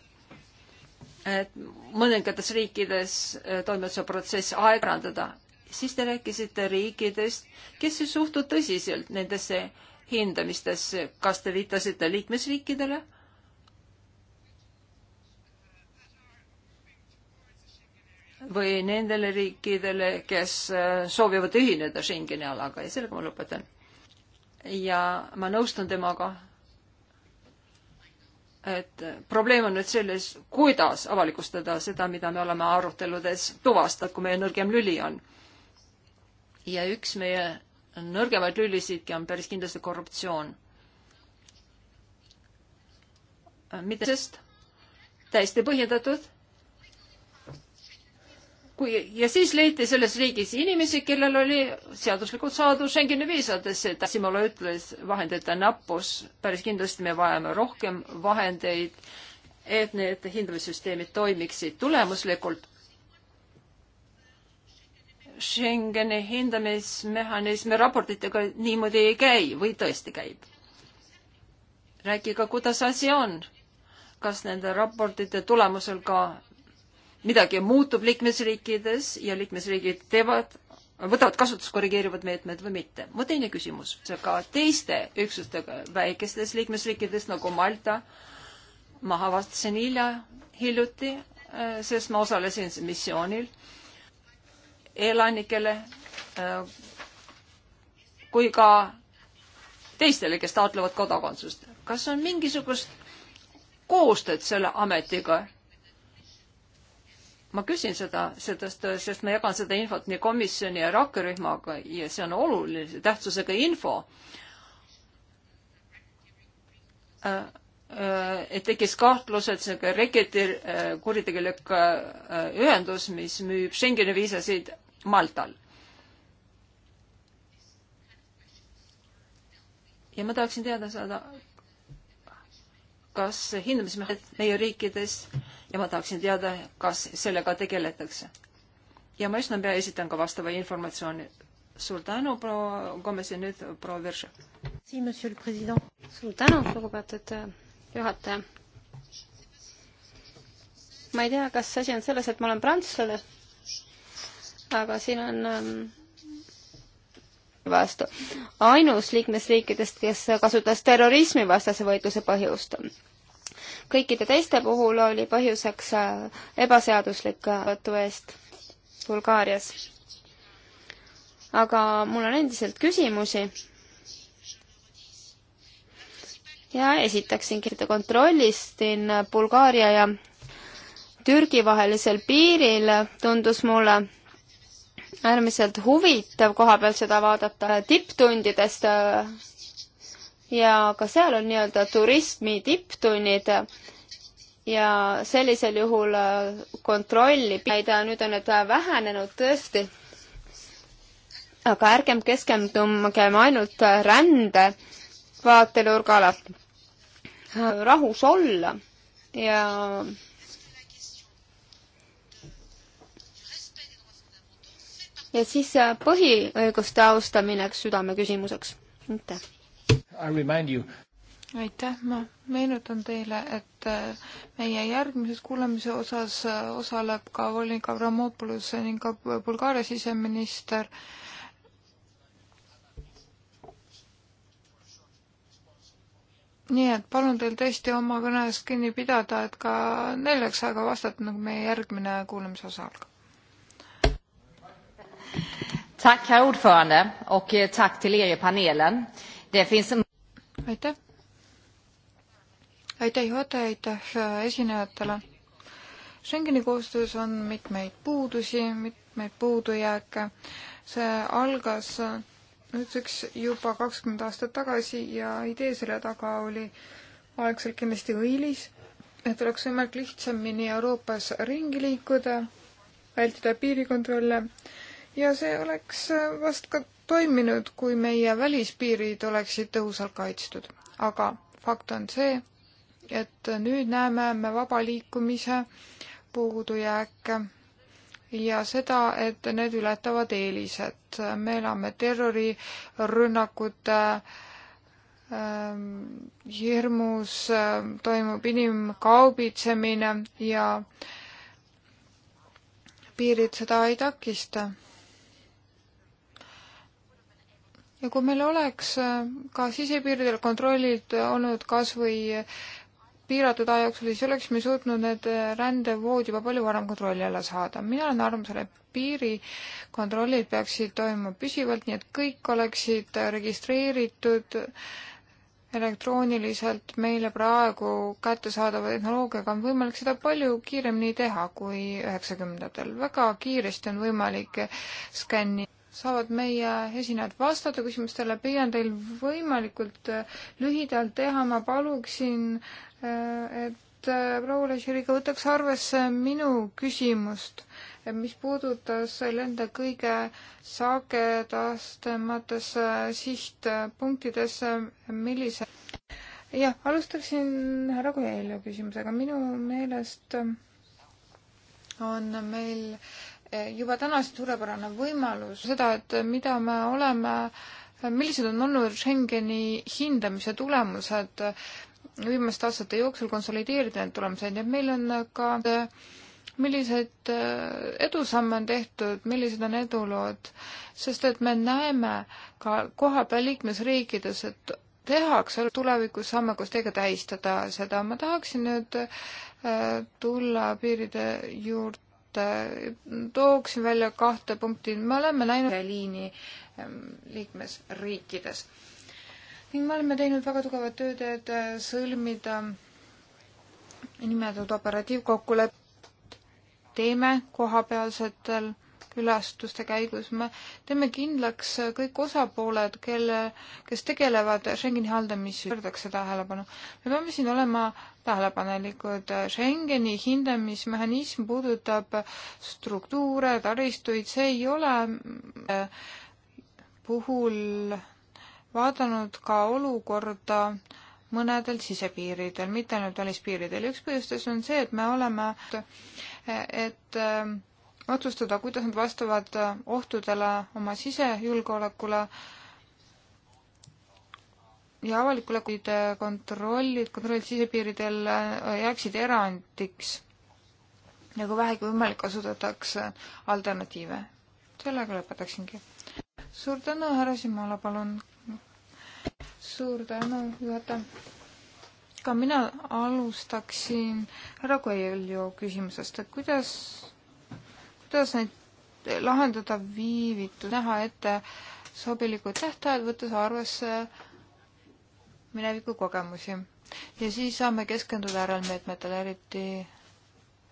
B: et mõningates riikides eh, toimub see protsess aegrandada siis te rääkisite riikidest, kes ei suhtu tõsiselt nendesse hindamistesse. kas te viitasite liikmesriikidele? või nendele riikidele, kes äh, soovivad ühineda Schengeni alaga ja sellega ma lõpetan. ja ma nõustun temaga, et probleem on nüüd selles, kuidas avalikustada seda, mida me oleme aruteludes tuvastanud, kui meie nõrgem lüli on ja üks meie nõrgemaid lülisidki on päris kindlasti korruptsioon. mitte sest, täiesti põhjendatud. kui ja siis leiti selles riigis inimesi, kellel oli seaduslikult saadud Schengeni viisadesse, Simolo ütles, vahendite nappus, päris kindlasti me vajame rohkem vahendeid, et need hindamissüsteemid toimiksid tulemuslikult Schengeni hindamismehhanismi raportitega niimoodi ei käi või tõesti käib? rääkige, kuidas asi on. kas nende raportite tulemusel ka midagi muutub liikmesriikides ja liikmesriigid teevad, võtavad kasutusele korrigeerivad meetmed või mitte? mu teine küsimus, see ka teiste üksustega väikestes liikmesriikides nagu Malta, ma avastasin hilja, hiljuti, eh, sest ma osalesin missioonil elanikele äh, kui ka teistele, kes taotlevad kodakondsust. kas on mingisugust koostööd selle ametiga? ma küsin seda, sest, sest ma jagan seda infot nii komisjoni ja rakkerühmaga ja see on olulise tähtsusega info. Äh, äh, et tekkis kahtlus, et see reketi kuritegelik ühendus, mis müüb Schengeni viisasid, Maltal. ja ma tahaksin teada saada, kas hindamismehed meie riikides ja ma tahaksin teada, kas sellega tegeletakse. ja ma üsna pea esitan ka vastava informatsiooni. suur tänu, proua Gomes ja nüüd proua Virša.
C: suur tänu, lugupeetud äh, juhataja ma ei tea, kas asi on selles, et ma olen prantslane aga siin on ähm, vastu. ainus liikmesriikidest, kes kasutas terrorismivastase võitluse põhjust. kõikide teiste puhul oli põhjuseks äh, ebaseaduslik äh, võtu eest Bulgaarias. aga mul on endiselt küsimusi. ja esitaksin kirja kontrollist siin Bulgaaria ja Türgi vahelisel piiril tundus mulle äärmiselt huvitav koha peal seda vaadata äh, tipptundidest äh, ja ka seal on nii-öelda turismi tipptunnid ja sellisel juhul äh, kontrolli, nüüd on need vähenenud tõesti, aga ärgem keskendugem ainult rände vaatenurgale, rahus olla ja ja siis äh, põhiõiguste austamine südameküsimuseks.
B: aitäh!
C: aitäh, ma meenutan
A: teile, et äh, meie
C: järgmises kuulamise
A: osas äh, osaleb ka volinik Avramopoulos ning ka Bulgaaria siseminister. nii et palun teil tõesti oma kõnes kinni pidada, et ka neil oleks aega vastata, nagu meie järgmine kuulamise osa algab.
C: Tack herr ordförande och eh, tack till er i panelen. Det finns en... aitäh.
A: aitäh juhataja, aitäh eh, esinejatele. Schengeni koostöös on mitmeid puudusi, mitmeid puudujääke. see algas eh, nüüdseks juba kakskümmend aastat tagasi ja idee selle taga oli algselt kindlasti õilis, et oleks võimalik lihtsamini Euroopas ringi liikuda, vältida piirikontrolle ja see oleks äh, vast ka toiminud, kui meie välispiirid oleksid tõhusalt kaitstud. aga fakt on see, et nüüd näeme me vaba liikumise puudujääke ja seda, et need ületavad eelised. me elame terrorirünnakute ähm, hirmus äh, toimub inimkaubitsemine ja piirid seda ei takista ja kui meil oleks äh, ka sisepiiridel kontrollid olnud kas või äh, piiratud aja jooksul, siis oleksime suutnud need äh, rändevood juba palju varem kontrolli alla saada. mina olen arvamusel, et piirikontrollid peaksid toimuma püsivalt, nii et kõik oleksid registreeritud elektrooniliselt meile praegu kättesaadava tehnoloogiaga on võimalik seda palju kiiremini teha kui üheksakümnendatel. väga kiiresti on võimalik skänni saavad meie esinejad vastata küsimustele, püüan teil võimalikult äh, lühidalt teha, ma paluksin, äh, et äh, proua Lešeriga võtaks arvesse minu küsimust, mis puudutas nende kõige sagedastemates sihtpunktides, millise jah, alustaksin härra Koelju küsimusega, minu meelest on meil äh, juba tänast suurepärane võimalus seda, et mida me oleme, millised on olnud Schengeni hindamise tulemused viimaste aastate jooksul konsolideerida need tulemused, nii et meil on ka milliseid äh, edusamme on tehtud, millised on edulood, sest et me näeme ka kohapeal liikmesriikides, et tehakse, tulevikus saame koos teiega tähistada seda. ma tahaksin nüüd äh, tulla piiride juurde poolt tooksin välja kahte punkti. me oleme läinud liini ehm, liikmesriikides ning me oleme teinud väga tugevat tööd, et eh, sõlmida nimetatud operatiivkokkulepe. teeme kohapealsetel külastuste käigus, me teeme kindlaks kõik osapooled, kelle, kes tegelevad Schengeni haldamisse, pöördakse tähelepanu. me peame siin olema tähelepanelikud. Schengeni hindamismehhanism puudutab struktuure, taristuid, see ei ole äh, puhul vaadanud ka olukorda mõnedel sisepiiridel, mitte ainult välispiiridel. üks põhjustes on see, et me oleme, et äh, otsustada, kuidas nad vastavad ohtudele oma sisejulgeolekule äh, ja avalikule äh, kontrollid, kontrollid sisepiiridel äh, jääksid erandiks ja kui vähegi võimalik, kasutatakse alternatiive. sellega lõpetaksingi. suur tänu, härra Simala, palun. suur tänu, juhataja. ka mina alustaksin härra Koielju küsimusest, et kuidas, kuidas neid lahendada viivitud, näha ette sobilikud tähtajad, võttes arvesse äh, mineviku kogemusi ja siis saame keskenduda järelmeetmetele, eriti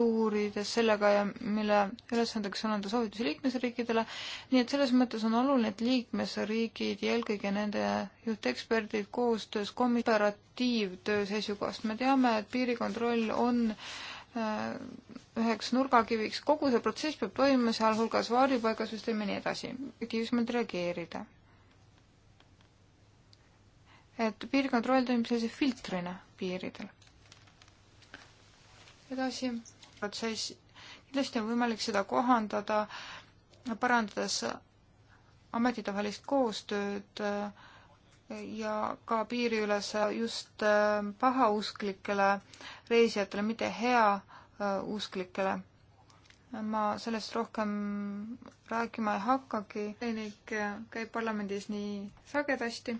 A: uurides sellega ja mille ülesandeks on anda soovitusi liikmesriikidele, nii et selles mõttes on oluline, et liikmesriigid ja eelkõige nende juhteksperdid koostöös komparatiivtöö seisukohast, me teame, et piirikontroll on äh, üheks nurgakiviks, kogu see protsess peab toimuma, sealhulgas varjupaigasüsteem ja nii edasi, kiirusmalt reageerida et piirikontroll toimib sellise filtrina piiridel. edasi, protsess, kindlasti on võimalik seda kohandada, parandades ametitevahelist koostööd äh, ja ka piiriülese just äh, pahausklikele reisijatele, mitte heausklikele äh, ma sellest rohkem rääkima ei hakkagi, kliinik käib parlamendis nii sagedasti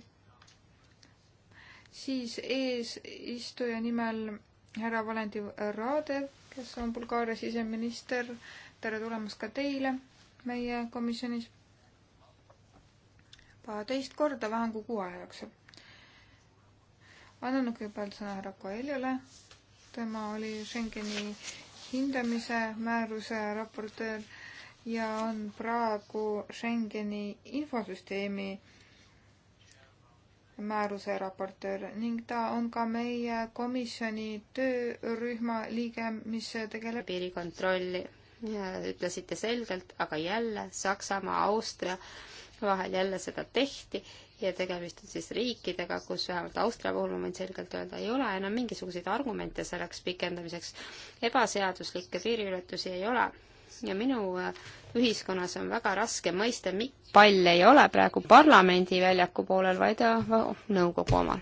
A: siis eesistuja nimel härra Valentiv Radev, kes on Bulgaaria siseminister. tere tulemast ka teile meie komisjonis. juba teist korda vähem kui kuu aja jooksul. annan kõigepealt sõna härra Koeljale. tema oli Schengeni hindamise määruse raportöör ja on praegu Schengeni infosüsteemi määruse raportöör ning ta on ka meie komisjoni töörühma liige, mis tegeleb
C: piirikontrolli. ütlesite selgelt, aga jälle Saksamaa, Austria vahel jälle seda tehti ja tegemist on siis riikidega, kus vähemalt Austria puhul ma võin selgelt öelda, ei ole enam mingisuguseid argumente selleks pikendamiseks. ebaseaduslikke piiriületusi ei ole ja minu ühiskonnas on väga raske mõista, pall ei ole praegu parlamendi väljaku poolel, vaid äh, nõukogu omal.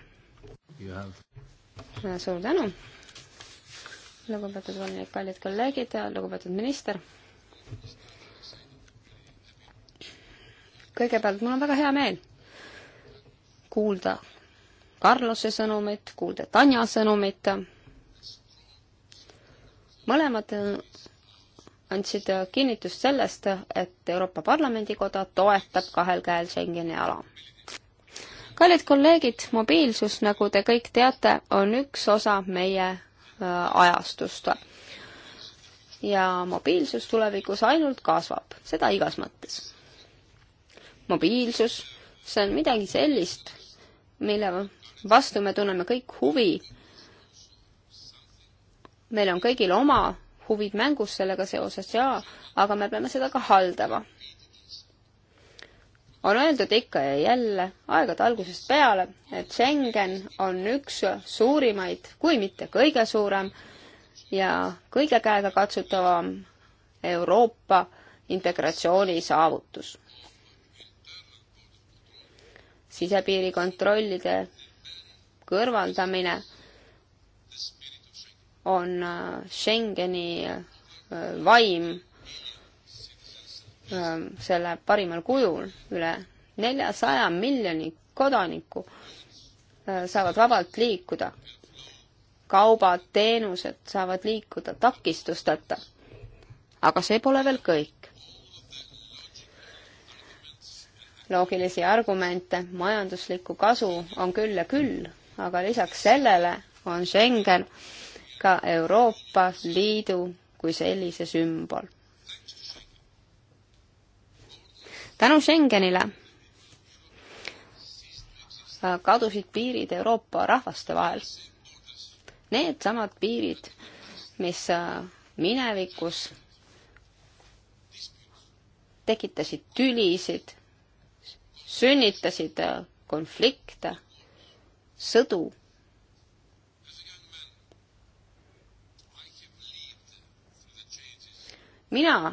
C: suur tänu, lugupeetud volinik, kallid kolleegid ja lugupeetud minister. kõigepealt mul on väga hea meel kuulda Carlose sõnumit, kuulda Tanja sõnumit. mõlemad andsid äh, kinnitust sellest, et Euroopa Parlamendi koda toetab kahel käel Schengeni ala. kallid kolleegid, mobiilsus, nagu te kõik teate, on üks osa meie äh, ajastust. ja mobiilsus tulevikus ainult kasvab, seda igas mõttes. mobiilsus, see on midagi sellist, mille vastu me tunneme kõik huvi. meil on kõigil oma huvid mängus sellega seoses jaa, aga me peame seda ka haldama. on öeldud ikka ja jälle aegade algusest peale, et Schengen on üks suurimaid, kui mitte kõige suurem ja kõige käegakatsutavam Euroopa integratsiooni saavutus. sisepiirikontrollide kõrvaldamine on äh, Schengeni äh, vaim äh, selle parimal kujul üle neljasaja miljoni kodaniku saavad vabalt liikuda. kaubad, teenused saavad liikuda takistusteta. aga see pole veel kõik. loogilisi argumente, majanduslikku kasu on küll ja küll, aga lisaks sellele on Schengen äh, ka Euroopa Liidu kui sellise sümbol. tänu Schengenile kadusid piirid Euroopa rahvaste vahel. Needsamad piirid, mis äh, minevikus tekitasid tülisid, sünnitasid äh, konflikte, sõdu mina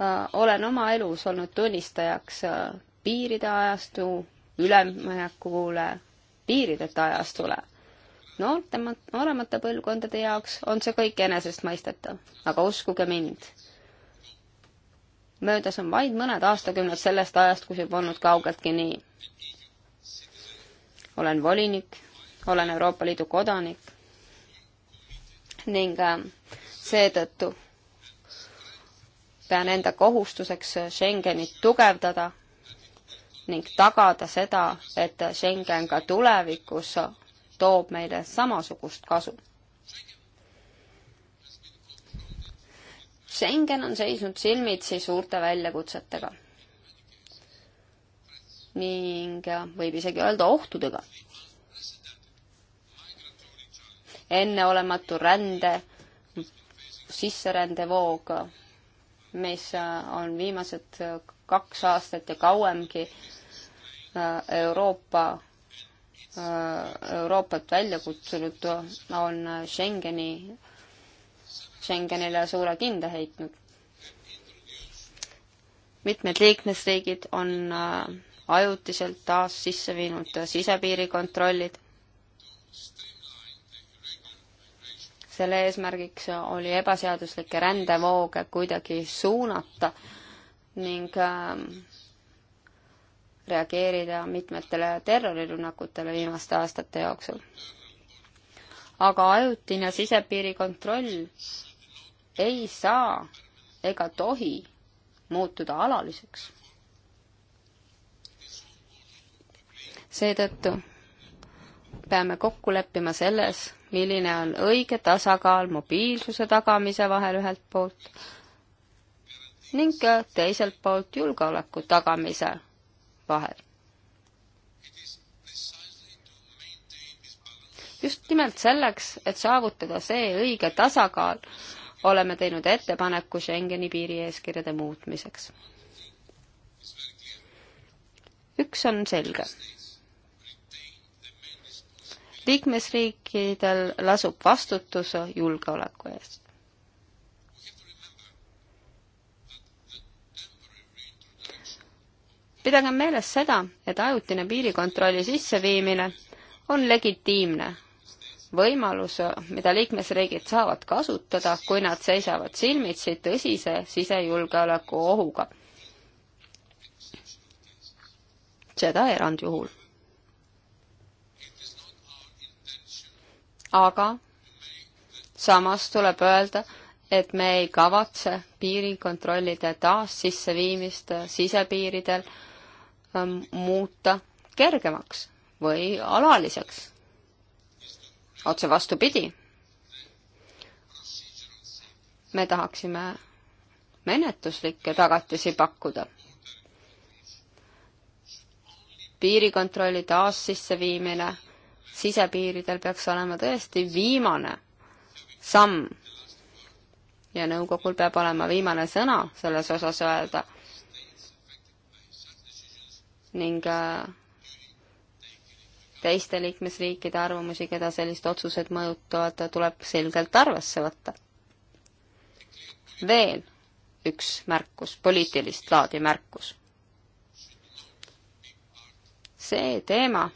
C: äh, olen oma elus olnud tunnistajaks äh, piiride ajastu üleminekule, piirideta ajastule. noorte, nooremate põlvkondade jaoks on see kõik enesestmõistetav, aga uskuge mind, möödas on vaid mõned aastakümned sellest ajast, kui see polnud kaugeltki nii. olen volinik, olen Euroopa Liidu kodanik ning äh, seetõttu pean enda kohustuseks Schengenit tugevdada ning tagada seda, et Schengen ka tulevikus toob meile samasugust kasu. Schengen on seisnud silmitsi suurte väljakutsetega ning võib isegi öelda ohtudega. enneolematu rände sisserändevoog, mis äh, on viimased äh, kaks aastat ja kauemgi äh, Euroopa, Euroopat välja kutsunud, on Schengeni, Schengenile suure kinde heitnud. mitmed liikmesriigid on ajutiselt taas sisse viinud sisepiirikontrollid, selle eesmärgiks oli ebaseaduslikke rändevooge kuidagi suunata ning ähm, reageerida mitmetele terrorirünnakutele viimaste aastate jooksul. aga ajutine sisepiiri kontroll ei saa ega tohi muutuda alaliseks. seetõttu peame kokku leppima selles, milline on õige tasakaal mobiilsuse tagamise vahel ühelt poolt ning teiselt poolt julgeoleku tagamise vahel. just nimelt selleks, et saavutada see õige tasakaal, oleme teinud ettepaneku Schengeni piirieeskirjade muutmiseks. üks on selge liikmesriikidel lasub vastutus julgeoleku eest. pidagem meeles seda, et ajutine piirikontrolli sisseviimine on legitiimne võimalus, mida liikmesriigid saavad kasutada, kui nad seisavad silmitsi tõsise sisejulgeoleku ohuga. seda erandjuhul aga samas tuleb öelda, et me ei kavatse piirikontrollide taassisseviimist sisepiiridel ähm, muuta kergemaks või alaliseks. otse vastupidi. me tahaksime menetluslikke tagatisi pakkuda. piirikontrolli taassisseviimine sisepiiridel peaks olema tõesti viimane samm. ja nõukogul peab olema viimane sõna selles osas öelda. ning äh, teiste liikmesriikide arvamusi, keda sellised otsused mõjutavad, tuleb selgelt arvesse võtta. veel üks märkus, poliitilist laadi märkus. see teema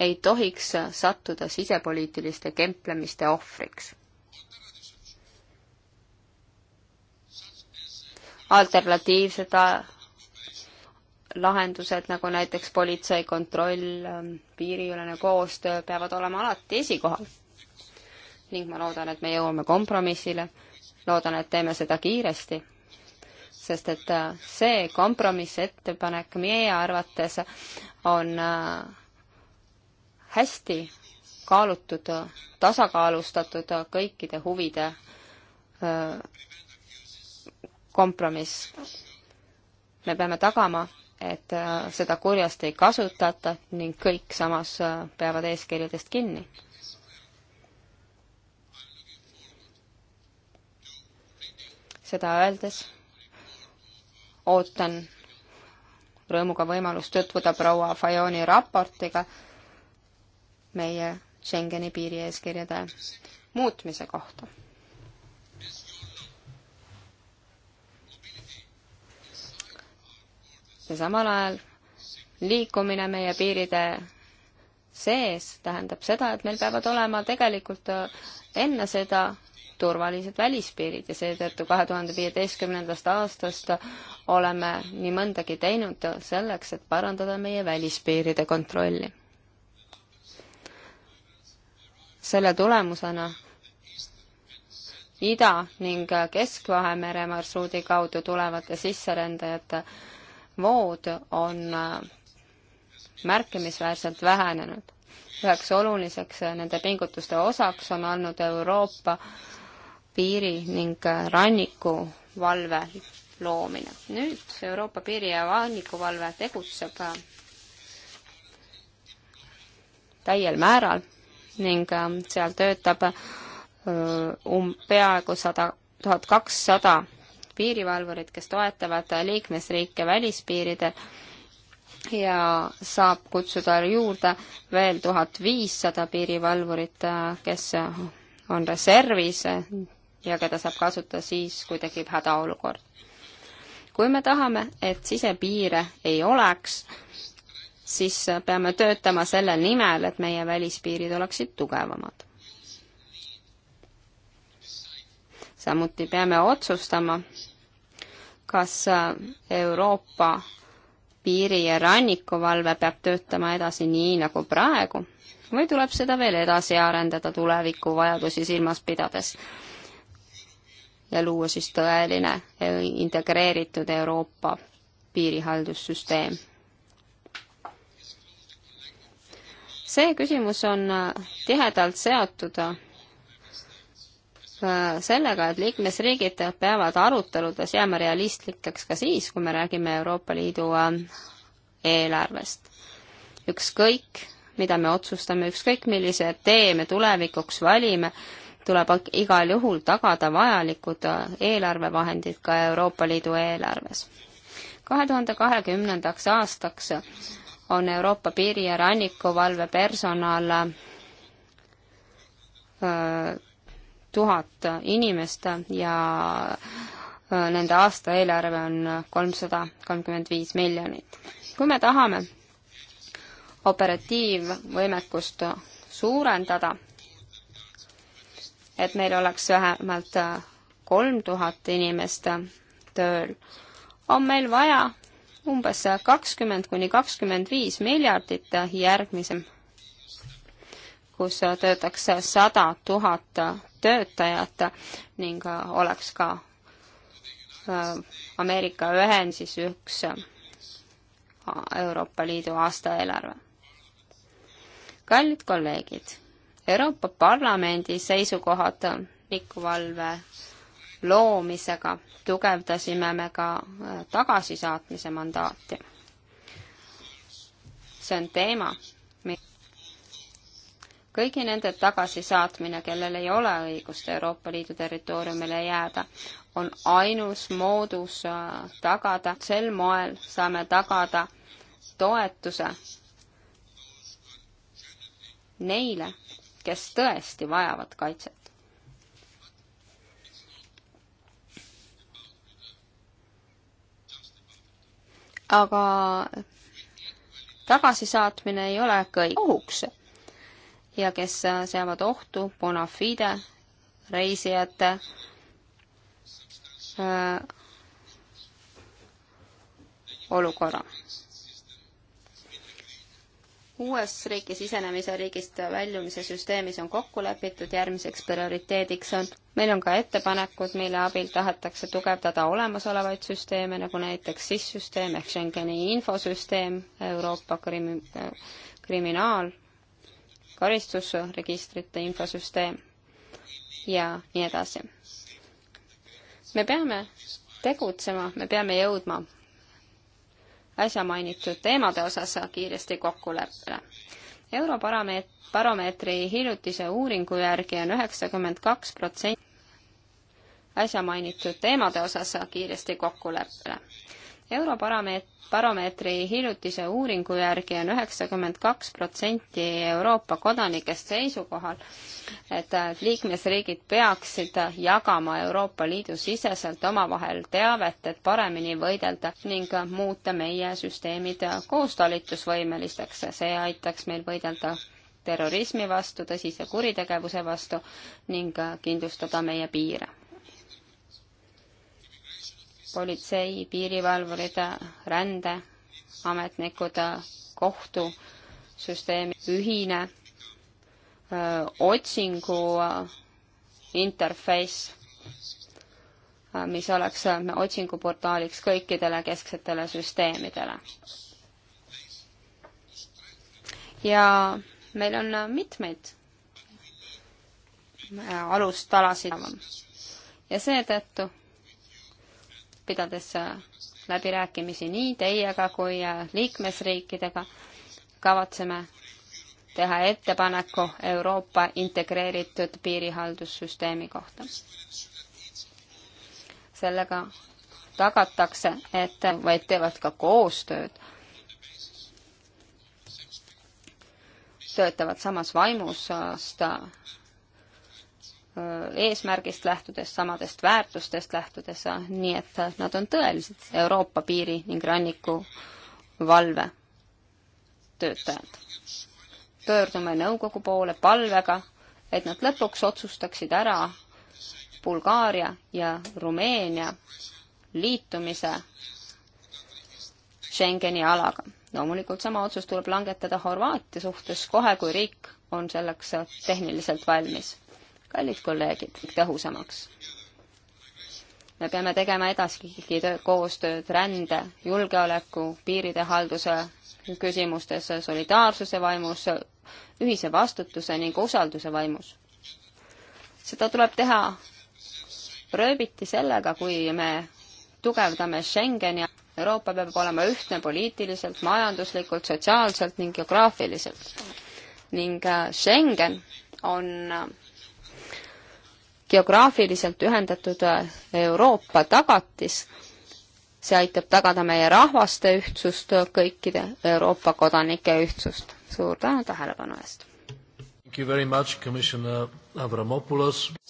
C: ei tohiks sattuda sisepoliitiliste kemplemiste ohvriks. alternatiivsed äh, lahendused, nagu näiteks politsei kontroll, ähm, piiriülene koostöö, peavad olema alati esikohal. ning ma loodan, et me jõuame kompromissile, loodan, et teeme seda kiiresti, sest et äh, see kompromissettepanek meie arvates on äh, hästi kaalutud, tasakaalustatud kõikide huvide kompromiss. me peame tagama, et seda kurjast ei kasutata ning kõik samas peavad eeskirjadest kinni. seda öeldes ootan rõõmuga võimalust tutvuda proua Fajoni raportiga meie Schengeni piirieeskirjade muutmise kohta. ja samal ajal liikumine meie piiride sees tähendab seda, et meil peavad olema tegelikult enne seda turvalised välispiirid ja seetõttu kahe tuhande viieteistkümnendast aastast oleme nii mõndagi teinud selleks, et parandada meie välispiiride kontrolli selle tulemusena Ida- ning Kesk-Vahemere marsruudi kaudu tulevate sisserändajate vood on äh, märkimisväärselt vähenenud. üheks oluliseks äh, nende pingutuste osaks on olnud Euroopa piiri ning äh, rannikuvalve loomine. nüüd Euroopa piiri- ja rannikuvalve tegutseb täiel määral ning ähm, seal töötab äh, um-, peaaegu sada, tuhat kakssada piirivalvurit, kes toetavad äh, liikmesriike välispiiridel ja saab kutsuda juurde veel tuhat viissada piirivalvurit, äh, kes on reservis ja keda saab kasutada siis, kui tekib hädaolukord. kui me tahame, et sisepiire ei oleks, siis peame töötama selle nimel, et meie välispiirid oleksid tugevamad. samuti peame otsustama, kas Euroopa piiri- ja rannikuvalve peab töötama edasi nii nagu praegu või tuleb seda veel edasi arendada tuleviku vajadusi silmas pidades ja luua siis tõeline integreeritud Euroopa piirihaldussüsteem see küsimus on äh, tihedalt seotud äh, sellega, et liikmesriigid peavad aruteludes jääma realistlikeks ka siis, kui me räägime Euroopa Liidu äh, eelarvest. ükskõik, mida me otsustame, ükskõik millise tee me tulevikuks valime, tuleb igal juhul tagada vajalikud eelarvevahendid ka Euroopa Liidu eelarves. kahe tuhande kahekümnendaks aastaks on Euroopa Piiri- ja Rannikuvalve personal tuhat inimest ja nende aastaeelarve on kolmsada kolmkümmend viis miljonit. kui me tahame operatiivvõimekust suurendada, et meil oleks vähemalt kolm tuhat inimest tööl, on meil vaja umbes kakskümmend kuni kakskümmend viis miljardit järgmise, kus töötaks sada tuhat töötajat ning oleks ka äh, Ameerika ühend siis üks äh, Euroopa Liidu aastaeelarve. kallid kolleegid, Euroopa Parlamendi seisukohad äh, Mikk Valve loomisega tugevdasime me ka äh, tagasisaatmise mandaati. see on teema, kõigi nende tagasisaatmine, kellel ei ole õigust Euroopa Liidu territooriumile jääda, on ainus moodus äh, tagada, sel moel saame tagada toetuse neile, kes tõesti vajavad kaitset. aga tagasisaatmine ei ole kõik ohuks ja kes seavad ohtu bona fide reisijate äh, olukorra uues riiki sisenemise riigist väljumise süsteemis on kokku lepitud, järgmiseks prioriteediks on, meil on ka ettepanekud, mille abil tahetakse tugevdada olemasolevaid süsteeme, nagu näiteks SIS-süsteem ehk Schengeni infosüsteem, Euroopa krimi-, kriminaal, karistusregistrite infosüsteem ja nii edasi. me peame tegutsema, me peame jõudma äsja mainitud teemade osas kiiresti kokkuleppele. Europarameet-, baromeetri hiljutise uuringu järgi on üheksakümmend kaks protsenti äsja mainitud teemade osas kiiresti kokkuleppele. Eurobaromeetri hiljutise uuringu järgi on üheksakümmend kaks protsenti Euroopa kodanikest seisukohal, et liikmesriigid peaksid jagama Euroopa Liidu siseselt omavahel teavet, et paremini võidelda ning muuta meie süsteemid koostalitusvõimeliseks. see aitaks meil võidelda terrorismi vastu, tõsise kuritegevuse vastu ning kindlustada meie piire politsei, piirivalvurid, rändeametnikud, kohtusüsteemi ühine öö, otsingu interface, mis oleks otsinguportaaliks kõikidele kesksetele süsteemidele. ja meil on mitmeid alustalasid ja seetõttu pidades äh, läbirääkimisi nii teiega kui äh, liikmesriikidega, kavatseme teha ettepaneku Euroopa integreeritud piirihaldussüsteemi kohta. sellega tagatakse, et vaid teevad ka koostööd, töötavad samas vaimus äh, eesmärgist lähtudes, samadest väärtustest lähtudes, ah, nii et nad on tõelised Euroopa piiri ning ranniku valve töötajad. pöördume nõukogu poole palvega, et nad lõpuks otsustaksid ära Bulgaaria ja Rumeenia liitumise Schengeni alaga. loomulikult sama otsus tuleb langetada Horvaatia suhtes kohe, kui riik on selleks tehniliselt valmis kallid kolleegid, tõhusamaks. me peame tegema edaspidi koostööd rände, julgeoleku, piiride halduse küsimustes, solidaarsuse vaimus, ühise vastutuse ning usalduse vaimus. seda tuleb teha rööbiti sellega, kui me tugevdame Schengeni. Euroopa peab olema ühtne poliitiliselt, majanduslikult, sotsiaalselt ning geograafiliselt. ning äh, Schengen on äh, geograafiliselt ühendatud äh, Euroopa tagatis, see aitab tagada meie rahvaste ühtsust, äh, kõikide Euroopa kodanike ühtsust. suur tänu tähelepanu eest!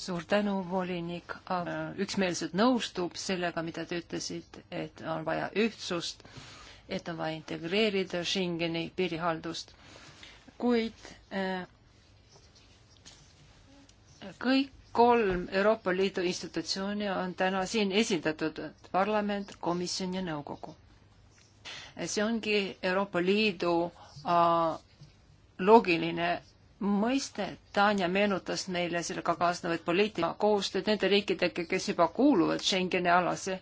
B: suur tänu, volinik, äh, üksmeelselt nõustub sellega, mida te ütlesite, et on vaja ühtsust, et on vaja integreerida Schengeni piirihaldust, kuid kõik kolm Euroopa Liidu institutsiooni on täna siin esindatud, parlament, komisjon ja nõukogu. see ongi Euroopa Liidu äh, loogiline mõiste, Tanja meenutas neile sellega kaasnevaid poliitika koostööd nende riikidega, kes juba kuuluvad Schengeni alasse,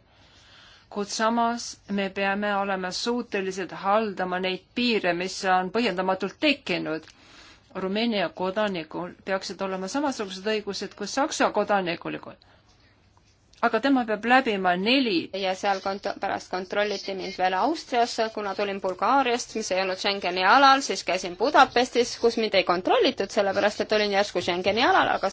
B: kuid samas me peame olema suutelised haldama neid piire, mis on põhjendamatult tekkinud Rumeenia kodanikul peaksid olema samasugused õigused kui Saksa kodanikul.
C: aga tema peab läbima neli. ja seal kont-, pärast kontrolliti mind veel Austriasse, kuna tulin Bulgaariast, mis ei olnud Schengeni alal, siis käisin Budapestis, kus mind ei kontrollitud, sellepärast et olin järsku Schengeni alal, aga